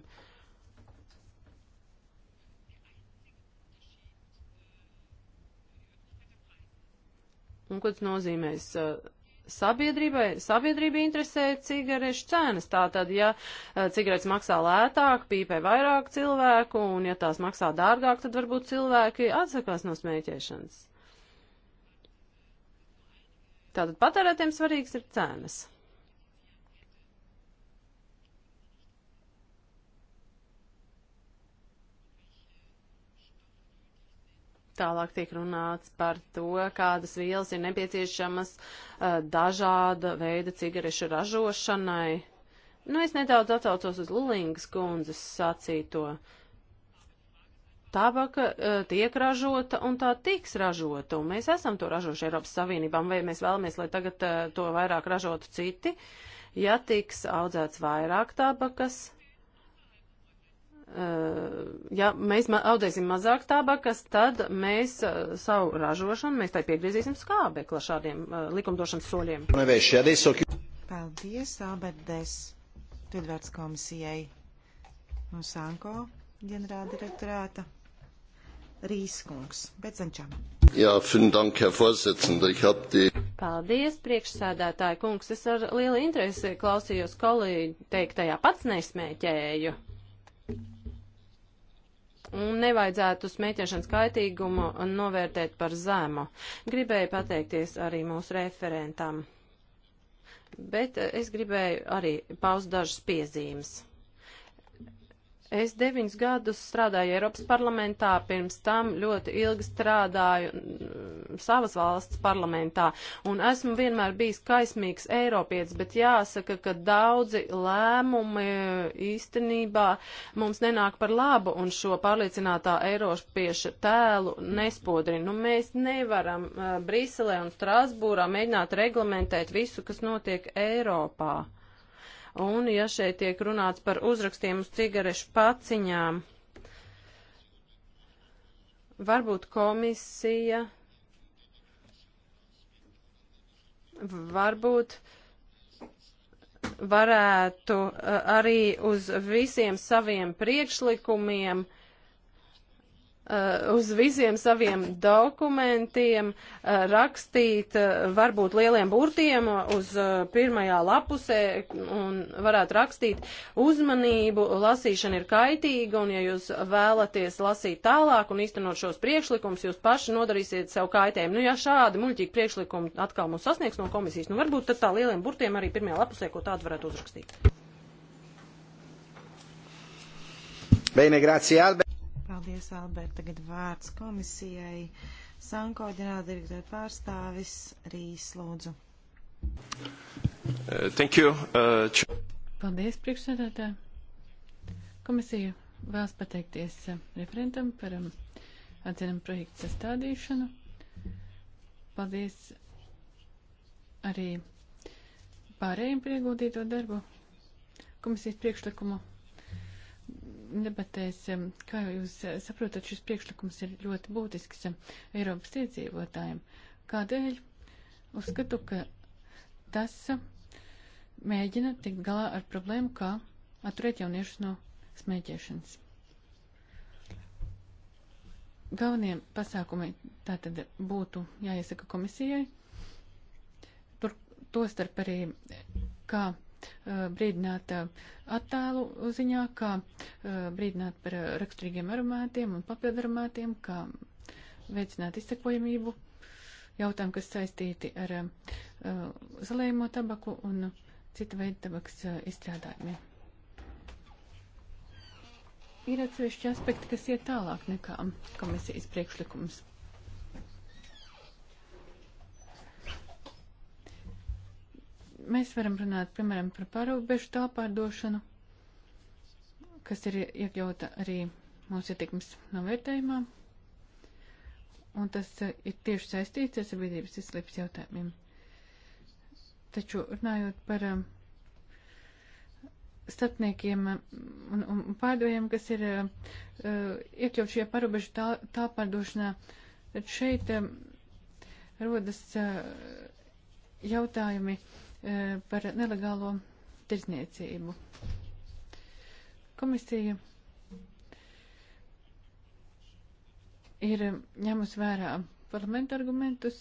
Un ko tas nozīmēs? Uh, sabiedrībai, sabiedrība interesē cigarešu cenas. Tātad, ja eh, cigaretes maksā lētāk, pīpē vairāk cilvēku, un ja tās maksā dārgāk, tad varbūt cilvēki atsakās no smēķēšanas. Tātad patērētiem svarīgs ir cenas. Tālāk tiek runāts par to, kādas vielas ir nepieciešamas uh, dažāda veida cigarešu ražošanai. Nu, es nedaudz atcaucos uz Lulingas kundzes sacīto. Uh, tabaka uh, tiek ražota un tā tiks ražota, un mēs esam to ražojuši Eiropas Savienībām, vai mēs vēlamies, lai tagad uh, to vairāk ražotu citi, ja tiks audzēts vairāk tabakas, e, ja mēs audzēsim mazāk tabakas, tad mēs savu ražošanu, mēs tai piegriezīsim skābekla šādiem likumdošanas soļiem. Paldies, Albertes, Tudvārds komisijai un Sanko ģenerāldirektorāta. Rīskungs. Becenčam. Jā, dank, die... Paldies, priekšsēdētāji kungs. Es ar lielu interesi klausījos kolēģi teiktajā pats nesmēķēju. Un nevajadzētu smēķēšanas kaitīgumu novērtēt par zemu. Gribēju pateikties arī mūsu referentam. Bet es gribēju arī paust dažas piezīmes. Es deviņus gadus strādāju Eiropas parlamentā, pirms tam ļoti ilgi strādāju mm, savas valsts parlamentā, un esmu vienmēr bijis kaismīgs Eiropietis, bet jāsaka, ka daudzi lēmumi īstenībā mums nenāk par labu, un šo pārliecinātā Eiropieša tēlu nespodrina. Nu, mēs nevaram uh, Briselē un Strasbūrā mēģināt reglamentēt visu, kas notiek Eiropā. Un, ja šeit tiek runāts par uzrakstiem uz cigarešu paciņām, varbūt komisija, varbūt varētu eh, arī uz visiem saviem priekšlikumiem uh, Uh, uz visiem saviem dokumentiem uh, rakstīt uh, varbūt lieliem burtiem uz pirmajā lapusē un varētu rakstīt uzmanību, lasīšana ir kaitīga un ja jūs vēlaties lasīt tālāk un īstenot šos priekšlikumus, jūs paši nodarīsiet sev kaitējumu. Nu ja šādi muļķīgi priekšlikumi atkal mums sasniegs no komisijas, nu varbūt tad tā lieliem burtiem arī pirmajā lapusē, ko tādu varētu uzrakstīt. Bene, grazie Albert. Paldies, Albert. Tagad vārds komisijai. Sanko ģenerāldirektora pārstāvis Rīs Lūdzu. Uh, thank you. Uh, Paldies, priekšsēdētā. Komisija vēlas pateikties uh, referentam par um, atzinumu projektu sastādīšanu. Paldies arī pārējiem par ieguldīto darbu komisijas priekšlikumu debatēs, um, kā jūs uh, saprotat, šis priekšlikums ir ļoti būtisks um, Eiropas iedzīvotājiem. Kādēļ? Uzskatu, ka tas um, mēģina tikt galā ar problēmu, kā atturēt jauniešus no smēķēšanas. Galvenie pasākumi tātad būtu jāiesaka komisijai, tur to starp arī kā Uh, brīdināt uh, attēlu ziņā, kā uh, brīdināt par raksturīgiem aromātiem un papildu aromātiem, kā veicināt izsekojamību, jautājumu, kas saistīti ar zalējumu tabaku un cita veida tabakas izstrādājumiem. Ir atsevišķi aspekti, kas iet tālāk nekā komisijas priekšlikums. Mēs varam runāt, piemēram, par pārobežu tālpārdošanu, kas ir iekļauta arī mūsu ietekmes novērtējumā. Un tas eh, ir tieši saistīts ar sabiedrības izslēpes jautājumiem. Taču runājot par eh, starpniekiem eh, un, un pārdevējiem, kas ir uh, iekļaut šajā parobežu tā, tālpārdošanā, tad šeit um, rodas uh, jautājumi E, par nelegālo tirdzniecību. Komisija ir ņēmusi vērā parlamentu argumentus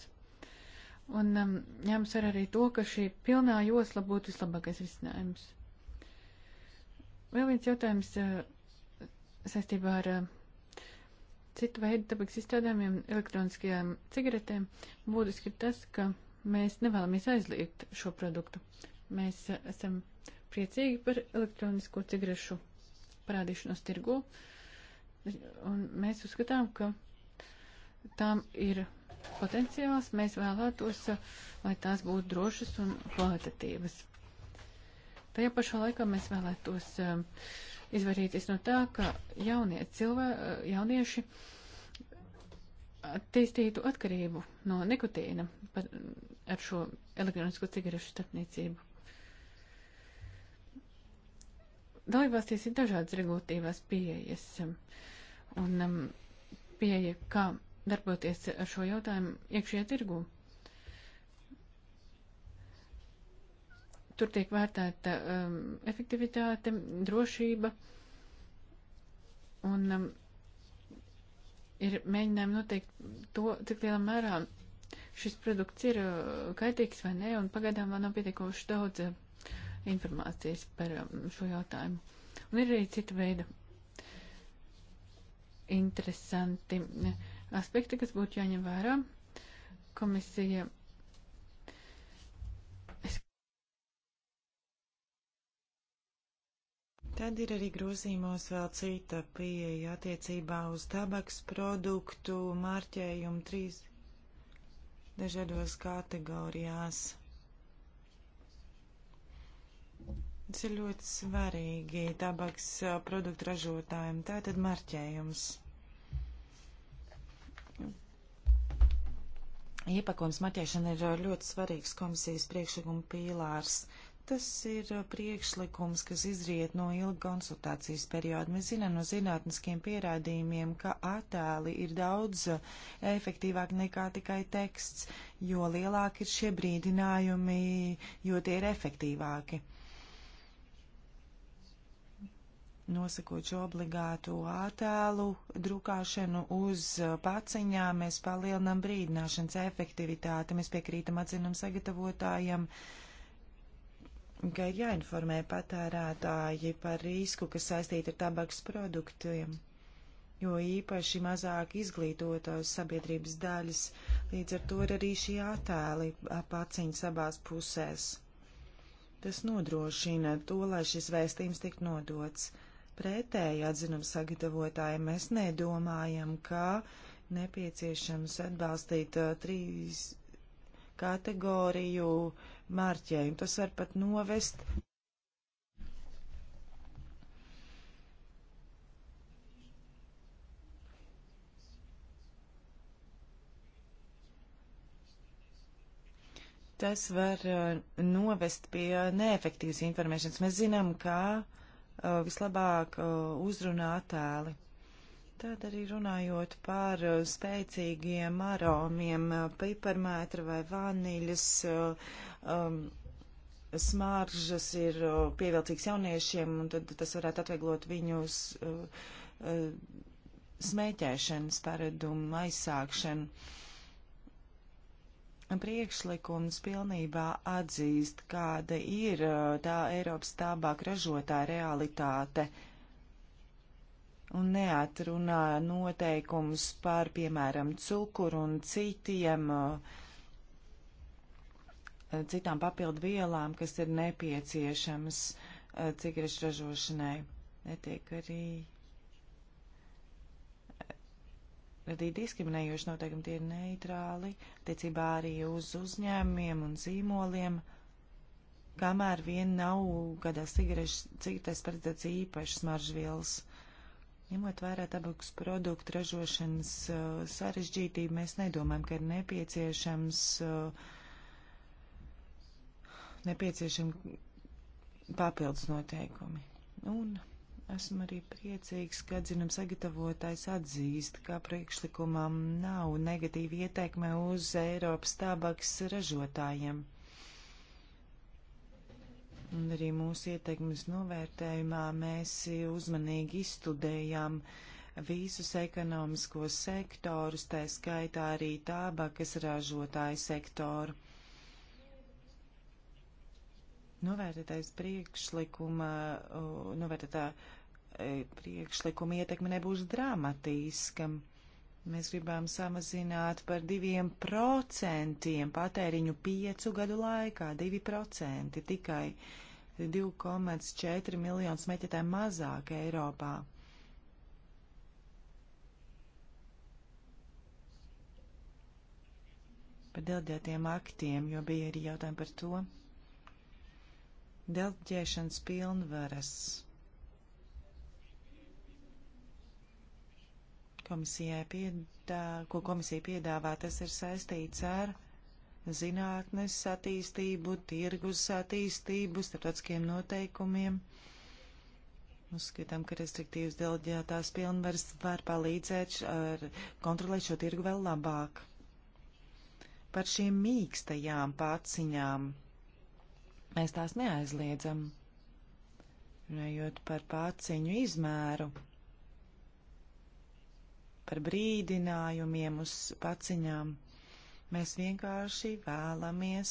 un um, ņēmusi vērā arī to, ka šī pilnā josla būtu vislabākais risinājums. Vēl viens jautājums e, saistībā ar e, citu veidu tabaks izstrādājumiem, elektroniskajām cigaretēm. Būtiski ir tas, ka Mēs nevēlamies aizliegt šo produktu. Mēs esam priecīgi par elektronisko cigarešu parādīšanos tirgu, un mēs uzskatām, ka tām ir potenciāls. Mēs vēlētos, lai tās būtu drošas un kvalitatīvas. Tajā pašā laikā mēs vēlētos um, izvairīties no tā, ka jaunie cilvē, uh, jaunieši attīstītu atkarību no nikotīna. Par, ar šo elektronisko cigarešu starpniecību. Dalībvalstīs ir dažādas regulatīvās pieejas um, un um, pieeja, kā darboties ar šo jautājumu iekšējā tirgū. Tur tiek vērtēta um, efektivitāte, drošība un um, ir mēģinājumi noteikt to, cik lielā mērā šis produkts ir uh, kaitīgs vai nē, un pagaidām vēl nav pietiekoši daudz uh, informācijas par um, šo jautājumu. Un ir arī cita veida interesanti aspekti, kas būtu jāņem vērā. Komisija. Es... Tad ir arī grozījumos vēl cita pieeja attiecībā uz tabaks produktu mārķējumu 3 dažādos kategorijās. Tas ir ļoti svarīgi tabaks produktu ražotājiem. Tā tad marķējums. Iepakojums marķēšana ir ļoti svarīgs komisijas priekšlikuma pīlārs. Uh, Tas ir uh, priekšlikums, kas izriet no ilga konsultācijas perioda. Mēs zinām no zinātniskiem pierādījumiem, ka attēli ir daudz uh, efektīvāk nekā tikai teksts, jo lielāki ir šie brīdinājumi, jo tie ir efektīvāki. Nosakot šo obligātu attēlu drukāšanu uz uh, paciņām, mēs palielinām brīdināšanas efektivitāti. Mēs piekrītam atzinam sagatavotājiem. Uh, ka ir jāinformē patērētāji par risku, kas saistīta ar tabaks produktiem, jo īpaši mazāk izglītotās sabiedrības daļas, līdz ar to ir arī šie attēli paciņas abās pusēs. Tas nodrošina to, lai šis vēstījums tik nodots. Pretēji atzinuma sagatavotāji mēs nedomājam, ka nepieciešams atbalstīt uh, trīs kategoriju uh, mārķējumu. Tas var pat novest. Tas var uh, novest pie neefektīvas informēšanas. Mēs zinām, kā uh, vislabāk uh, uzrunā attēli. Tad arī runājot par uh, spēcīgiem aromiem, uh, piparmētra vai vaniļas uh, um, smaržas ir pievilcīgs jauniešiem, un tad tas varētu atvieglot viņus uh, uh, smēķēšanas paradumu aizsākšanu. Priekšlikums pilnībā atzīst, kāda ir tā Eiropas tābāk ražotāja realitāte. Uh, un neatrunā noteikumus par, piemēram, cukuru un citiem, eh, citām papildu vielām, kas ir nepieciešamas eh, cigarešu ražošanai. Netiek arī eh, radīt diskriminējoši noteikumi, tie ir neitrāli, tiecībā arī uz uzņēmumiem un zīmoliem, kamēr vien nav kādās cigaretes paredzēts īpašas maržvielas. Uh, Ņemot vērā tabakas produktu ražošanas uh, sarežģītību, mēs nedomājam, ka ir nepieciešams, uh, nepieciešami papildus noteikumi. Un esmu arī priecīgs, ka atzinam sagatavotājs atzīst, ka priekšlikumam nav negatīva ieteikme uz Eiropas tabaks ražotājiem. Un arī mūsu ieteikmes novērtējumā mēs uzmanīgi izstudējām visus ekonomiskos sektorus, tā skaitā arī tābakas ražotāju sektoru. Novērtētais priekšlikuma, novērtētā e, priekšlikuma ietekme nebūs dramatiska. Mēs gribam samazināt par diviem procentiem patēriņu piecu gadu laikā, divi procenti tikai. Uh, 2,4 miljonu smēķētāju mazāk Eiropā. Par delģētiem aktiem, jo bija arī jautājumi par to. Delģēšanas pilnvaras. Komisijai piedā, ko komisija piedāvā, tas ir saistīts ar zinātnes attīstību, tirgus attīstību, starptautiskiem noteikumiem. Uzskatām, ka restriktīvas deleģētās pilnvaras var palīdzēt ar, kontrolēt šo tirgu vēl labāk. Par šīm mīkstajām pāciņām mēs tās neaizliedzam, runājot par pāciņu izmēru par brīdinājumiem uz paciņām. Mēs vienkārši vēlamies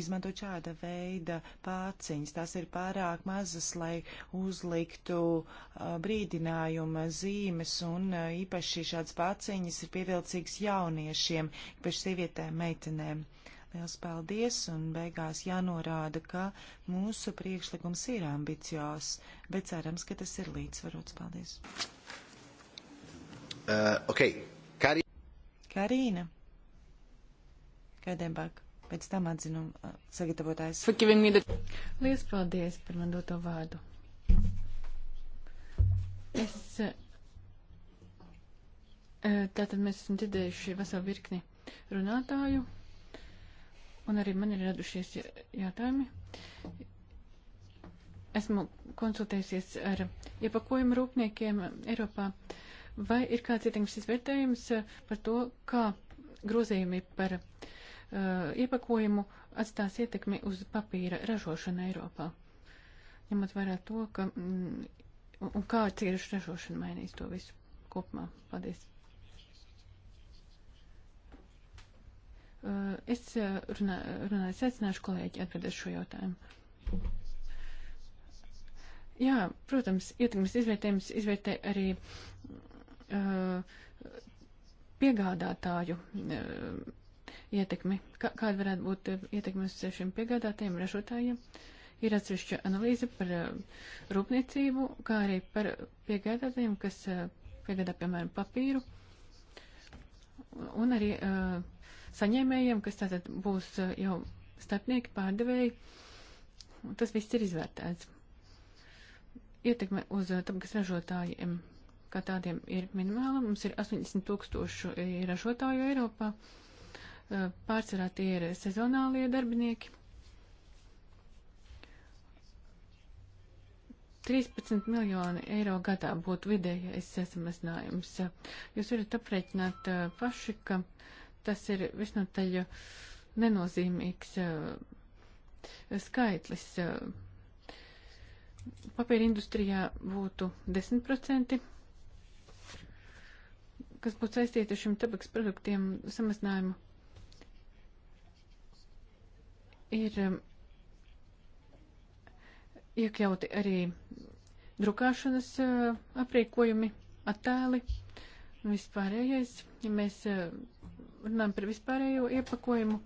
izmantot šāda veida pāciņas. Tās ir pārāk mazas, lai uzliktu uh, brīdinājuma zīmes, un uh, īpaši šāds pāciņas ir pievilcīgs jauniešiem, īpaši sievietēm, meitenēm. Liels paldies, un beigās jānorāda, ka mūsu priekšlikums ir ambicios, bet cerams, ka tas ir līdzsvarots. Paldies! Uh, okay. Karīna Kaidebak, pēc tam atzinuma uh, sagatavotājs. Lielas paldies par man doto vārdu. Es, eh, eh, tātad mēs esam dzirdējuši veselu virkni runātāju, un arī man ir radušies jātājumi. Esmu konsultējusies ar iepakojumu rūpniekiem Eiropā. Uh, Vai ir kāds ietekmes izvērtējums eh, par to, kā grozījumi par uh, iepakojumu atstās ietekmi uz papīra ražošanu Eiropā? Ņemot vērā to, ka mm, un kā cieši ražošana mainīs to visu kopumā. Paldies! Eh, es runā, runāju, secināšu kolēģi atbildēs šo jautājumu. Jā, protams, ietekmes izvērtējums izvērtē arī Uh, piegādātāju uh, ietekmi, kā, kāda varētu būt uh, ietekme uz šiem piegādātājiem, ražotājiem. Ir atsevišķa analīze par rūpniecību, kā arī par piegādātājiem, kas piegādā, piemēram, papīru, un arī saņēmējiem, kas tātad būs jau starpnieki, pārdevēji. Tas viss ir izvērtēts. Ietekme uz tabakas ražotājiem kā tādiem ir minimāla. Mums ir 80 tūkstošu eh, ražotāju Eiropā. Eh, pārsvarā tie ir sezonālie darbinieki. 13 miljoni eiro gadā būtu vidējais samazinājums. Jūs varat aprēķināt eh, paši, ka tas ir visnotaļ nenozīmīgs skaitlis. Papīra industrijā būtu 10%, kas būtu saistīti ar šiem tabaks produktiem samazinājumu, ir um, iekļauti arī drukāšanas uh, aprīkojumi, attēli un vispārējais. Ja mēs uh, runājam par vispārējo iepakojumu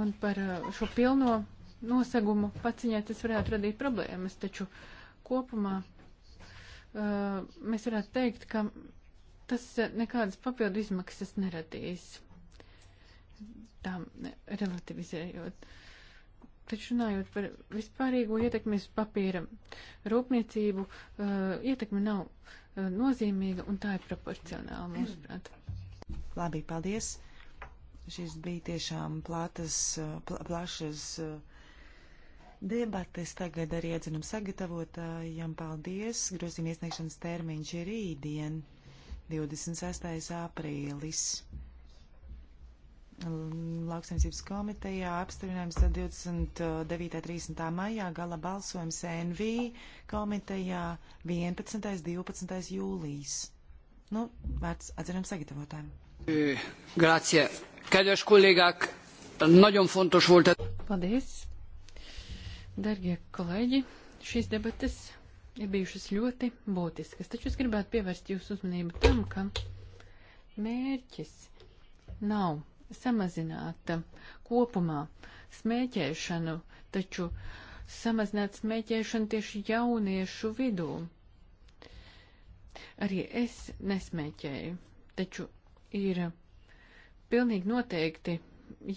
un par uh, šo pilno nosegumu paciņai, tas varētu radīt problēmas, taču kopumā mēs varētu teikt, ka tas eh, nekādas papildu izmaksas neradīs, tām relativizējot. Taču runājot par vispārīgo ietekmi uz papīra rūpniecību, uh, ietekme nav uh, nozīmīga un tā ir proporcionāla, mūsuprāt. Labi, paldies. Šis bija tiešām platas, pla, plašas debates. Tagad arī iedzinam sagatavotājiem paldies. Grozījuma iesniegšanas termiņš ir rītdien. 26. aprīlis. Lauksaimniecības komitejā apstiprinājums 29.30. maijā, gala balsojums NV komitejā 11.12. jūlijas. Nu, vērts atzinām sagatavotājiem. Grazie. Kedves kollégák, nagyon fontos volt. Paldies. Dargie kolēģi, šīs debates ir bijušas ļoti būtiskas. Taču es gribētu pievērst jūsu uzmanību tam, ka mērķis nav samazināt kopumā smēķēšanu, taču samazināt smēķēšanu tieši jauniešu vidū. Arī es nesmēķēju, taču ir pilnīgi noteikti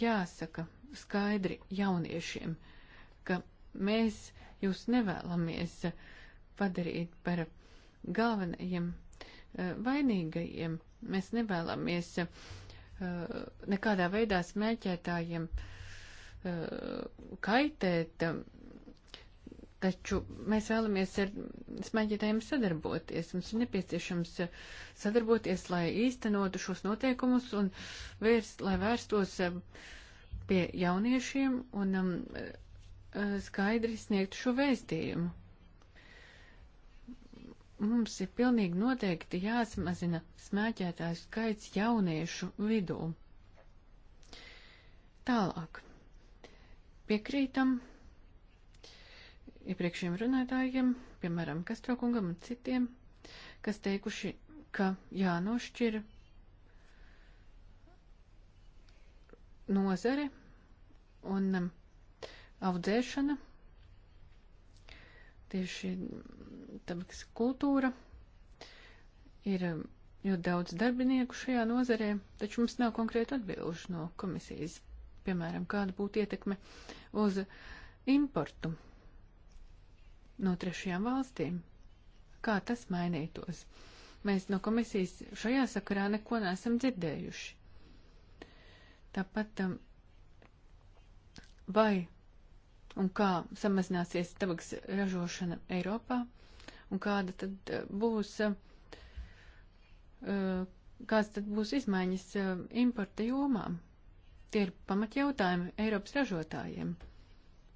jāsaka skaidri jauniešiem, ka mēs jūs nevēlamies uh, padarīt par galvenajiem eh, vainīgajiem. Mēs nevēlamies eh, nekādā veidā smēķētājiem eh, kaitēt, taču mēs vēlamies ar smēķētājiem sadarboties. Mums ir nepieciešams sadarboties, lai īstenotu šos noteikumus un vērst, lai vērstos pie jauniešiem un mm, skaidri sniegtu šo vēstījumu mums ir pilnīgi noteikti jāsamazina smēķētāju skaits jauniešu vidū. Tālāk. Piekrītam iepriekšējiem runātājiem, piemēram, Kastrokungam un citiem, kas teikuši, ka jānošķir nozare un audzēšana tieši tabakas kultūra. Ir um, ļoti daudz darbinieku šajā nozarē, taču mums nav konkrēta atbilžu no komisijas, piemēram, kāda būtu ietekme uz importu no trešajām valstīm, kā tas mainītos. Mēs no komisijas šajā sakarā neko neesam dzirdējuši. Tāpat um, vai un kā samazināsies tabaks ražošana Eiropā, un kāda tad eh, būs, eh, kāds tad būs izmaiņas eh, importa jomām. Tie ir pamatjautājumi Eiropas ražotājiem,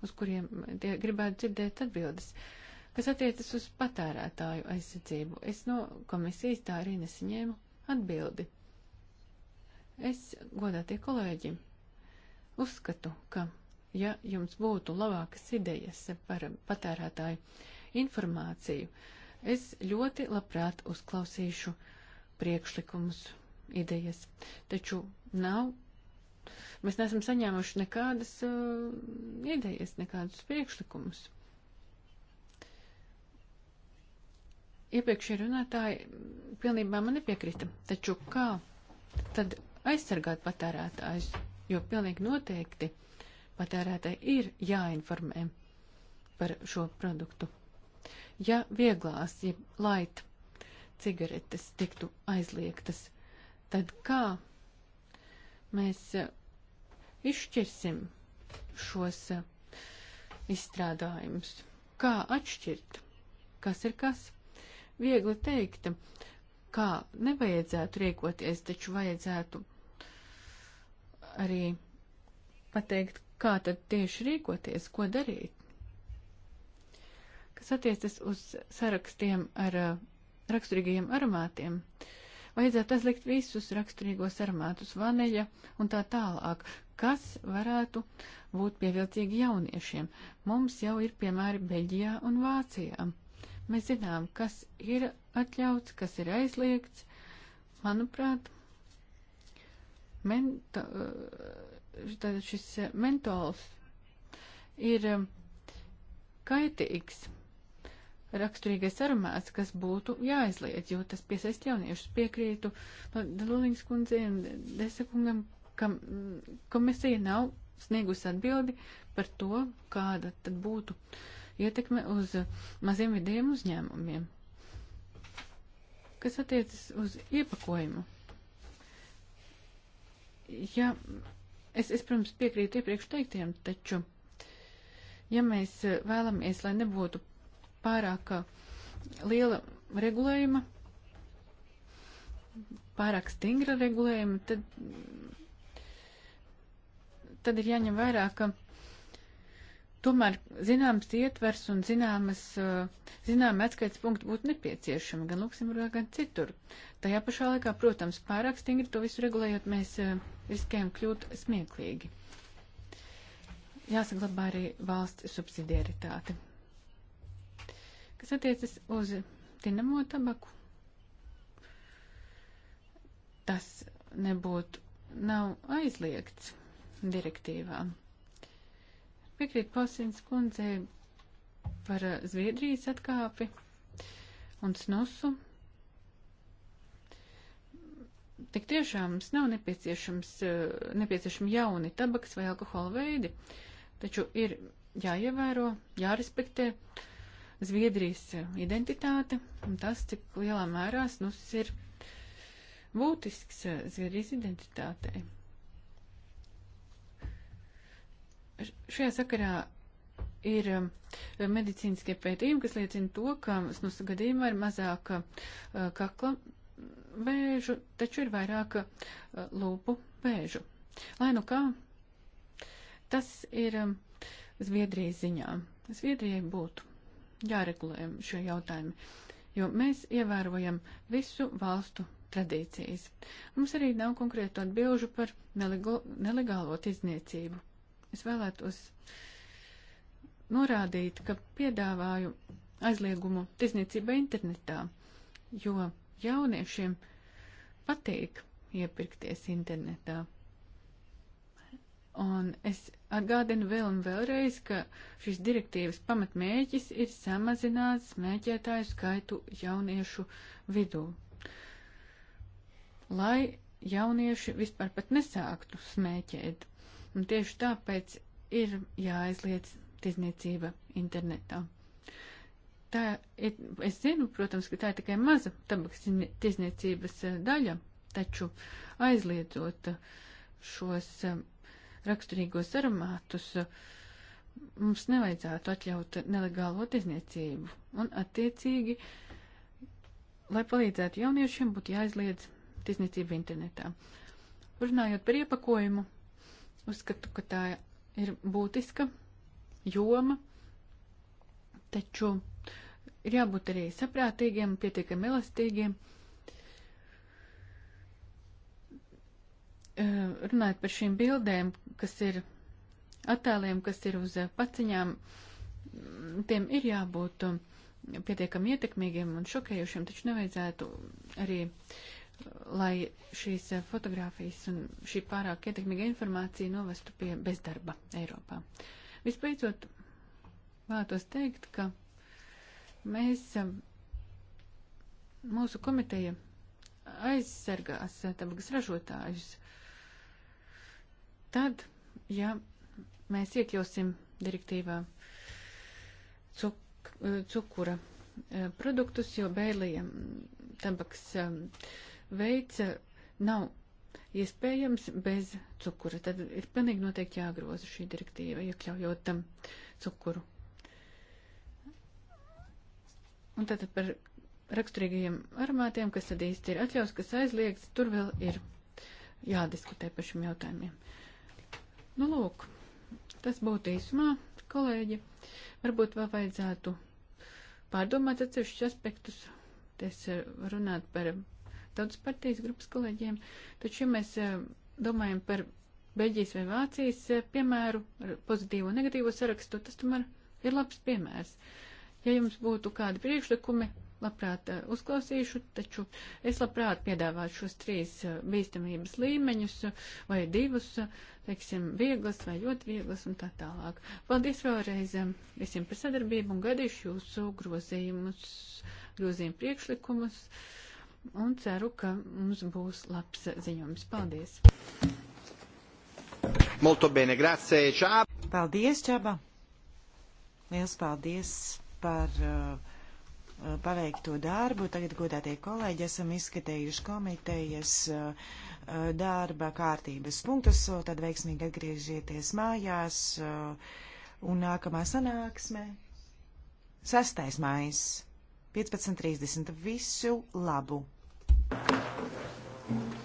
uz kuriem tie gribētu dzirdēt atbildes. Kas attiecas uz patērētāju aizsardzību, es no komisijas tā arī nesaņēmu atbildi. Es, godātie kolēģi, uzskatu, ka ja jums būtu labākas idejas par patērētāju informāciju, es ļoti labprāt uzklausīšu priekšlikumus, idejas. Taču nav, mēs neesam saņēmuši nekādas uh, idejas, nekādus priekšlikumus. Iepriekšējie runātāji pilnībā man nepiekrita, taču kā tad aizsargāt patērētājus, jo pilnīgi noteikti patērētāji ir jāinformē par šo produktu. Ja vieglās, ja lait cigaretes tiktu aizliegtas, tad kā mēs eh, izšķirsim šos eh, izstrādājumus? Kā atšķirt, kas ir kas? Viegli teikt, kā nevajadzētu rīkoties, taču vajadzētu arī pateikt, kā tad tieši rīkoties, ko darīt. Kas attiecas uz sarakstiem ar uh, raksturīgajiem aromātiem, vajadzētu atlikt visus raksturīgos aromātus, vaneļa un tā tālāk, kas varētu būt pievilcīgi jauniešiem. Mums jau ir piemēri Beļģijā un Vācijā. Mēs zinām, kas ir atļauts, kas ir aizliegts. Manuprāt, menta, uh, tātad šis eh, mentols ir eh, kaitīgs raksturīgais aromāts, kas būtu jāizliedz, jo tas piesaist jauniešus. Piekrītu Dalulīngas kundzei un Desekungam, ka mm, komisija nav sniegusi atbildi par to, kāda tad būtu ietekme uz eh, maziem vidiem uzņēmumiem. Kas attiecas uz iepakojumu? Ja Es, es protams, piekrītu iepriekš teiktiem, taču, ja mēs eh, vēlamies, lai nebūtu pārāk eh, liela regulējuma, pārāk stingra regulējuma, tad, tad ir jāņem vairāk, ka tomēr zināms ietvers un zināmas, eh, zināmi atskaits punkti būtu nepieciešami gan Luksemburgā, gan citur. Tajā pašā laikā, protams, pārāk stingri to visu regulējot, mēs eh, riskējam kļūt smieklīgi. Jāsaglabā arī valsts subsidiaritāte. Kas attiecas uz tinamo tabaku, tas nebūtu, nav aizliegts direktīvām Piekrīt Posins kundzei par eh, Zviedrijas atkāpi un snusu. Tik tiešām mums nav nepieciešams, eh, nepieciešami jauni tabaks vai alkohola veidi, taču ir jāievēro, jārespektē Zviedrijas eh, identitāte un tas, cik lielā mērā snus ir būtisks Zviedrijas identitātei. Šajā sakarā ir um, medicīniskie pētījumi, kas liecina to, ka snusa gadījumā ir mazāk uh, kakla vēžu, taču ir vairāk uh, lūpu vēžu. Lai nu kā, tas ir um, Zviedrijas ziņā. Zviedrijai būtu jāregulē šie jautājumi, jo mēs ievērojam visu valstu tradīcijas. Mums arī nav konkrētu atbilžu par nelegālo tirdzniecību. Es vēlētos norādīt, ka piedāvāju aizliegumu tirzniecībai internetā, jo jauniešiem patīk iepirkties internetā. Un es atgādinu vēl un vēlreiz, ka šīs direktīvas pamatmēķis ir samazināt smēķētāju skaitu jauniešu vidū. Lai jaunieši vispār pat nesāktu smēķēt. Un tieši tāpēc ir jāaizliedz tirzniecība internetā. Tā ir, es zinu, protams, ka tā ir tikai maza tabaks tirzniecības eh, daļa, taču aizliedzot eh, šos eh, raksturīgos aromātus, mums nevajadzētu atļaut nelegālo tirzniecību. Un attiecīgi, lai palīdzētu jauniešiem, būtu jāaizliedz tirzniecība internetā. Runājot par iepakojumu, Uzskatu, ka tā ir būtiska joma, taču ir jābūt arī saprātīgiem, pietiekami elastīgiem. Eh, runājot par šīm bildēm, kas ir attēliem, kas ir uz eh, paciņām, tiem ir jābūt um, pietiekami ietekmīgiem un šokējušiem, taču nevajadzētu arī uh, lai šīs eh, fotogrāfijas un šī pārāk ietekmīga informācija novestu pie bezdarba Eiropā. Vispēcot, vēlētos teikt, ka mēs, eh, mūsu komiteja aizsargās eh, tabakas ražotājus. Tad, ja mēs iekļausim direktīvā cuk, cukura produktus, jo bērlija tabaks veids eh, nav iespējams bez cukura. Tad ir pilnīgi noteikti jāgroza šī direktīva, iekļaujot tam eh, cukuru. Un tātad par raksturīgajiem aromātiem, kas tad īsti ir atļaus, kas aizliegts, tur vēl ir jādiskutē par šiem jautājumiem. Nu, lūk, tas būtu īsumā, kolēģi. Varbūt vēl vajadzētu pārdomāt atsevišķus aspektus. Es eh, runāt par tautas partijas grupas kolēģiem, taču, ja mēs eh, domājam par Beļģijas vai Vācijas eh, piemēru ar pozitīvo un negatīvo sarakstu, tas tomēr ir labs piemērs. Ja jums būtu kādi priekšlikumi, labprāt eh, uzklausīšu, taču es labprāt piedāvātu šos trīs bīstamības līmeņus vai divus, teiksim, vieglas vai ļoti vieglas un tā tālāk. Paldies vēlreiz visiem par sadarbību un gadīšu jūsu grozījumus, grozījumu priekšlikumus. Uh, un ceru, ka mums būs labs ziņojums. Paldies! Molto bene, grazie, Čāba! Paldies, Čāba! Liels paldies par uh, paveikto darbu. Tagad, godātie kolēģi, esam izskatējuši komitejas uh, darba kārtības punktus, tad veiksmīgi atgriežieties mājās uh, un nākamā sanāksme. Sastais mājas. 15.30. Visu labu! Thank you.